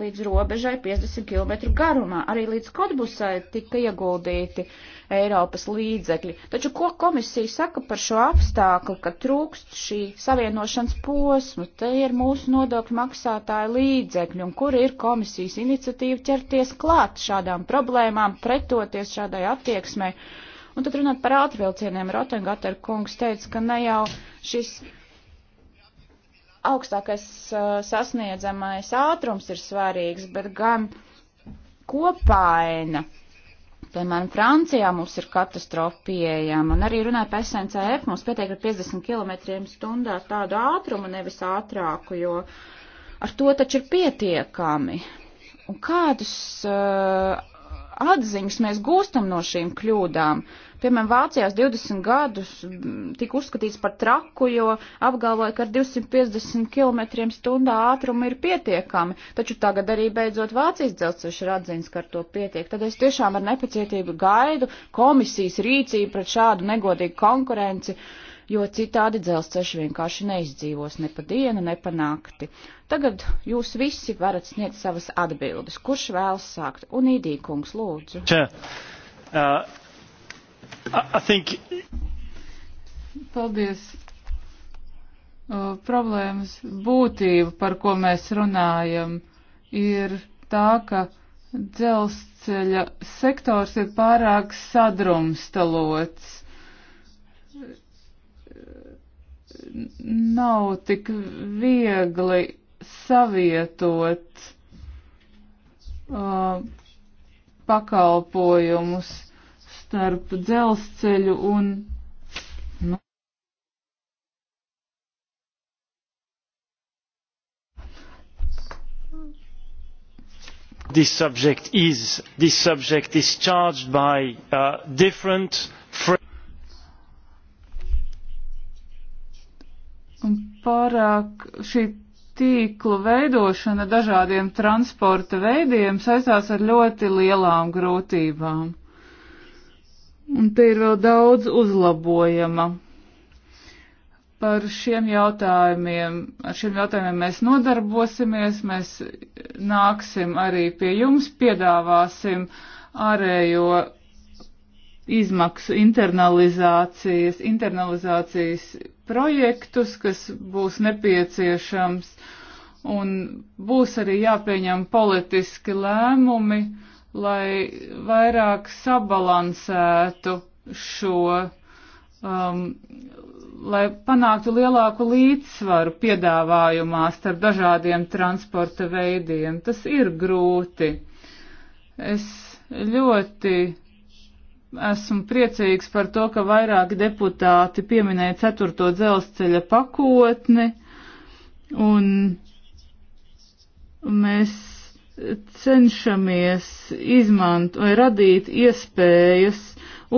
līdz robežai 50 km garumā. Arī līdz kodbusai tika ieguldīti Eiropas līdzekļi. Taču ko komisija saka par šo apstākli, ka trūkst šī savienošanas posmu? Te ir mūsu nodokļu maksātāju līdzekļi, un kur ir komisijas iniciatīva ķerties klāt šādām problēmām, pretoties šādai attieksmei? Un tad runāt par ātrvilcieniem, Rotengater kungs teica, ka ne jau šis augstākais uh, sasniedzamais ātrums ir svarīgs, bet gan kopaina. Piemēram, Francijā mums ir katastrofa pieejama, un arī runāja par SNCF, mums pietiek ar 50 km stundā tādu ātrumu, nevis ātrāku, jo ar to taču ir pietiekami. Un kādus uh, atziņas mēs gūstam no šīm kļūdām. Piemēram, Vācijās 20 gadus mm, tika uzskatīts par traku, jo apgalvoja, ka ar 250 km stundā ātrumi ir pietiekami, taču tagad arī beidzot Vācijas dzelzceļš ir atziņas, ka ar to pietiek. Tad es tiešām ar nepacietību gaidu komisijas rīcību pret šādu negodīgu konkurenci. Uh, jo citādi dzelzceļš vienkārši neizdzīvos ne pa dienu, ne pa nakti. Tagad jūs visi varat sniegt savas atbildes. Kurš vēlas sākt? Un īdīkums, lūdzu. Čē. Uh, I think... Paldies. Uh, problēmas būtība, par ko mēs runājam, ir tā, ka dzelzceļa sektors ir pārāk sadrumstalots nav tik viegli savietot uh, pakalpojumus starp dzelzceļu un nu. this subject is. This subject is charged by uh, different Un pārāk šī tīklu veidošana dažādiem transporta veidiem saistās ar ļoti lielām grūtībām. Un te ir vēl daudz uzlabojama. Par šiem jautājumiem, ar šiem jautājumiem mēs nodarbosimies, mēs nāksim arī pie jums, piedāvāsim ārējo izmaksu internalizācijas, internalizācijas projektus, kas būs nepieciešams, un būs arī jāpieņem politiski lēmumi, lai vairāk sabalansētu šo, um, lai panāktu lielāku līdzsvaru piedāvājumā starp dažādiem transporta veidiem. Tas ir grūti. Es ļoti Esmu priecīgs par to, ka vairāki deputāti pieminēja ceturto dzelzceļa pakotni, un mēs cenšamies izmantot vai radīt iespējas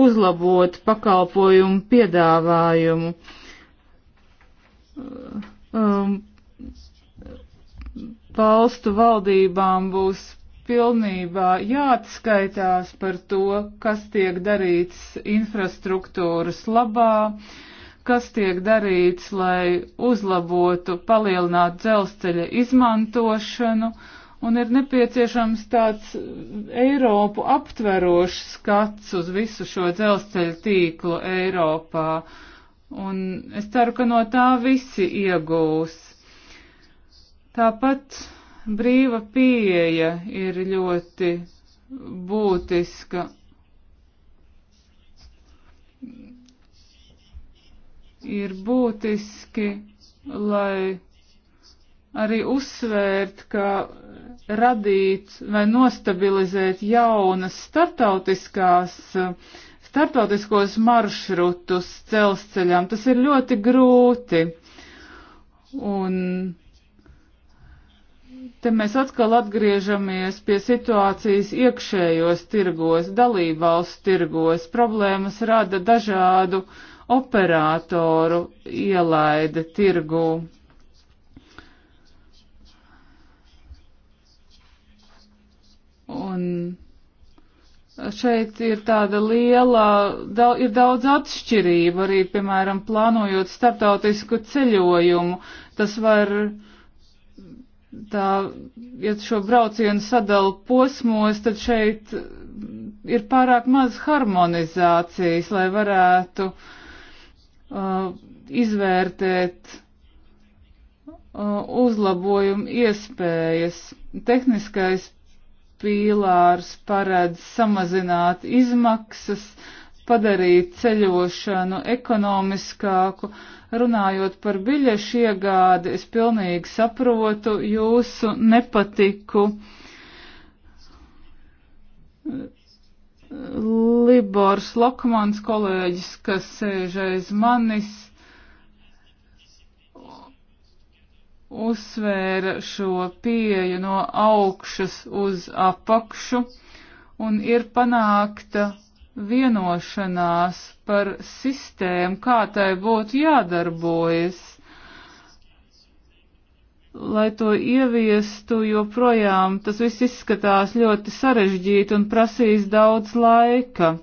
uzlabot pakalpojumu piedāvājumu. Um, valstu valdībām būs pilnībā jāatskaitās par to, kas tiek darīts infrastruktūras labā, kas tiek darīts, lai uzlabotu, palielinātu dzelzceļa izmantošanu, un ir nepieciešams tāds Eiropu aptverošs skats uz visu šo dzelzceļa tīklu Eiropā, un es ceru, ka no tā visi iegūs. Tāpat Brīva pieeja ir ļoti būtiska. Ir būtiski, lai arī uzsvērt, ka radīt vai nostabilizēt jaunas startautiskās, startautiskos maršrutus celsceļām, tas ir ļoti grūti. Un Te mēs atkal atgriežamies pie situācijas iekšējos tirgos, dalībvalsts tirgos. Problēmas rada dažādu operātoru ielaide tirgū. Un šeit ir tāda liela, da, ir daudz atšķirība arī, piemēram, plānojot starptautisku ceļojumu. Tas var uh, tā, ja šo braucienu sadala posmos, tad šeit ir pārāk maz harmonizācijas, lai varētu uh, izvērtēt uh, uzlabojumu iespējas. Tehniskais pīlārs paredz samazināt izmaksas, padarīt ceļošanu ekonomiskāku. Runājot par biļešu iegādi, es pilnīgi saprotu jūsu nepatiku. Libors Lokmans kolēģis, kas sēž aiz manis, uzsvēra šo pieju no augšas uz apakšu un ir panākta vienošanās par sistēmu, kā tai būtu jādarbojas. Lai to ieviestu, joprojām tas viss izskatās ļoti sarežģīti un prasīs daudz laika,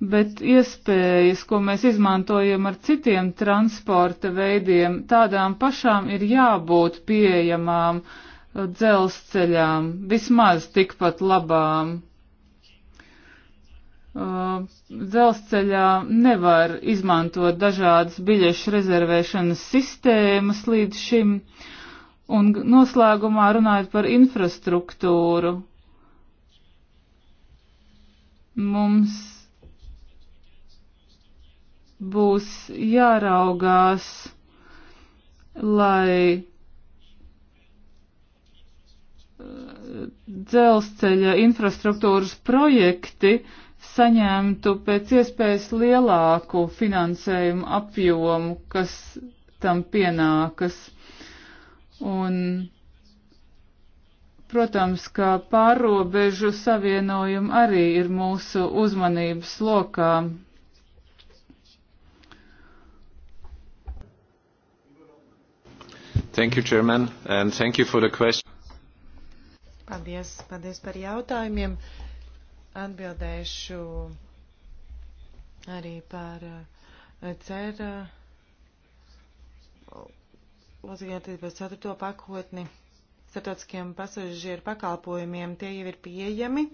bet iespējas, ko mēs izmantojam ar citiem transporta veidiem, tādām pašām ir jābūt pieejamām uh, dzelzceļām, vismaz tikpat labām. Uh, dzelzceļā nevar izmantot dažādas biļešu rezervēšanas sistēmas līdz šim. Un noslēgumā runājot par infrastruktūru. Mums būs jāraugās, lai uh, dzelzceļa infrastruktūras projekti uh, saņemtu pēc iespējas lielāku finansējumu apjomu, kas tam pienākas. Un, protams, kā pārobežu savienojumi arī ir mūsu uzmanības lokā. Thank you, Chairman, and thank you for the question. Paldies, paldies par jautājumiem. Uh, Atbildēšu arī par CERA Lozgatības 4. pakotni starptautiskiem pasažieru pakalpojumiem. Tie jau ir pieejami,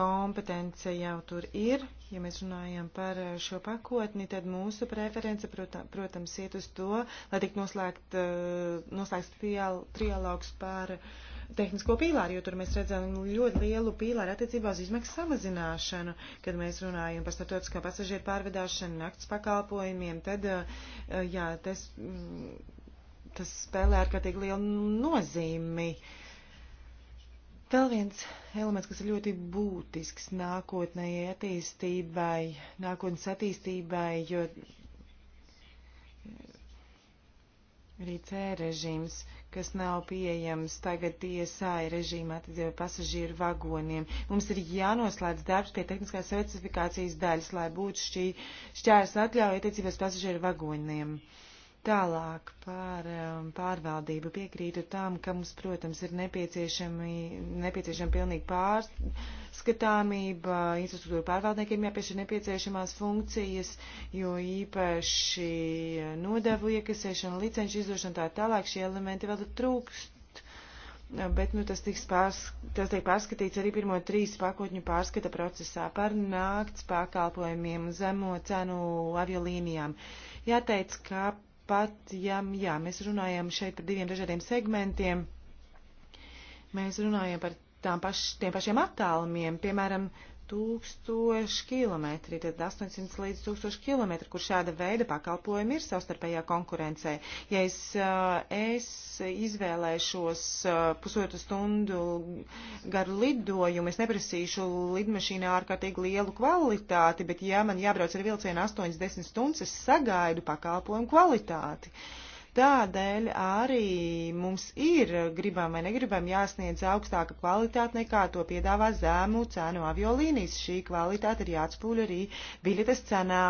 kompetence jau tur ir. Ja mēs runājam par eh, šo pakotni, tad mūsu preference, protams, iet uz to, lai tik noslēgt, eh, noslēgts trialogs par uh, tehnisko pīlāru, jo tur mēs redzam ļoti lielu pīlāru attiecībā uz izmaksu samazināšanu, kad mēs runājam par starptautiskā pasažieru pārvedāšanu, nakts pakalpojumiem, tad, eh, jā, tas, mm, tas spēlē ārkārtīgi lielu nozīmi. Vēl viens elements, kas ir ļoti būtisks nākotnējai attīstībai, nākotnes attīstībai, jo arī C režīms. Uh, kas nav pieejams tagad tiesā ir režīmā attiecībā pasažieru vagoniem. Mums ir jānoslēdz darbs pie tehniskās certifikācijas daļas, lai būtu šī šķērs atļauja attiecībās pasažieru vagoniem. Uh, Tālāk par um, pārvaldību piekrītu tam, ka mums, protams, ir nepieciešama pilnīga pārskatāmība, infrastruktūra pārvaldniekiem jāpiešķir nepieciešamās funkcijas, jo īpaši uh, nodevu iekasēšana, licenšu izdošana tā tālāk šie elementi vēl trūkst. Uh, bet nu, tas, tiks pārs, tas tiek pārskatīts arī pirmo trīs pakotņu pārskata procesā par nakts pakalpojumiem zemo cenu aviolīnijām. Jāteic, ka pat, ja jā, mēs runājam šeit par diviem dažādiem segmentiem, mēs runājam par paš, tiem pašiem attālumiem, piemēram, tūkstoši kilometri, tad 800 līdz 1000 kilometri, kur šāda veida pakalpojumi ir savstarpējā konkurencē. Ja es, eh, es izvēlēšos eh, pusotru stundu garu lidojumu, es neprasīšu lidmašīnā ārkārtīgi lielu kvalitāti, bet ja man jābrauc ar vilcienu 8-10 stundas, es sagaidu pakalpojumu kvalitāti. Uh, Tādēļ arī mums ir, gribam vai negribam, jāsniedz augstāka kvalitāte nekā to piedāvā zēmu cenu aviolīnijas. Šī kvalitāte ir jāatspūļ arī biļetes cenā.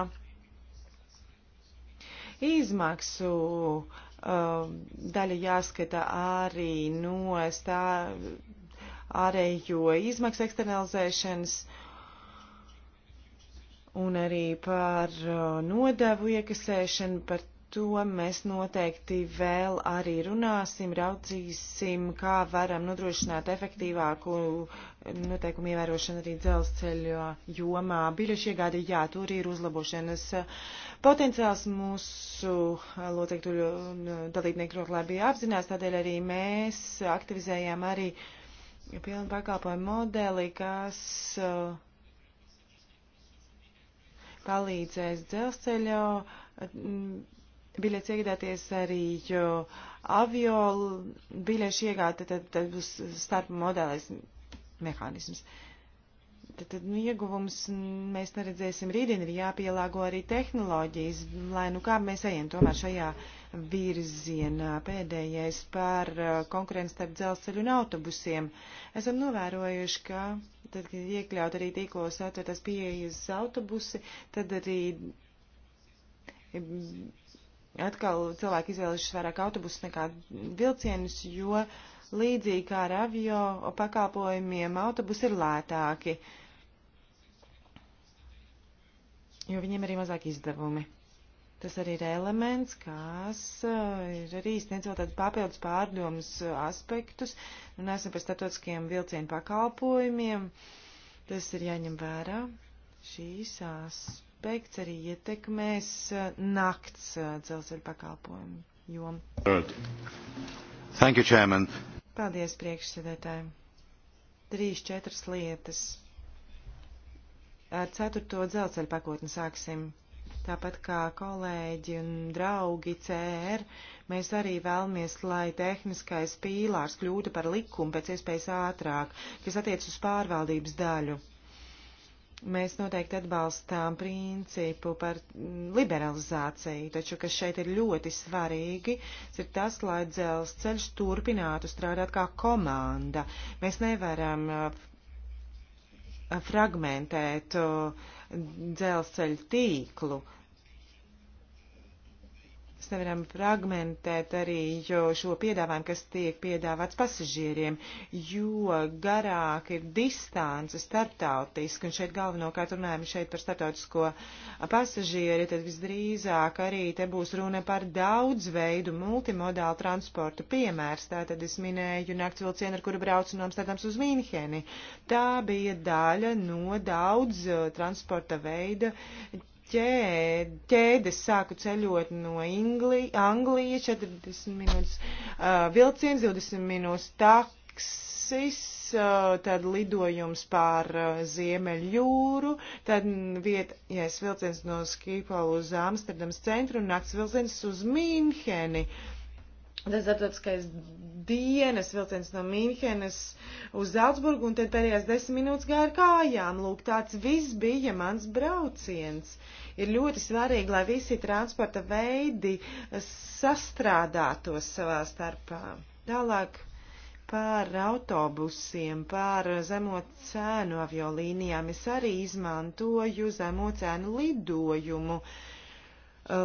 Izmaksu uh, daļa jāskata arī no stā, ārējo izmaksu eksternalizēšanas un arī par uh, nodevu iekasēšanu, par to mēs noteikti vēl arī runāsim, raudzīsim, kā varam nodrošināt efektīvāku noteikumu ievērošanu arī dzelzceļa jomā. Biļešu iegādi, jā, tur ir uzlabošanas potenciāls mūsu locekļu dalībnieku ļoti labi apzinās, tādēļ arī mēs aktivizējām arī pilnu pakalpojumu modeli, kas uh, palīdzēs dzelzceļa mm, biļets iegādāties arī avio biļešu iegāde, tad, tad, tad būs starp modēlais mehānisms. Tad, tad nu, ieguvums mēs neredzēsim rītdien, ir jāpielāgo arī tehnoloģijas, lai nu kā mēs ejam tomēr šajā virzienā. Pēdējais par uh, konkurenci starp dzelzceļu un autobusiem. Esam novērojuši, ka tad, kad iekļaut arī tīklos atvērtās pieejas autobusi, tad arī atkal cilvēki izvēlušies vairāk autobusus nekā vilcienus, jo līdzīgi kā ar avio pakalpojumiem autobusi ir lētāki, jo viņiem arī mazāk izdevumi. Tas arī ir elements, kas eh, ir arī sniedzot tādu papildus pārdomas eh, aspektus, un nu, esam par statotiskiem vilcienu pakalpojumiem. Tas ir jāņem vērā šīs aspekts aspekts arī ietekmēs eh, nakts eh, dzelzceļa pakalpojumu jomu. Thank you, Chairman. Paldies, priekšsēdētāji. Trīs, četras lietas. Ar ceturto dzelzceļa pakotni sāksim. Tāpat kā kolēģi un draugi CR, mēs arī vēlamies, lai tehniskais pīlārs kļūtu par likumu pēc iespējas ātrāk, kas attiec uz pārvaldības daļu. Mēs noteikti atbalstām principu par liberalizāciju, taču, kas šeit ir ļoti svarīgi, ir tas, lai dzelzceļš turpinātu strādāt kā komanda. Mēs nevaram uh, fragmentēt uh, dzelzceļu tīklu. Uh, Mēs nevaram fragmentēt arī šo piedāvājumu, kas tiek piedāvāts pasažieriem, jo garāk ir distance starptautiski, un šeit galvenokārt runājam šeit par starptautisko pasažieri, tad visdrīzāk arī te būs runa par daudzveidu multimodālu transportu piemērs. Tātad es minēju nakts vilcienu, ar kuru braucu no Amsterdams uz Mīnheni. Tā bija daļa no daudz eh, transporta veida ķēdes sāku ceļot no Ingli, Anglijas, 40 minūtes uh, vilciens, 20 minūtes taksis, uh, tad lidojums pār uh, Ziemeļu jūru, tad vietējais vilciens no Skīpola uz Amsterdams centru un nakts vilciens uz Mīnheni. Uh, Tas starptautiskais dienas vilciens no Mīnhenes uz Zalcburgu un tad pēdējās desmit minūtes gāja ar kājām. Lūk, tāds viss bija mans brauciens. Ir ļoti svarīgi, lai visi transporta veidi sastrādātos savā starpā. Tālāk par autobusiem, par zemo cēnu aviolīnijām. Es arī izmantoju zemo cēnu lidojumu,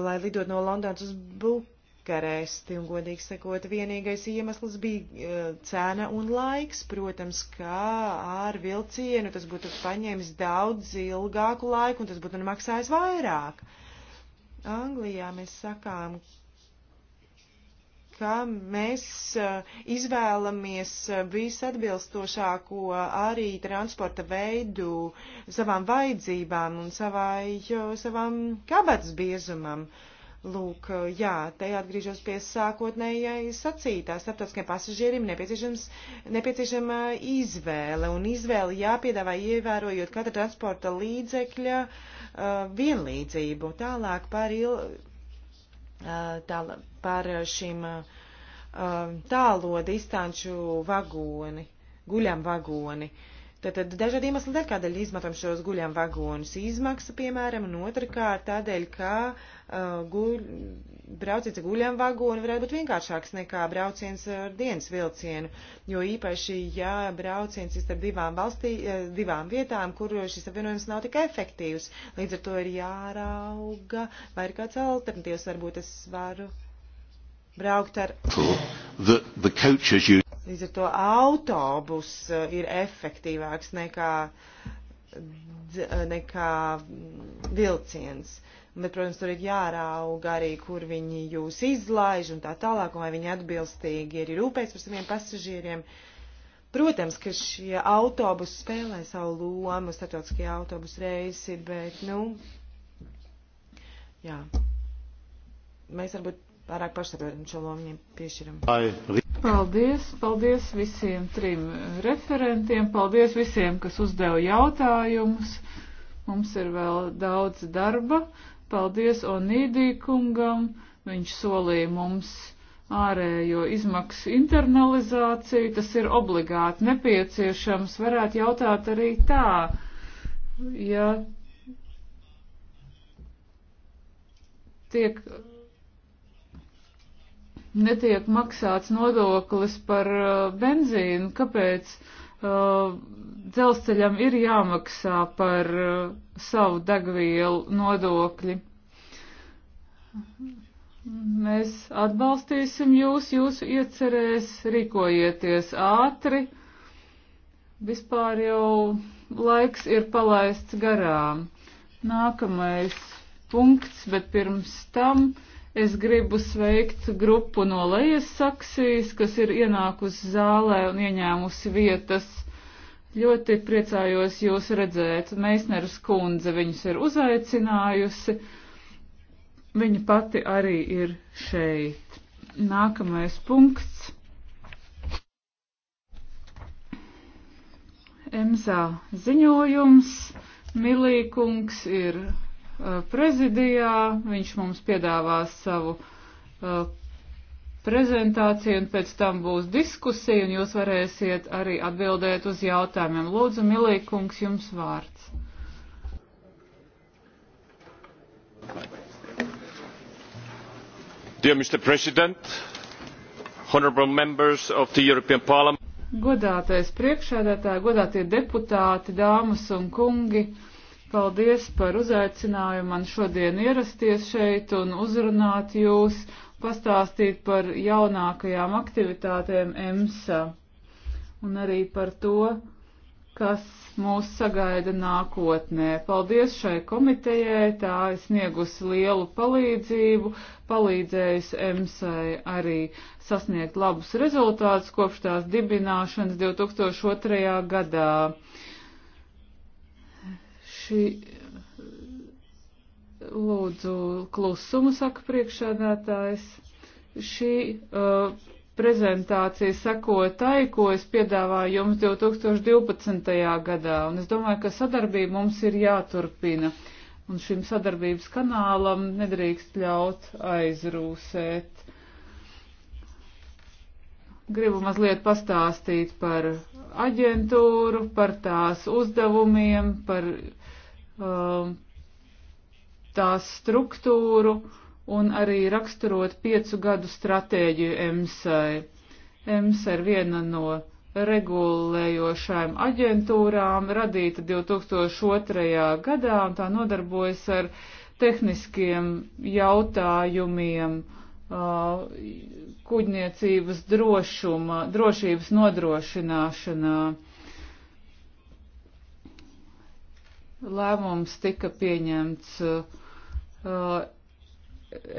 lai lidot no Londonas uz Buku karēsti, un, godīgi sakot, vienīgais iemesls bija uh, cena un laiks, protams, kā ar vilcienu tas būtu paņēmis daudz ilgāku laiku, un tas būtu maksājis vairāk. Anglijā mēs sakām, ka mēs uh, izvēlamies eh, visatbilstošāko arī transporta veidu savām vaidzībām un savai, jo, savām kabatas biezumam. Uh, Lūk, jā, te atgriežos pie sākotnējai sacītā. Starptautiskiem pasažierim nepieciešama izvēle, un izvēle jāpiedāvā ievērojot katra transporta līdzekļa uh, vienlīdzību. Tālāk par, il, uh, tāl, par šim uh, tālo distanču vagoni, guļam vagoni. Uh, Tātad dažādi iemesli dēļ, kādēļ izmetam šos guļam vagonus, izmaksa, piemēram, un otrkārt tādēļ, ka uh, guļ, brauciens ar guļam vagonu varētu būt vienkāršāks nekā brauciens ar dienas vilcienu, jo īpaši, ja brauciens ir starp divām valstī, uh, divām vietām, kur šis apvienojums nav tik efektīvs, līdz ar to ir jārauga, vai ir kāds alternatīvs, varbūt es varu braukt ar. The, the coaches you Līdz ar to autobus uh, ir efektīvāks nekā, uh, nekā mm, vilciens. Bet, protams, tur ir jārauga arī, kur viņi jūs izlaiž un tā tālāk, un vai viņi atbilstīgi ir rūpēs par saviem pasažieriem. Protams, ka šie autobusi spēlē savu lomu, starptautiskie autobusu reisi, bet, nu, jā, mēs varbūt pārāk pašsaprotamu šo lomu viņiem piešķiram. Paldies, paldies visiem trim referentiem, paldies visiem, kas uzdeva jautājumus. Mums ir vēl daudz darba. Paldies Onīdī kungam, viņš solīja mums ārējo izmaksu internalizāciju, tas ir obligāti nepieciešams. Varētu jautāt arī tā, ja tiek netiek maksāts nodoklis par uh, benzīnu, kāpēc uh, dzelzceļam ir jāmaksā par uh, savu degvielu nodokļi. Mēs atbalstīsim jūs, jūsu iecerēs, rīkojieties ātri. Vispār jau laiks ir palaists garām. Nākamais punkts, bet pirms tam. Es gribu sveikt grupu no lejas saksijas, kas ir ienākusi zālē un ieņēmusi vietas. Ļoti priecājos jūs redzēt. Meisneras kundze viņus ir uzaicinājusi. Viņa pati arī ir šeit. Nākamais punkts. Emzā ziņojums. Milīkungs ir Uh, prezidijā, viņš mums piedāvās savu uh, prezentāciju un pēc tam būs diskusija un jūs varēsiet arī atbildēt uz jautājumiem. Lūdzu, Milīkungs, jums vārds. Dear Mr. President, honorable members of the European Parliament. Godātais priekšēdētāji, godātie deputāti, dāmas un kungi. Paldies par uzaicinājumu man šodien ierasties šeit un uzrunāt jūs, pastāstīt par jaunākajām aktivitātēm EMSA un arī par to, kas mūs sagaida nākotnē. Paldies šai komitejai, tā ir sniegusi lielu palīdzību, palīdzējusi EMSAI arī sasniegt labus rezultātus kopš tās dibināšanas 2002. gadā vienkārši eh, lūdzu klusumu, saka priekšādātājs. Šī uh, prezentācija seko tai, ko es piedāvāju jums 2012. gadā, un es domāju, ka sadarbība mums ir jāturpina, un šim sadarbības kanālam nedrīkst ļaut aizrūsēt. Gribu mazliet pastāstīt par aģentūru, par tās uzdevumiem, par um, tās struktūru un arī raksturot piecu gadu stratēģiju EMSAI. EMSA ir viena no regulējošajām aģentūrām, radīta 2002. gadā un tā nodarbojas ar tehniskiem jautājumiem uh, kuģniecības drošuma, drošības nodrošināšanā. Lēmums tika pieņemts uh,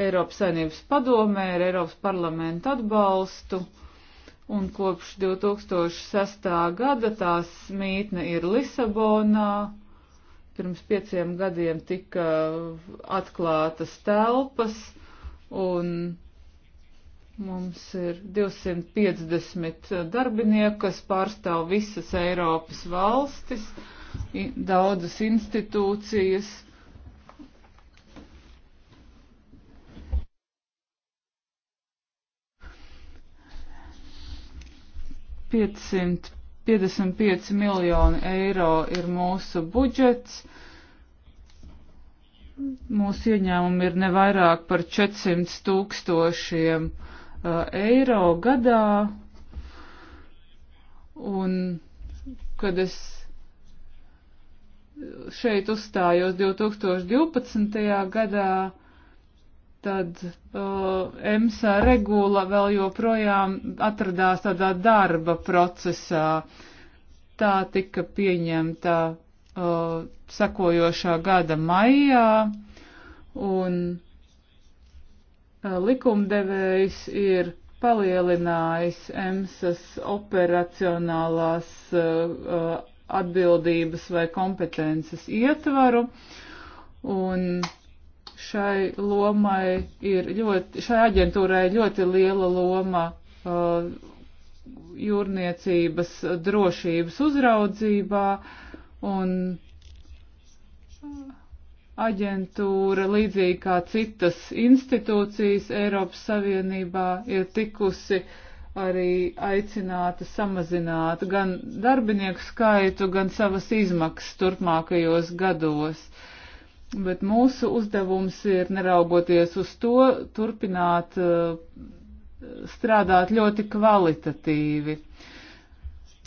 Eiropas saimnības padomē ar Eiropas parlamentu atbalstu, un kopš 2006. gada tās mītne ir Lisabonā. Pirms pieciem gadiem tika atklātas telpas, un mums ir 250 darbinieku, kas pārstāv visas Eiropas valstis. Uh, daudzas institūcijas. Piecsimt 55 miljoni eiro ir mūsu budžets. Mūsu ieņēmumi ir nevairāk par 400 tūkstošiem uh, eiro gadā. Un, kad es šeit uzstājos 2012. gadā, tad uh, EMSA regula vēl joprojām atradās tādā darba procesā. Tā tika pieņemta uh, sakojošā gada maijā, un uh, likumdevējs ir palielinājis EMSAS operacionālās uh, uh atbildības vai kompetences ietvaru. Un šai lomai ir ļoti, šai aģentūrai ļoti liela loma uh, jūrniecības drošības uzraudzībā un uh, aģentūra, līdzīgi kā citas institūcijas Eiropas Savienībā, ir tikusi uh, arī aicināta samazināt gan darbinieku skaitu, gan savas izmaksas turpmākajos gados. Bet mūsu uzdevums ir, neraugoties uz to, turpināt eh, strādāt ļoti kvalitatīvi.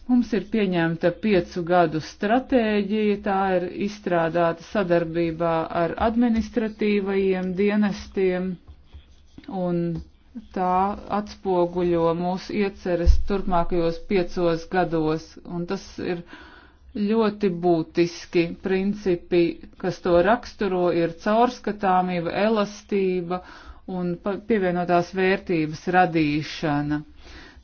Mums ir pieņemta piecu gadu stratēģija, tā ir izstrādāta sadarbībā ar administratīvajiem dienestiem un tā atspoguļo mūsu ieceres turpmākajos piecos gados, un tas ir ļoti būtiski principi, kas to raksturo, ir caurskatāmība, elastība un pievienotās vērtības radīšana.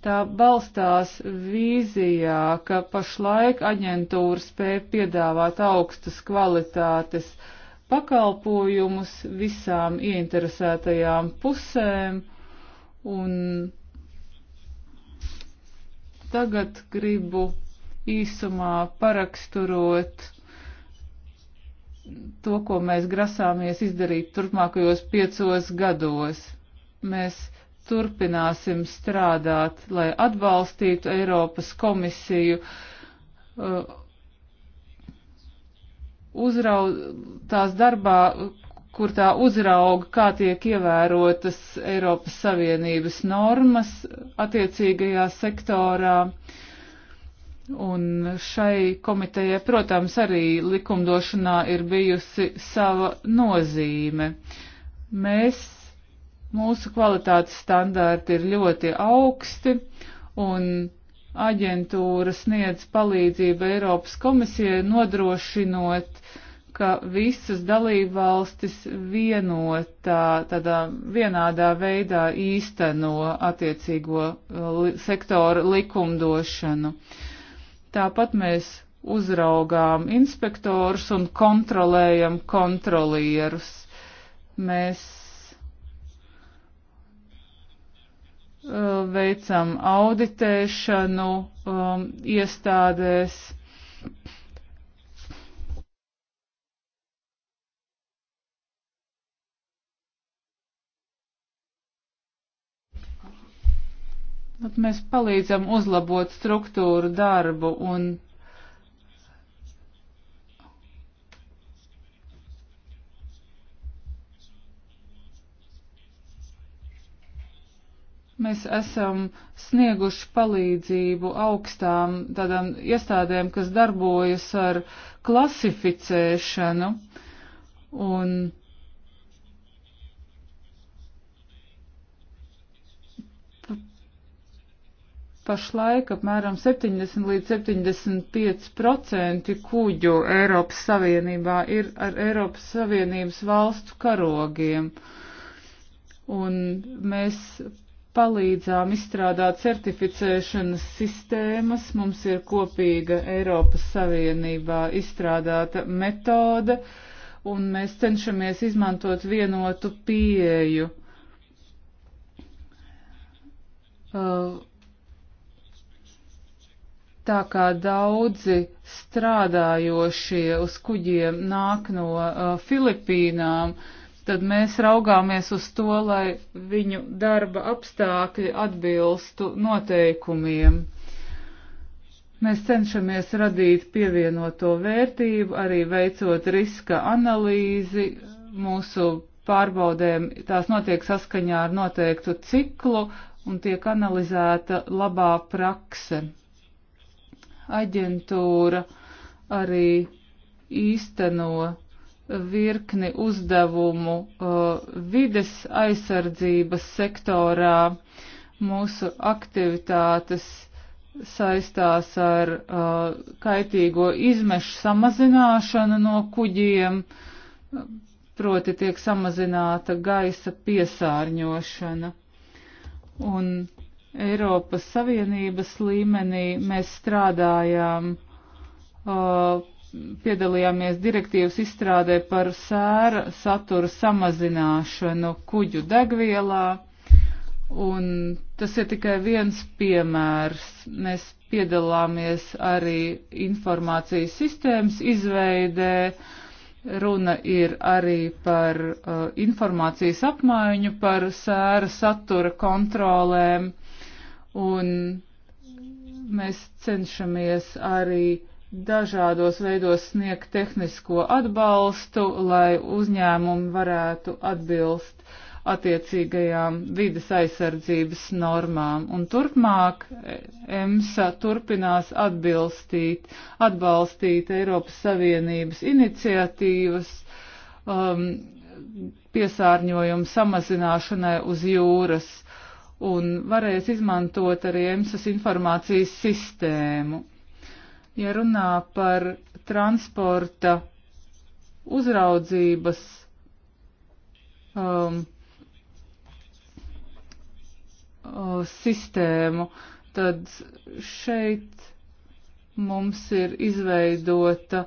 Tā balstās vīzijā, ka pašlaik aģentūra spēja piedāvāt augstas kvalitātes pakalpojumus visām ieinteresētajām pusēm, Un tagad gribu īsumā paraksturot to, ko mēs grasāmies izdarīt turpmākajos piecos gados. Mēs turpināsim strādāt, lai atbalstītu Eiropas komisiju, uh, uzraud, tās darbā, kur tā uzrauga, kā tiek ievērotas Eiropas Savienības normas attiecīgajā sektorā. Un šai komitejai, protams, arī likumdošanā ir bijusi sava nozīme. Mēs, mūsu kvalitātes standārti ir ļoti augsti, un aģentūra sniedz palīdzību Eiropas komisijai nodrošinot uh, ka visas dalībvalstis vienotā, tādā vienādā veidā īsteno attiecīgo uh, li, sektoru likumdošanu. Tāpat mēs uzraugām inspektorus un kontrolējam kontrolierus. Mēs uh, veicam auditēšanu um, iestādēs Tad mēs palīdzam uzlabot struktūru darbu un mēs esam snieguši palīdzību augstām tādām iestādēm, kas darbojas ar klasificēšanu un Pašlaik apmēram 70 līdz 75% kuģu Eiropas Savienībā ir ar Eiropas Savienības valstu karogiem. Un mēs palīdzām izstrādāt certificēšanas sistēmas. Mums ir kopīga Eiropas Savienībā izstrādāta metode, un mēs cenšamies izmantot vienotu pieeju. Uh, tā kā daudzi strādājošie uz kuģiem nāk no uh, Filipīnām, tad mēs raugāmies uz to, lai viņu darba apstākļi atbilstu noteikumiem. Mēs cenšamies radīt pievienoto vērtību, arī veicot riska analīzi. Mūsu pārbaudēm tās notiek saskaņā ar noteiktu ciklu un tiek analizēta labā prakse aģentūra arī īsteno virkni uzdevumu uh, vides aizsardzības sektorā. Mūsu aktivitātes saistās ar uh, kaitīgo izmešu samazināšanu no kuģiem, proti tiek samazināta gaisa piesārņošana. Un Eiropas Savienības līmenī mēs strādājām, uh, piedalījāmies direktīvas izstrādē par sēra satura samazināšanu kuģu degvielā. Un tas ir tikai viens piemērs. Mēs piedalāmies arī informācijas sistēmas izveidē. Runa ir arī par uh, informācijas apmaiņu par sēra satura kontrolēm un mēs cenšamies arī dažādos veidos sniegt tehnisko atbalstu, lai uzņēmumi varētu atbilst attiecīgajām vidas aizsardzības normām. Un turpmāk EMSA turpinās atbilstīt, atbalstīt Eiropas Savienības iniciatīvas um, piesārņojumu samazināšanai uz jūras un varēs izmantot arī EMSAS informācijas sistēmu. Ja runā par transporta uzraudzības um, uh, sistēmu, tad šeit mums ir izveidota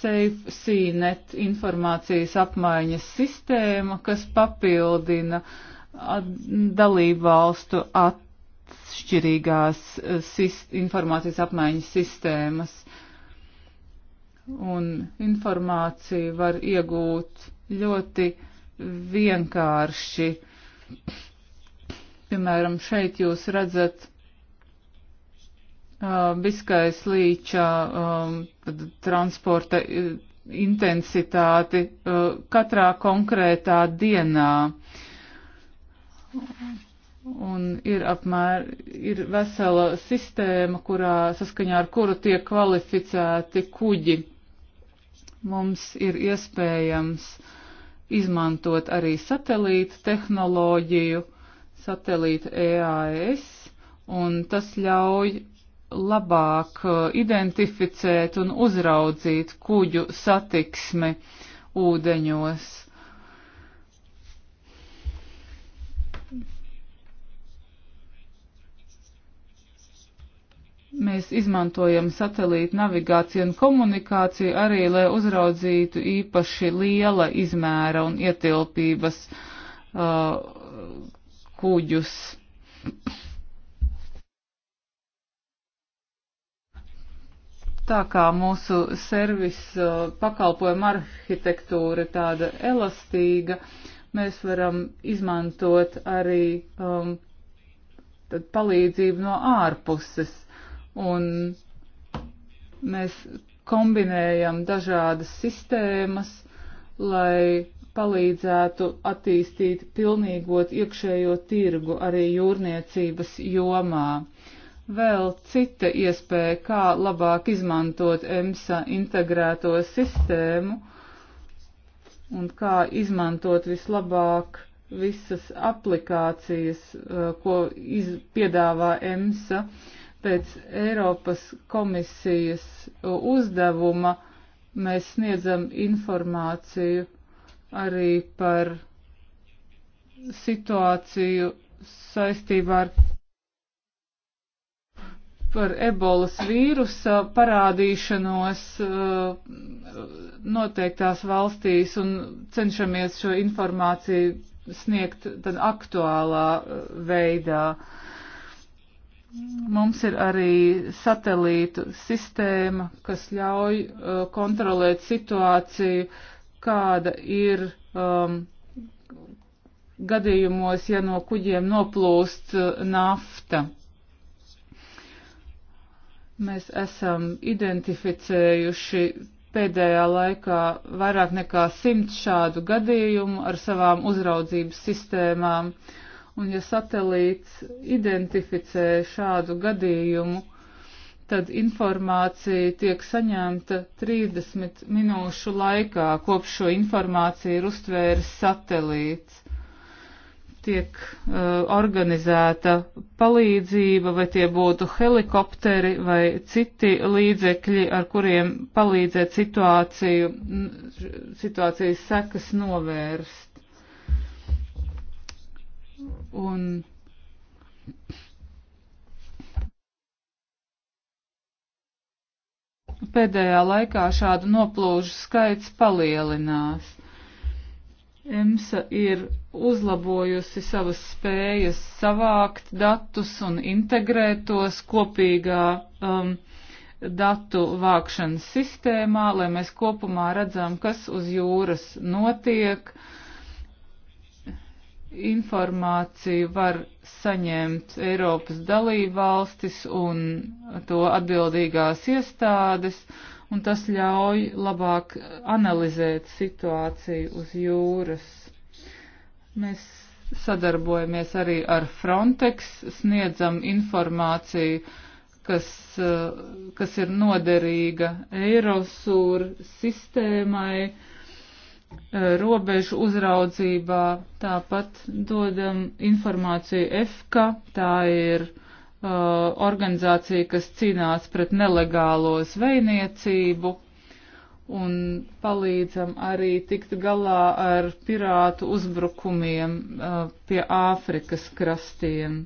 SafeCNet informācijas apmaiņas sistēma, kas papildina uh, dalību valstu atšķirīgās eh, informācijas apmaiņas sistēmas. Un informāciju var iegūt ļoti vienkārši. Piemēram, šeit jūs redzat uh, biskais līča um, transporta eh, intensitāti uh, katrā konkrētā dienā Un ir apmēr, ir vesela sistēma, kurā saskaņā ar kuru tiek kvalificēti kuģi. Mums ir iespējams izmantot arī satelīta tehnoloģiju, satelīta EAS, un tas ļauj labāk uh, identificēt un uzraudzīt kuģu satiksmi ūdeņos Mēs izmantojam satelītu navigāciju un komunikāciju arī, lai uzraudzītu īpaši liela izmēra un ietilpības uh, kuģus. tā kā mūsu servis uh, pakalpojuma arhitektūra tāda elastīga, mēs varam izmantot arī um, palīdzību no ārpuses un mēs kombinējam dažādas sistēmas, lai palīdzētu attīstīt pilnīgot iekšējo tirgu arī jūrniecības jomā. Vēl cita iespēja, kā labāk izmantot EMSA integrēto sistēmu un kā izmantot vislabāk visas aplikācijas, eh, ko iz, piedāvā EMSA, uh, pēc Eiropas komisijas uzdevuma mēs sniedzam informāciju arī par situāciju saistībā ar par ebolas vīrusa parādīšanos uh, noteiktās valstīs un cenšamies šo informāciju sniegt tad aktuālā uh, veidā. Uh, Mums ir arī satelītu sistēma, kas ļauj uh, kontrolēt situāciju, kāda ir um, gadījumos, ja no kuģiem noplūst uh, nafta. Mēs esam identificējuši pēdējā laikā vairāk nekā simts šādu gadījumu ar savām uzraudzības sistēmām. Uh, Un ja satelīts identificē šādu gadījumu, tad informācija tiek saņemta 30 minūšu laikā, kopš šo informāciju ir uztvēris satelīts. Tiek uh, organizēta palīdzība, vai tie būtu helikopteri vai citi līdzekļi, ar kuriem palīdzēt situāciju, situācijas sekas novērst Un pēdējā laikā šādu noplūžu skaits palielinās. EMSA ir uzlabojusi savas spējas savākt datus un integrēt tos kopīgā um, datu vākšanas sistēmā, lai mēs kopumā redzam, kas uz jūras notiek. Uh, informāciju var saņemt Eiropas dalībvalstis un to atbildīgās iestādes, un tas ļauj labāk analizēt situāciju uz jūras. Mēs sadarbojamies arī ar Frontex, sniedzam informāciju, kas, eh, kas ir noderīga Eirosūra sistēmai Eh, robežu uzraudzībā, tāpat dodam informāciju EFKA, tā ir uh, organizācija, kas cīnās pret nelegālo zvejniecību, un palīdzam arī tikt galā ar pirātu uzbrukumiem uh, pie Āfrikas krastiem.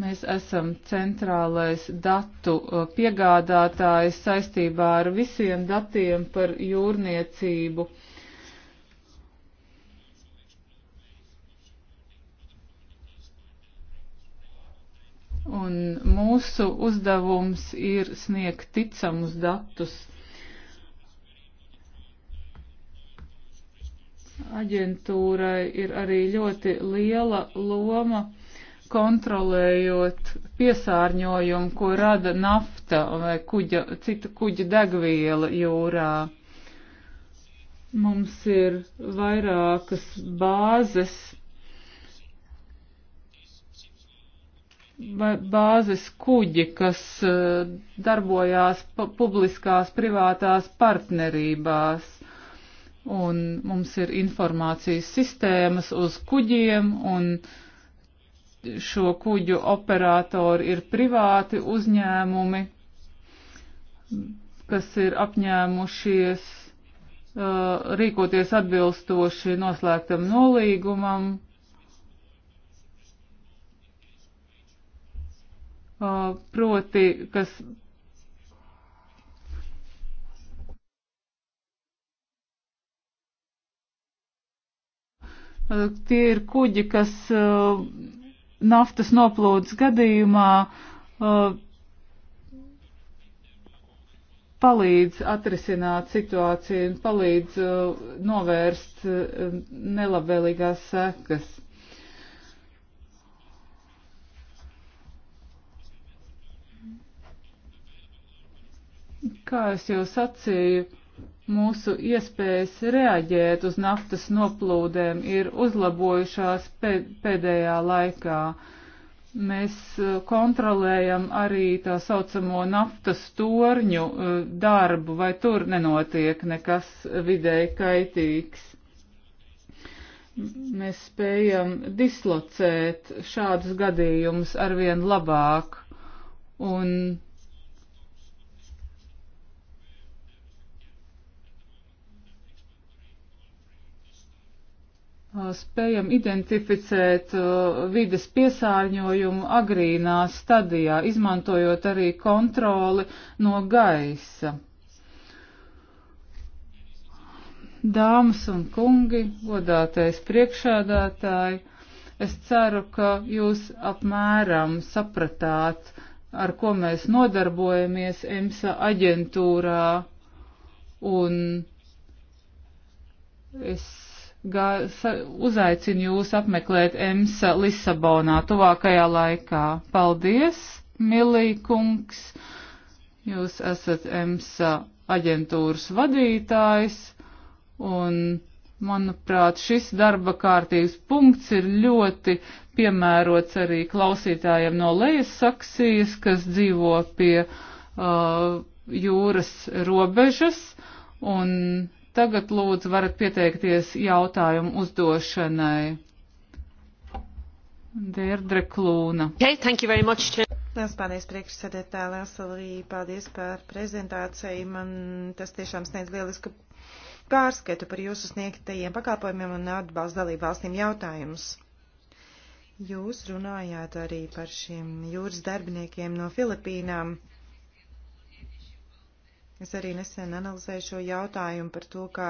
Mēs esam centrālais datu uh, piegādātājs saistībā ar visiem datiem par jūrniecību. Un mūsu uzdevums ir sniegt ticamus datus. Aģentūrai ir arī ļoti liela loma kontrolējot piesārņojumu, ko rada nafta vai kuģa, cita kuģa degviela jūrā. Mums ir vairākas bāzes, vai bāzes kuģi, kas eh, darbojās publiskās privātās partnerībās. Un mums ir informācijas sistēmas uz kuģiem un uh, šo kuģu operatori ir privāti uzņēmumi, kas ir apņēmušies uh, rīkoties atbilstoši noslēgtam nolīgumam. Uh, proti, kas uh, tie ir kuģi, kas uh, naftas noplūdes gadījumā uh, palīdz atrisināt situāciju un palīdz uh, novērst uh, nelabvēlīgās sekas. Kā es jau sacīju, mūsu iespējas reaģēt uz naftas noplūdēm ir uzlabojušās pēdējā laikā. Mēs uh, kontrolējam arī tā saucamo naftas torņu uh, darbu, vai tur nenotiek nekas videi kaitīgs. Mēs spējam dislocēt šādus gadījumus arvien labāk un spējam identificēt vides piesārņojumu agrīnā stadijā, izmantojot arī kontroli no gaisa. Dāmas un kungi, godātais priekšādātāji, es ceru, ka jūs apmēram sapratāt, ar ko mēs nodarbojamies EMSA aģentūrā, un es gā, sa, uzaicinu jūs apmeklēt EMSA Lisabonā tuvākajā laikā. Paldies, Milī kungs! Jūs esat EMSA aģentūras vadītājs un, manuprāt, šis darba kārtības punkts ir ļoti piemērots arī klausītājiem no lejas saksijas, kas dzīvo pie uh, jūras robežas un Tagad lūdzu varat pieteikties jautājumu uzdošanai. Dērdre Klūna. Okay, thank you very much. Liels paldies priekšsēdētā Lēsalī, paldies par prezentāciju. Man tas tiešām sniedz lielisku pārskatu par jūsu sniegtajiem pakalpojumiem un atbalstu dalību valstīm jautājumus. Jūs runājāt arī par šiem jūras darbiniekiem no Filipīnām Es arī nesen analizēju šo jautājumu par to, kā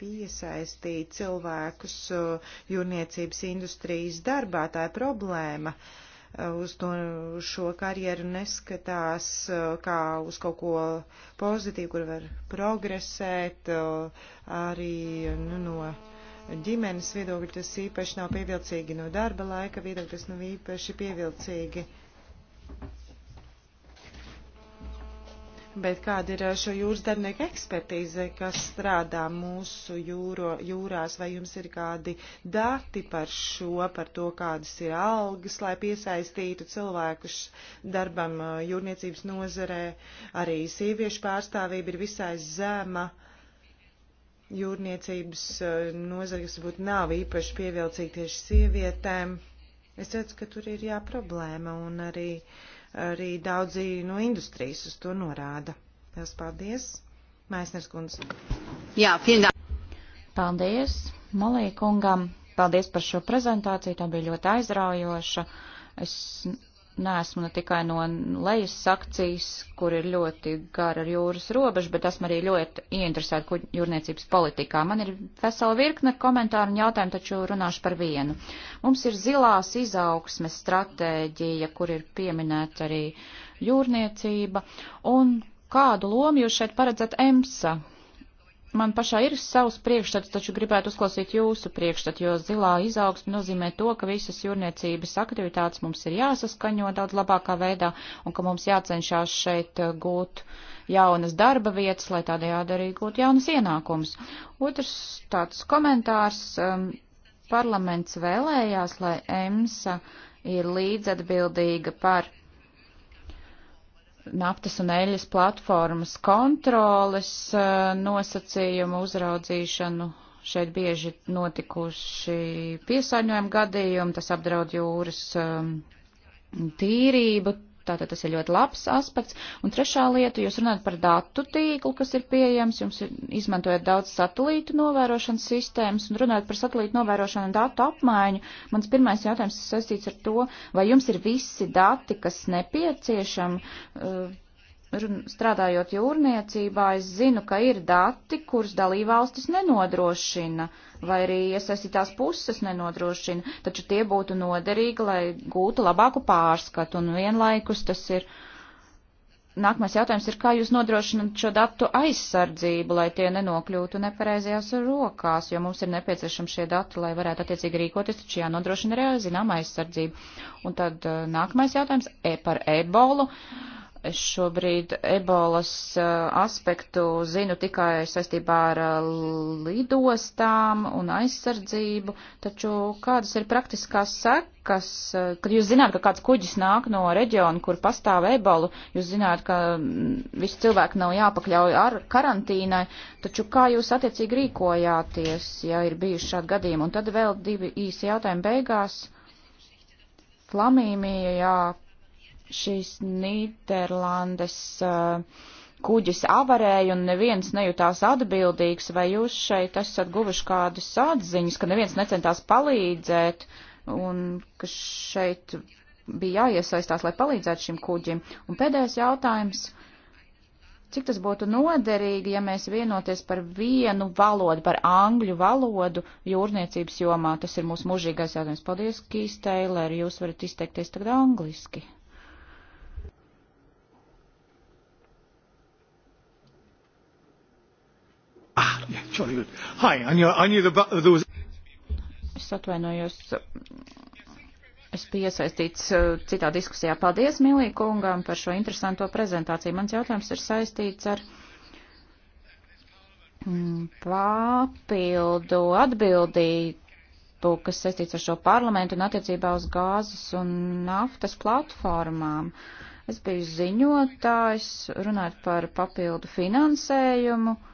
piesaistīt cilvēkus uh, jūrniecības industrijas darbā. Tā ir problēma. Uh, uz to, šo karjeru neskatās uh, kā uz kaut ko pozitīvu, kur var progresēt, arī nu, no ģimenes viedokļa tas īpaši nav pievilcīgi, no darba laika viedokļa tas nav īpaši pievilcīgi. Bet kāda ir eh, šo jūras darbinieku ekspertīze, kas strādā mūsu jūro, jūrās, vai jums ir kādi dati par šo, par to, kādas ir algas, lai piesaistītu cilvēkus darbam eh, jūrniecības nozarē? Arī sieviešu pārstāvība ir visai zema. Jūrniecības eh, nozare, kas varbūt nav īpaši pievilcīga tieši sievietēm. Es redzu, ka tur ir jā problēma un arī. Uh, arī daudzi no industrijas uz to norāda. Lielas paldies! Maisners kundze. Jā, fiendā. Paldies Malī kungam. Paldies par šo prezentāciju. Tā bija ļoti aizraujoša. Es neesmu ne tikai no lejas sakcijas, kur ir ļoti gara jūras robeža, bet esmu arī ļoti ieinteresēta jūrniecības politikā. Man ir vesela virkne komentāru un jautājumu, taču runāšu par vienu. Mums ir zilās izaugsmes stratēģija, kur ir pieminēta arī jūrniecība, un kādu lomu jūs šeit paredzat EMSA Man pašā ir savs priekšstats, taču gribētu uzklausīt jūsu priekšstatu, jo zilā izaugsme nozīmē to, ka visas jūrniecības aktivitātes mums ir jāsaskaņo daudz labākā veidā un ka mums jācenšās šeit eh, gūt jaunas darba vietas, lai tādējādi arī gūtu jaunas ienākumus. Otrs tāds komentārs. Um, parlaments vēlējās, lai EMSA ir līdzatbildīga par naftas un eļas platformas kontroles e, nosacījumu uzraudzīšanu. Šeit bieži notikuši piesārņojuma gadījumi, tas apdraud jūras e, tīrību, Tātad tas ir ļoti labs aspekts. Un trešā lieta, jūs runājat par datu tīklu, kas ir pieejams, jums ir izmantojot daudz satelītu novērošanas sistēmas un runājot par satelītu novērošanu un datu apmaiņu. Mans pirmais jautājums ir saistīts ar to, vai jums ir visi dati, kas nepieciešami. Uh, strādājot jūrniecībā, es zinu, ka ir dati, kurus dalībvalstis nenodrošina. Uh, vai arī iesaistītās puses nenodrošina, taču tie būtu noderīgi, lai gūtu labāku pārskatu, un vienlaikus tas ir. Nākamais jautājums ir, kā jūs nodrošināt šo datu aizsardzību, lai tie nenokļūtu nepareizajās rokās, jo mums ir nepieciešami šie dati, lai varētu attiecīgi rīkoties, taču jānodrošina arī zinām aizsardzību. Un tad eh, nākamais jautājums e par ebolu. Uh, Es šobrīd ebolas eh, aspektu zinu tikai saistībā ar eh, lidostām un aizsardzību, taču kādas ir praktiskās sekas, eh, kad jūs zināt, ka kāds kuģis nāk no reģiona, kur pastāv ebolu, jūs zināt, ka mm, visi cilvēki nav jāpakļauj ar karantīnai, taču kā jūs attiecīgi rīkojāties, ja ir bijuši šādi gadījumi? Un tad vēl divi īsi jautājumi beigās. Flamīmija, jā, šīs Nīderlandes uh, kuģis avarēja un neviens nejūtās atbildīgs, vai jūs šeit esat guvuši kādas atziņas, ka neviens necentās palīdzēt un ka šeit bija jāiesaistās, lai palīdzētu šim kuģim? Un pēdējais jautājums. Cik tas būtu noderīgi, ja mēs vienoties par vienu valodu, par angļu valodu jūrniecības jomā? Tas ir mūsu mūžīgais jautājums. Paldies, Kīs Teiler, jūs varat izteikties tagad angliski. Ah, yeah, jolly good. Hi, I knew, I knew the, there was... Es atvainojos, es biju iesaistīts uh, citā diskusijā. Paldies, Milī kungam, par šo interesanto prezentāciju. Mans jautājums ir saistīts ar mm, papildu atbildību, kas saistīts ar šo parlamentu un attiecībā uz gāzes un naftas platformām. Es biju ziņotājs, runāt par papildu finansējumu. Uh,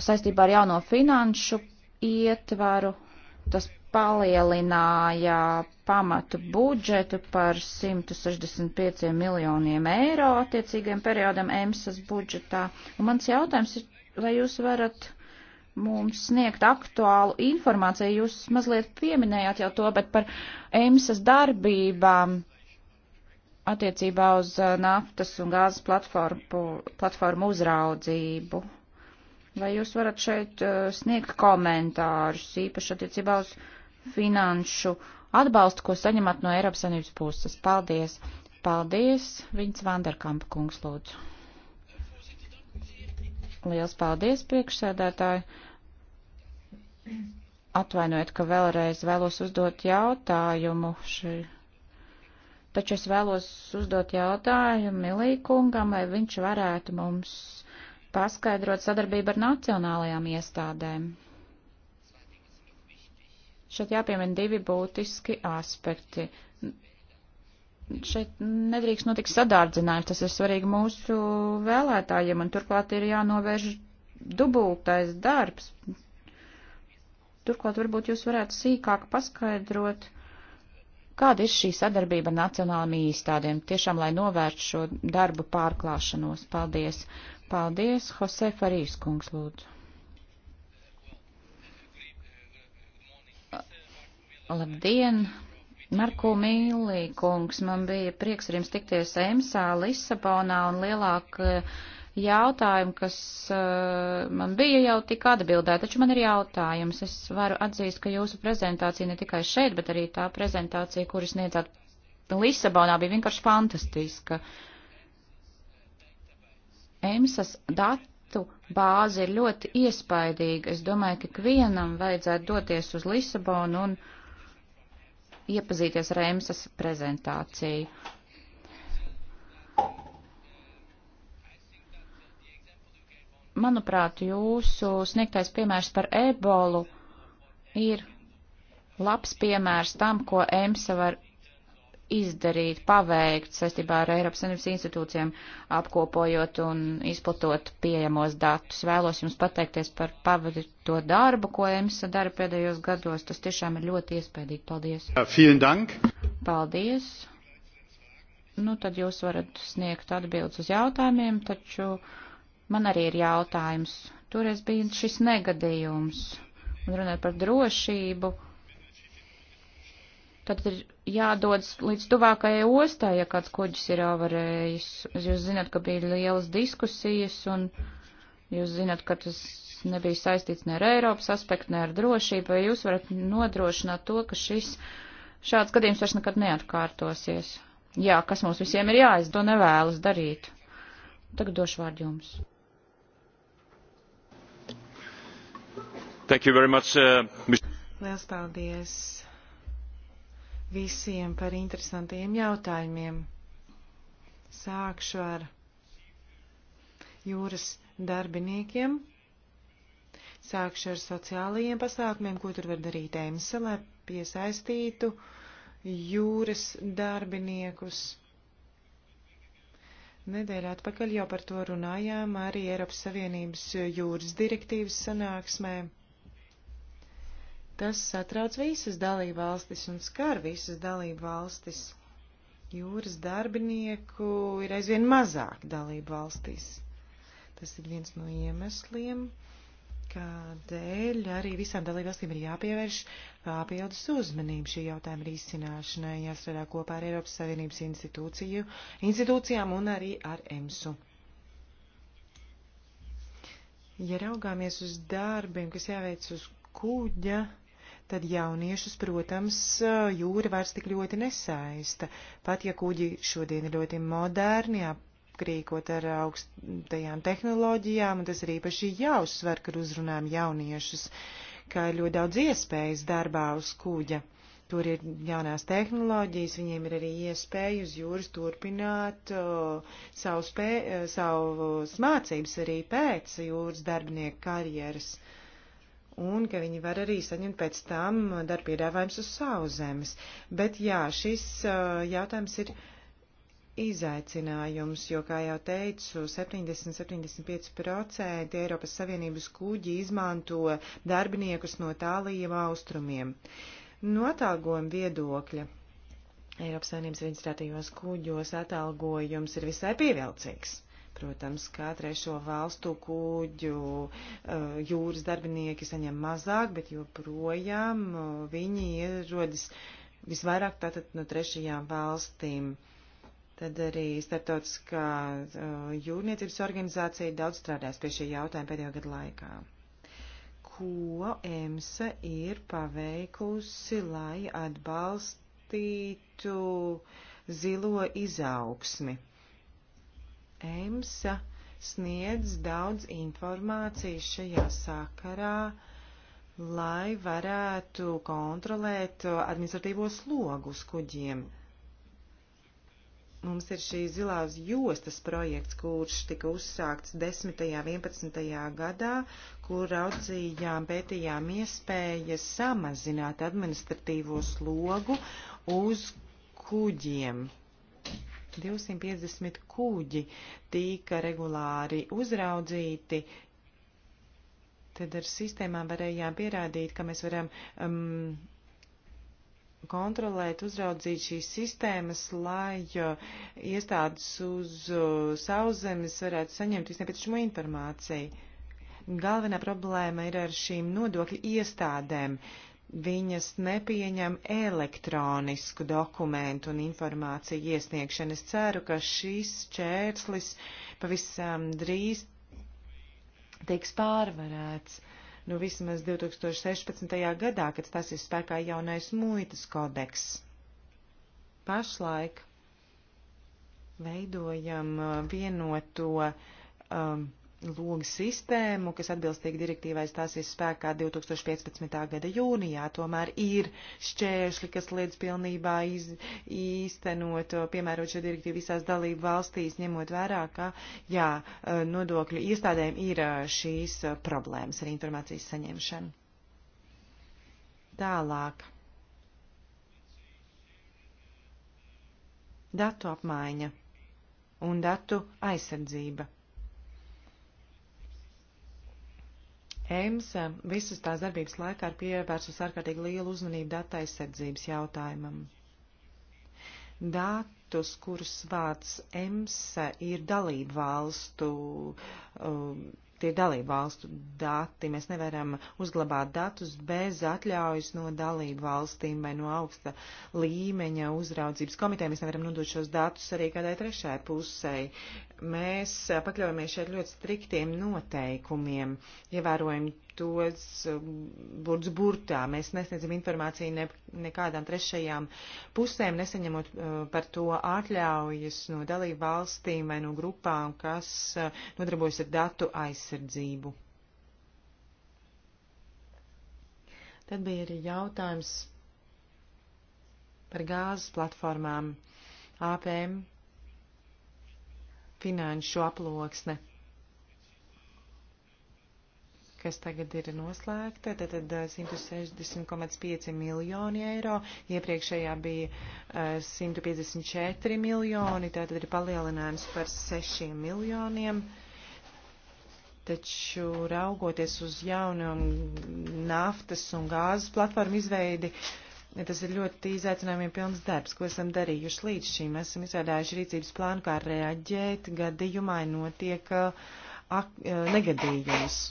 saistībā ar jauno finanšu ietvaru. Tas palielināja pamatu budžetu par 165 miljoniem eiro attiecīgiem periodam EMSAS budžetā. Un mans jautājums ir, vai jūs varat mums sniegt aktuālu informāciju? Jūs mazliet pieminējāt jau to, bet par EMSAS darbībām attiecībā uz uh, naftas un gāzes platformu, platformu uzraudzību. Vai jūs varat šeit uh, sniegt komentārus, īpaši attiecībā uz finanšu atbalstu, ko saņemat no Eiropas Savienības puses? Paldies! Paldies! Viņas Vanderkampa kungs lūdzu. Liels paldies, priekšsēdētāji! Atvainojiet, ka vēlreiz vēlos uzdot jautājumu šī. Taču es vēlos uzdot jautājumu Milī kungam, lai viņš varētu mums paskaidrot sadarbību ar nacionālajām iestādēm. Šeit jāpiemina divi būtiski aspekti. Šeit nedrīkst notikt sadārdzinājums, tas ir svarīgi mūsu vēlētājiem, un turklāt ir jānovērš dubultais darbs. Turklāt varbūt jūs varētu sīkāk paskaidrot, kāda ir šī sadarbība ar nacionālām īstādēm, tiešām, lai novērstu šo darbu pārklāšanos. Paldies! Paldies, Jose Farīs kungs, lūdzu. Labdien! Marko Mīlī kungs, man bija prieks ar jums tikties Emsā, Lisabonā un lielāka eh, jautājuma, kas uh, man bija jau tik atbildēta, taču man ir jautājums. Es varu atzīst, ka jūsu prezentācija ne tikai šeit, bet arī tā prezentācija, kuras sniedzāt Lisabonā, bija vienkārši fantastiska. Uh, EMSAS datu bāze ir ļoti iespaidīga. Es domāju, ka ikvienam vajadzētu doties uz Lisabonu un iepazīties ar EMSAS prezentāciju. Manuprāt, jūsu sniegtais piemērs par ebolu ir labs piemērs tam, ko EMSA var izdarīt, paveikt saistībā ar Eiropas Savienības institūcijiem, apkopojot un izplatot pieejamos datus. Vēlos jums pateikties par pavadīto darbu, ko EMSA dara pēdējos gados. Tas tiešām ir ļoti iespaidīgi. Paldies! Ja, Paldies! Nu, tad jūs varat sniegt atbildes uz jautājumiem, taču man arī ir jautājums. Toreiz bija šis negadījums. Un runāt par drošību Tad ir jādodas līdz tuvākajai ostai, ja kāds kuģis ir avarējis. Jūs zināt, ka bija lielas diskusijas, un jūs zināt, ka tas nebija saistīts ne ar Eiropas aspektu, ne ar drošību, vai jūs varat nodrošināt to, ka šis šāds gadījums vairs nekad neatkārtosies. Jā, kas mums visiem ir jāizdo nevēlas darīt. Tagad došu vārdu jums. Thank you very much, uh, Mr. Liels paldies, visiem par interesantiem jautājumiem. Sākšu ar jūras darbiniekiem. Sākšu ar sociālajiem pasākumiem, ko tur var darīt EMSA, lai piesaistītu jūras darbiniekus. Nedēļa atpakaļ jau par to runājām arī Eiropas Savienības jūras direktīvas sanāksmē. Tas satrauc visas dalību valstis un skar visas dalību valstis. Jūras darbinieku ir aizvien mazāk dalību valstīs. Tas ir viens no iemesliem, kādēļ arī visām dalībvalstīm ir jāpievērš uh, papildus uzmanību šī jautājuma risināšanai, jāstrādā kopā ar Eiropas Savienības institūciju, institūcijām un arī ar EMSU. Ja raugāmies uz darbiem, kas jāveic uz kuģa, tad jauniešus, protams, jūra vairs tik ļoti nesaista. Pat ja kuģi šodien ir ļoti moderni, aprīkot ar augstajām tehnoloģijām, un tas ir īpaši jāuzsver, kad uzrunājam jauniešus, ka ir ļoti daudz iespējas darbā uz kuģa. Tur ir jaunās tehnoloģijas, viņiem ir arī iespēja uz jūras turpināt o, savu, spē, savu mācības arī pēc jūras darbinieku karjeras. Uh, un ka viņi var arī saņemt pēc tam darba piedāvājums uz savu zemes. Bet jā, šis uh, jautājums ir izaicinājums, jo, kā jau teicu, 70-75% Eiropas Savienības kuģi izmanto darbiniekus no tālajiem austrumiem. No atalgojuma viedokļa Eiropas Savienības reģistrētajos kuģos atalgojums ir visai pievilcīgs. Protams, kā trešo valstu kuģu eh, jūras darbinieki saņem mazāk, bet joprojām eh, viņi ierodas visvairāk tātad no trešajām valstīm. Tad arī starptautiskā eh, jūrniecības organizācija daudz strādās pie šī jautājuma pēdējo gadu laikā. Ko EMSA ir paveikusi, lai atbalstītu zilo izaugsmi? EMSA sniedz daudz informācijas šajā sakarā, lai varētu kontrolēt administratīvos slogus kuģiem. Mums ir šī zilās jostas projekts, kurš tika uzsākts 10. un 11. gadā, kur raudzījām, pētījām iespējas samazināt administratīvo slogu uz kuģiem 250 kuģi tika regulāri uzraudzīti. Tad ar sistēmām varējām pierādīt, ka mēs varam um, kontrolēt, uzraudzīt šīs sistēmas, lai uh, iestādes uz uh, sauszemes varētu saņemt visnepieciešamo informāciju. Galvenā problēma ir ar šīm nodokļu iestādēm. Uh, viņas nepieņem elektronisku dokumentu un informāciju iesniegšanu. Es ceru, ka šis čērslis pavisam drīz tiks pārvarēts. Nu, vismaz 2016. gadā, kad tas ir spēkā jaunais muitas kodeks. Pašlaik veidojam uh, vienoto um, logu sistēmu, kas atbilstīgi direktīvai stāsies spēkā 2015. gada jūnijā. Tomēr ir šķēršļi, kas liedz pilnībā iz, īstenot, piemērot šo direktīvu visās dalību valstīs, ņemot vērā, ka jā, nodokļu iestādēm ir šīs problēmas ar informācijas saņemšanu. Tālāk. Datu apmaiņa un datu aizsardzība. EMSA eh, visas tās darbības laikā ir pievērsus ārkārtīgi lielu uzmanību datu aizsardzības jautājumam. Datus, kurus vārds EMSA eh, ir dalību valstu um, Tie ir dalību valstu dati. Mēs nevaram uzglabāt datus bez atļaujas no dalību valstīm vai no augsta līmeņa uzraudzības komiteja. Mēs nevaram nodot šos datus arī kādai trešai pusei. Mēs pakļaujamies šeit ļoti striktiem noteikumiem, ievērojam tos um, burts burtā. Mēs nesniedzam informāciju ne, nekādām trešajām pusēm, nesaņemot uh, par to atļaujas no dalību valstīm vai no grupām, kas uh, nodarbojas ar datu aizsardzību. Tad bija arī jautājums par gāzes platformām, APM, finanšu aploksne kas tagad ir noslēgta, tad, tad 160,5 miljoni eiro, iepriekšējā bija uh, 154 miljoni, tātad ir palielinājums par 6 miljoniem. Taču raugoties uz jaunu naftas un gāzes platformu izveidi, tas ir ļoti izaicinājumiem pilns darbs, ko esam darījuši līdz šim. Esam izstrādājuši rīcības plānu, kā reaģēt gadījumā notiek uh, ak, uh, negadījums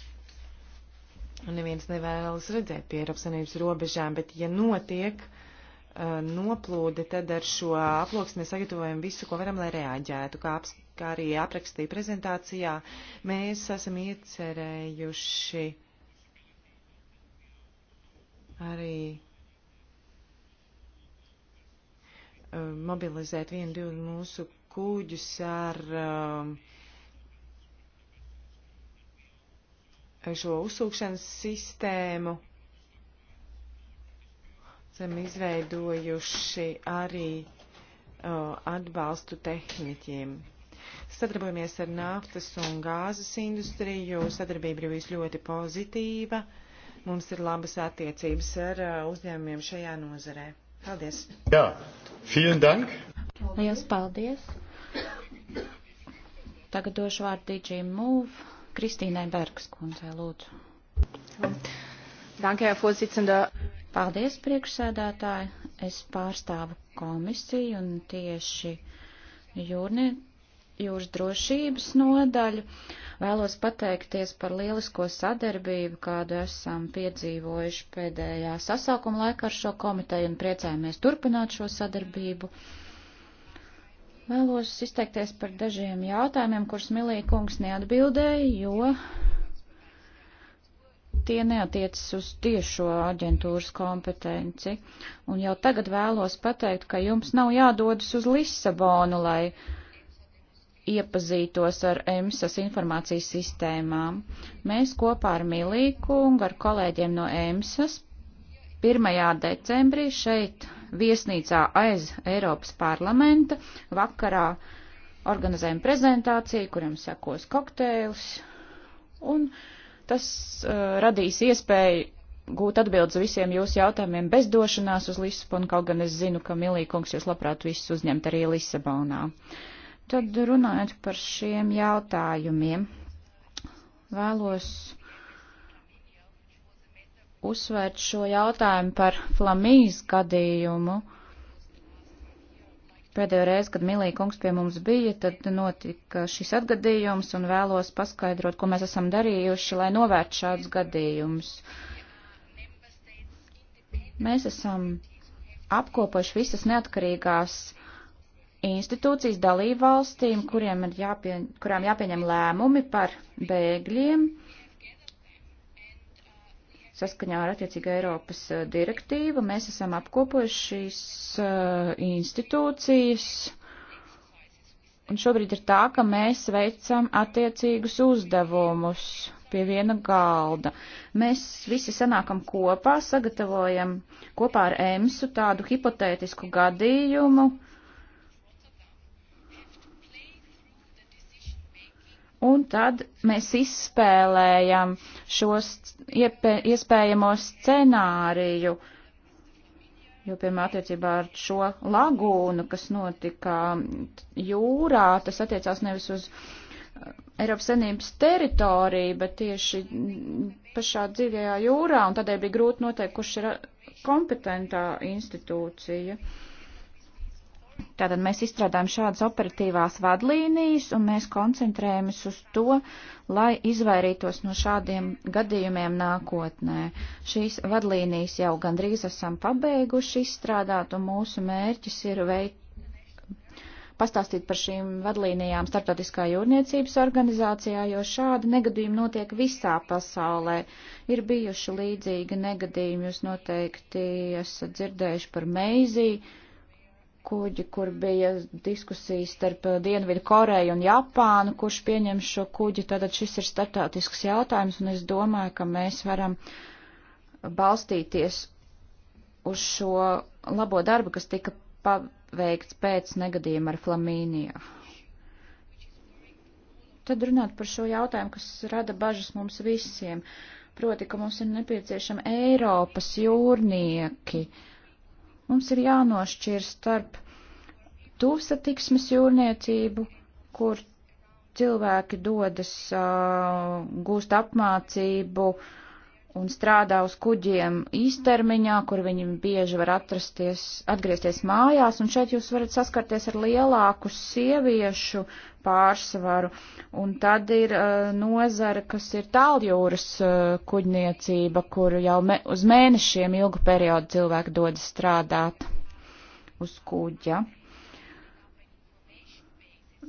neviens nevēlas redzēt pie Eiropas Savienības robežām, bet ja notiek uh, noplūde, tad ar šo aploksni mēs sagatavojam visu, ko varam, lai reaģētu. Kā, aps, kā arī aprakstīja prezentācijā, mēs esam iecerējuši arī uh, mobilizēt vienu, divu mūsu kuģus ar uh, šo uzsūkšanas sistēmu. Esam izveidojuši arī uh, atbalstu tehniķiem. Sadarbojamies ar naftas un gāzes industriju, sadarbība ir bijusi ļoti pozitīva. Mums ir labas attiecības ar uh, uzņēmumiem šajā nozarē. Paldies! Jā, vielen dank! Liels paldies! Tagad došu vārdu DJ Move. Kristīnai Bergs kundzei lūdzu. Danke, Herr Vorsitzender. Paldies, priekšsēdētāji. Es pārstāvu komisiju un tieši jūrnie, jūras drošības nodaļu. Vēlos pateikties par lielisko sadarbību, kādu esam piedzīvojuši pēdējā sasaukuma laikā ar šo komiteju un priecājamies turpināt šo sadarbību. Uh, Mēlos izteikties par dažiem jautājumiem, kurus Milija kungs neatbildēja, jo tie neatiecas uz tiešo aģentūras kompetenci. Un jau tagad vēlos pateikt, ka jums nav jādodas uz Lisabonu, lai iepazītos ar EMSAS informācijas sistēmām. Mēs kopā ar Milīku un ar kolēģiem no EMSAS 1. decembrī šeit viesnīcā aiz Eiropas parlamenta. Vakarā organizējam prezentāciju, kuram sekos kokteils, un tas uh, radīs iespēju gūt atbildes visiem jūsu jautājumiem bez došanās uz Lisabonu, kaut gan es zinu, ka Milīkungs jūs labprāt visus uzņemt arī Lisabonā. Tad runājot par šiem jautājumiem, vēlos uzsvērt šo jautājumu par Flamijas gadījumu. Pēdējo reizi, kad Milija kungs pie mums bija, tad notika šis atgadījums un vēlos paskaidrot, ko mēs esam darījuši, lai novērt šādus gadījumus. Mēs esam apkopojuši visas neatkarīgās institūcijas dalībvalstīm, kuriem ir jāpie, kurām jāpieņem lēmumi par bēgļiem saskaņā ar attiecīgu Eiropas eh, direktīvu. Mēs esam apkopojuši šīs eh, institūcijas. Un šobrīd ir tā, ka mēs veicam attiecīgus uzdevumus pie viena galda. Mēs visi sanākam kopā, sagatavojam kopā ar EMSU tādu hipotētisku gadījumu, uh, Un tad mēs izspēlējam šos iespējamo scenāriju, jo, piemēram, attiecībā ar šo lagūnu, kas notika jūrā, tas attiecās nevis uz uh, Eiropas Savienības teritoriju, bet tieši pašā dziļajā jūrā, un tādēļ bija grūti noteikt, kurš ir kompetentā institūcija. Uh, Tātad mēs izstrādājam šādas operatīvās vadlīnijas un mēs koncentrējamies uz to, lai izvairītos no šādiem gadījumiem nākotnē. Šīs vadlīnijas jau gandrīz esam pabeiguši izstrādāt un mūsu mērķis ir veikt pastāstīt par šīm vadlīnijām Startautiskā jūrniecības organizācijā, jo šādi negadījumi notiek visā pasaulē. Ir bijuši līdzīgi negadījumi, jūs noteikti esat dzirdējuši par meiziju kuģi, kur bija diskusijas starp eh, Dienvidu Koreju un Japānu, kurš pieņem šo kuģi. Tātad šis ir startautisks jautājums, un es domāju, ka mēs varam balstīties uz šo labo darbu, kas tika paveikts pēc negadījuma ar Flamīniju. Tad runāt par šo jautājumu, kas rada bažas mums visiem, proti, ka mums ir nepieciešama Eiropas jūrnieki. Uh, Mums ir jānošķir starp tūsatiksmes jūrniecību, kur cilvēki dodas, uh, gūst apmācību, uh, un strādā uz kuģiem īstermiņā, kur viņi bieži var atrasties, atgriezties mājās, un šeit jūs varat saskarties ar lielāku sieviešu pārsvaru, un tad ir uh, nozara, kas ir tāljūras uh, kuģniecība, kur jau me, uz mēnešiem ilgu periodu cilvēki dodas strādāt uz kuģa. Ja?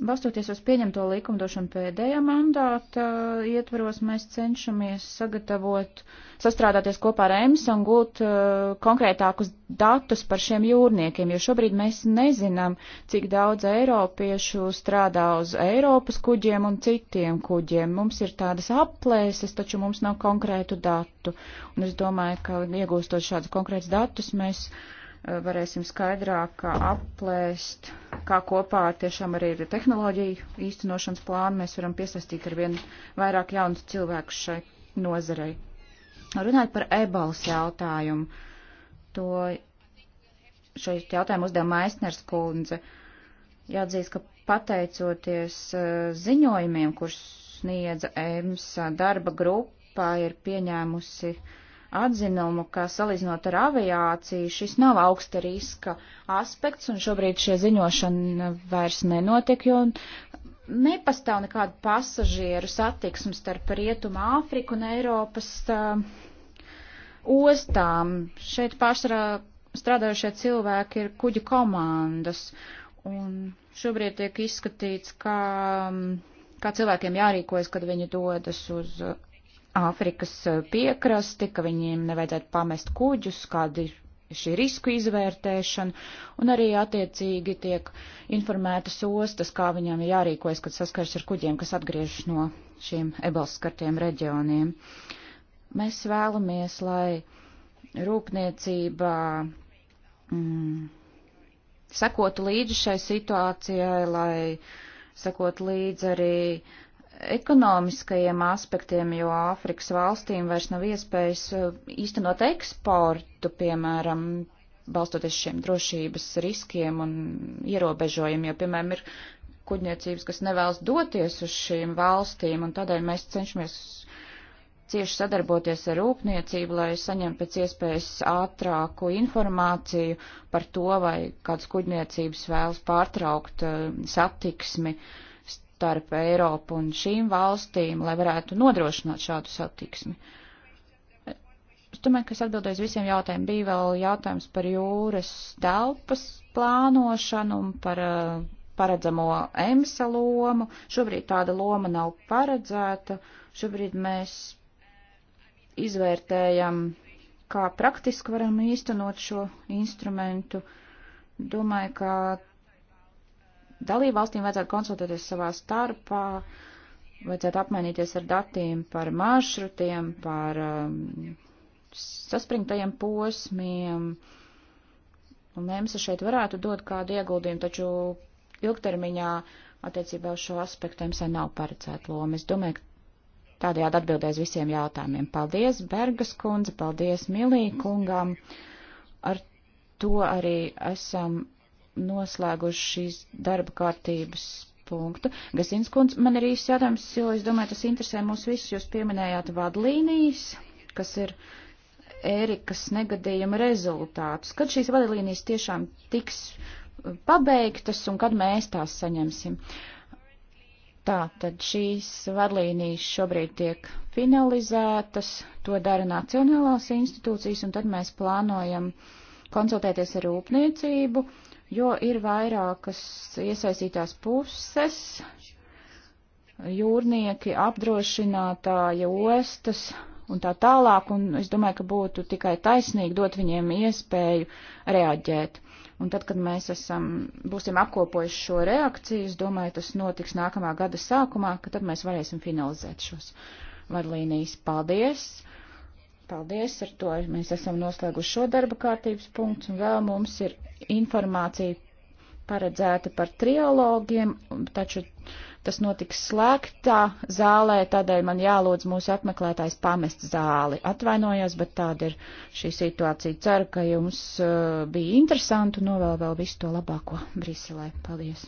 Balstoties uz pieņemto likumdošanu pēdējā mandāta uh, ietvaros, mēs cenšamies sagatavot, sastrādāties kopā ar EMS un gūt uh, konkrētākus datus par šiem jūrniekiem, jo šobrīd mēs nezinām, cik daudz eiropiešu strādā uz Eiropas kuģiem un citiem kuģiem. Mums ir tādas aplēses, taču mums nav konkrētu datu. Un es domāju, ka iegūstot šādus konkrētus datus, mēs. Uh, Eh, varēsim skaidrāk aplēst, kā kopā tiešām arī ir tehnoloģiju īstenošanas plāni. Mēs varam piesaistīt ar vien vairāk jaunus cilvēkus šai nozarei. Runājot par ebolas jautājumu, to šo jautājumu uzdeva Maisners kundze. Jāatzīst, ka pateicoties eh, ziņojumiem, kurus sniedza EMS darba grupā, ir pieņēmusi uh, atzinumu, ka salīdzinot ar aviāciju, šis nav augsta riska aspekts, un šobrīd šie ziņošana vairs nenotiek, jo nepastāv nekāda pasažieru satiksme starp Rietumu Āfriku un Eiropas uh, ostām. Šeit pārsvarā strādājušie cilvēki ir kuģu komandas, un šobrīd tiek izskatīts, kā, kā cilvēkiem jārīkojas, kad viņi dodas uz uh, Āfrikas eh, piekrasti, ka viņiem nevajadzētu pamest kuģus, kādi šī risku izvērtēšana, un arī attiecīgi tiek informētas ostas, kā viņām ir jārīkojas, kad saskars ar kuģiem, kas atgriežas no šiem ebols skartiem reģioniem. Mēs vēlamies, lai rūpniecība mm, sekotu līdzi šai situācijai, lai sekotu līdzi arī uh, ekonomiskajiem aspektiem, jo Āfrikas valstīm vairs nav iespējas uh, īstenot eksportu, piemēram, balstoties šiem drošības riskiem un ierobežojumiem, jo, piemēram, ir kuģniecības, kas nevēlas doties uz šīm valstīm, un tādēļ mēs cenšamies cieši sadarboties ar rūpniecību, lai saņemtu pēc iespējas ātrāku informāciju par to, vai kāds kuģniecības vēlas pārtraukt uh, satiksmi. Uh, starp Eiropu un šīm valstīm, lai varētu nodrošināt šādu satiksmi. Es domāju, ka es atbildēju uz visiem jautājumiem. Bija vēl jautājums par jūras telpas plānošanu un par uh, paredzamo emsa lomu. Šobrīd tāda loma nav paredzēta. Šobrīd mēs izvērtējam, kā praktiski varam īstenot šo instrumentu. Domāju, ka dalību valstīm vajadzētu konsultēties savā starpā, vajadzētu apmainīties ar datiem par maršrutiem, par um, saspringtajiem posmiem. Un EMSA šeit varētu dot kādu ieguldījumu, taču ilgtermiņā attiecībā uz šo aspektu EMSA nav paredzēta loma. Es domāju, ka tādējādi atbildēs visiem jautājumiem. Paldies, Bergas kundze, paldies Milī kungam. Ar to arī esam noslēguši šīs darba kārtības punktu. Gasins kundze, man ir īsts jautājums, jo es domāju, tas interesē mūs visus. Jūs pieminējāt vadlīnijas, kas ir Ērikas negadījuma rezultātus. Kad šīs vadlīnijas tiešām tiks uh, pabeigtas un kad mēs tās saņemsim? Tā, tad šīs vadlīnijas šobrīd tiek finalizētas, to dara nacionālās institūcijas, un tad mēs plānojam konsultēties ar rūpniecību, uh, jo ir vairākas iesaistītās puses, jūrnieki, apdrošinātāja, ostas un tā tālāk, un es domāju, ka būtu tikai taisnīgi dot viņiem iespēju reaģēt. Un tad, kad mēs esam, būsim apkopojuši šo reakciju, es domāju, tas notiks nākamā gada sākumā, ka tad mēs varēsim finalizēt šos vadlīnijas. Paldies! Paldies, ar to mēs esam noslēguši šo darba kārtības punktu, un vēl mums ir informācija paredzēta par trialogiem, taču tas notiks slēgtā zālē, tādēļ man jālūdz mūsu apmeklētājs pamest zāli. Atvainojos, bet tāda ir šī situācija. Ceru, ka jums uh, bija interesanti un novēlu vēl visu to labāko Briselē. Paldies!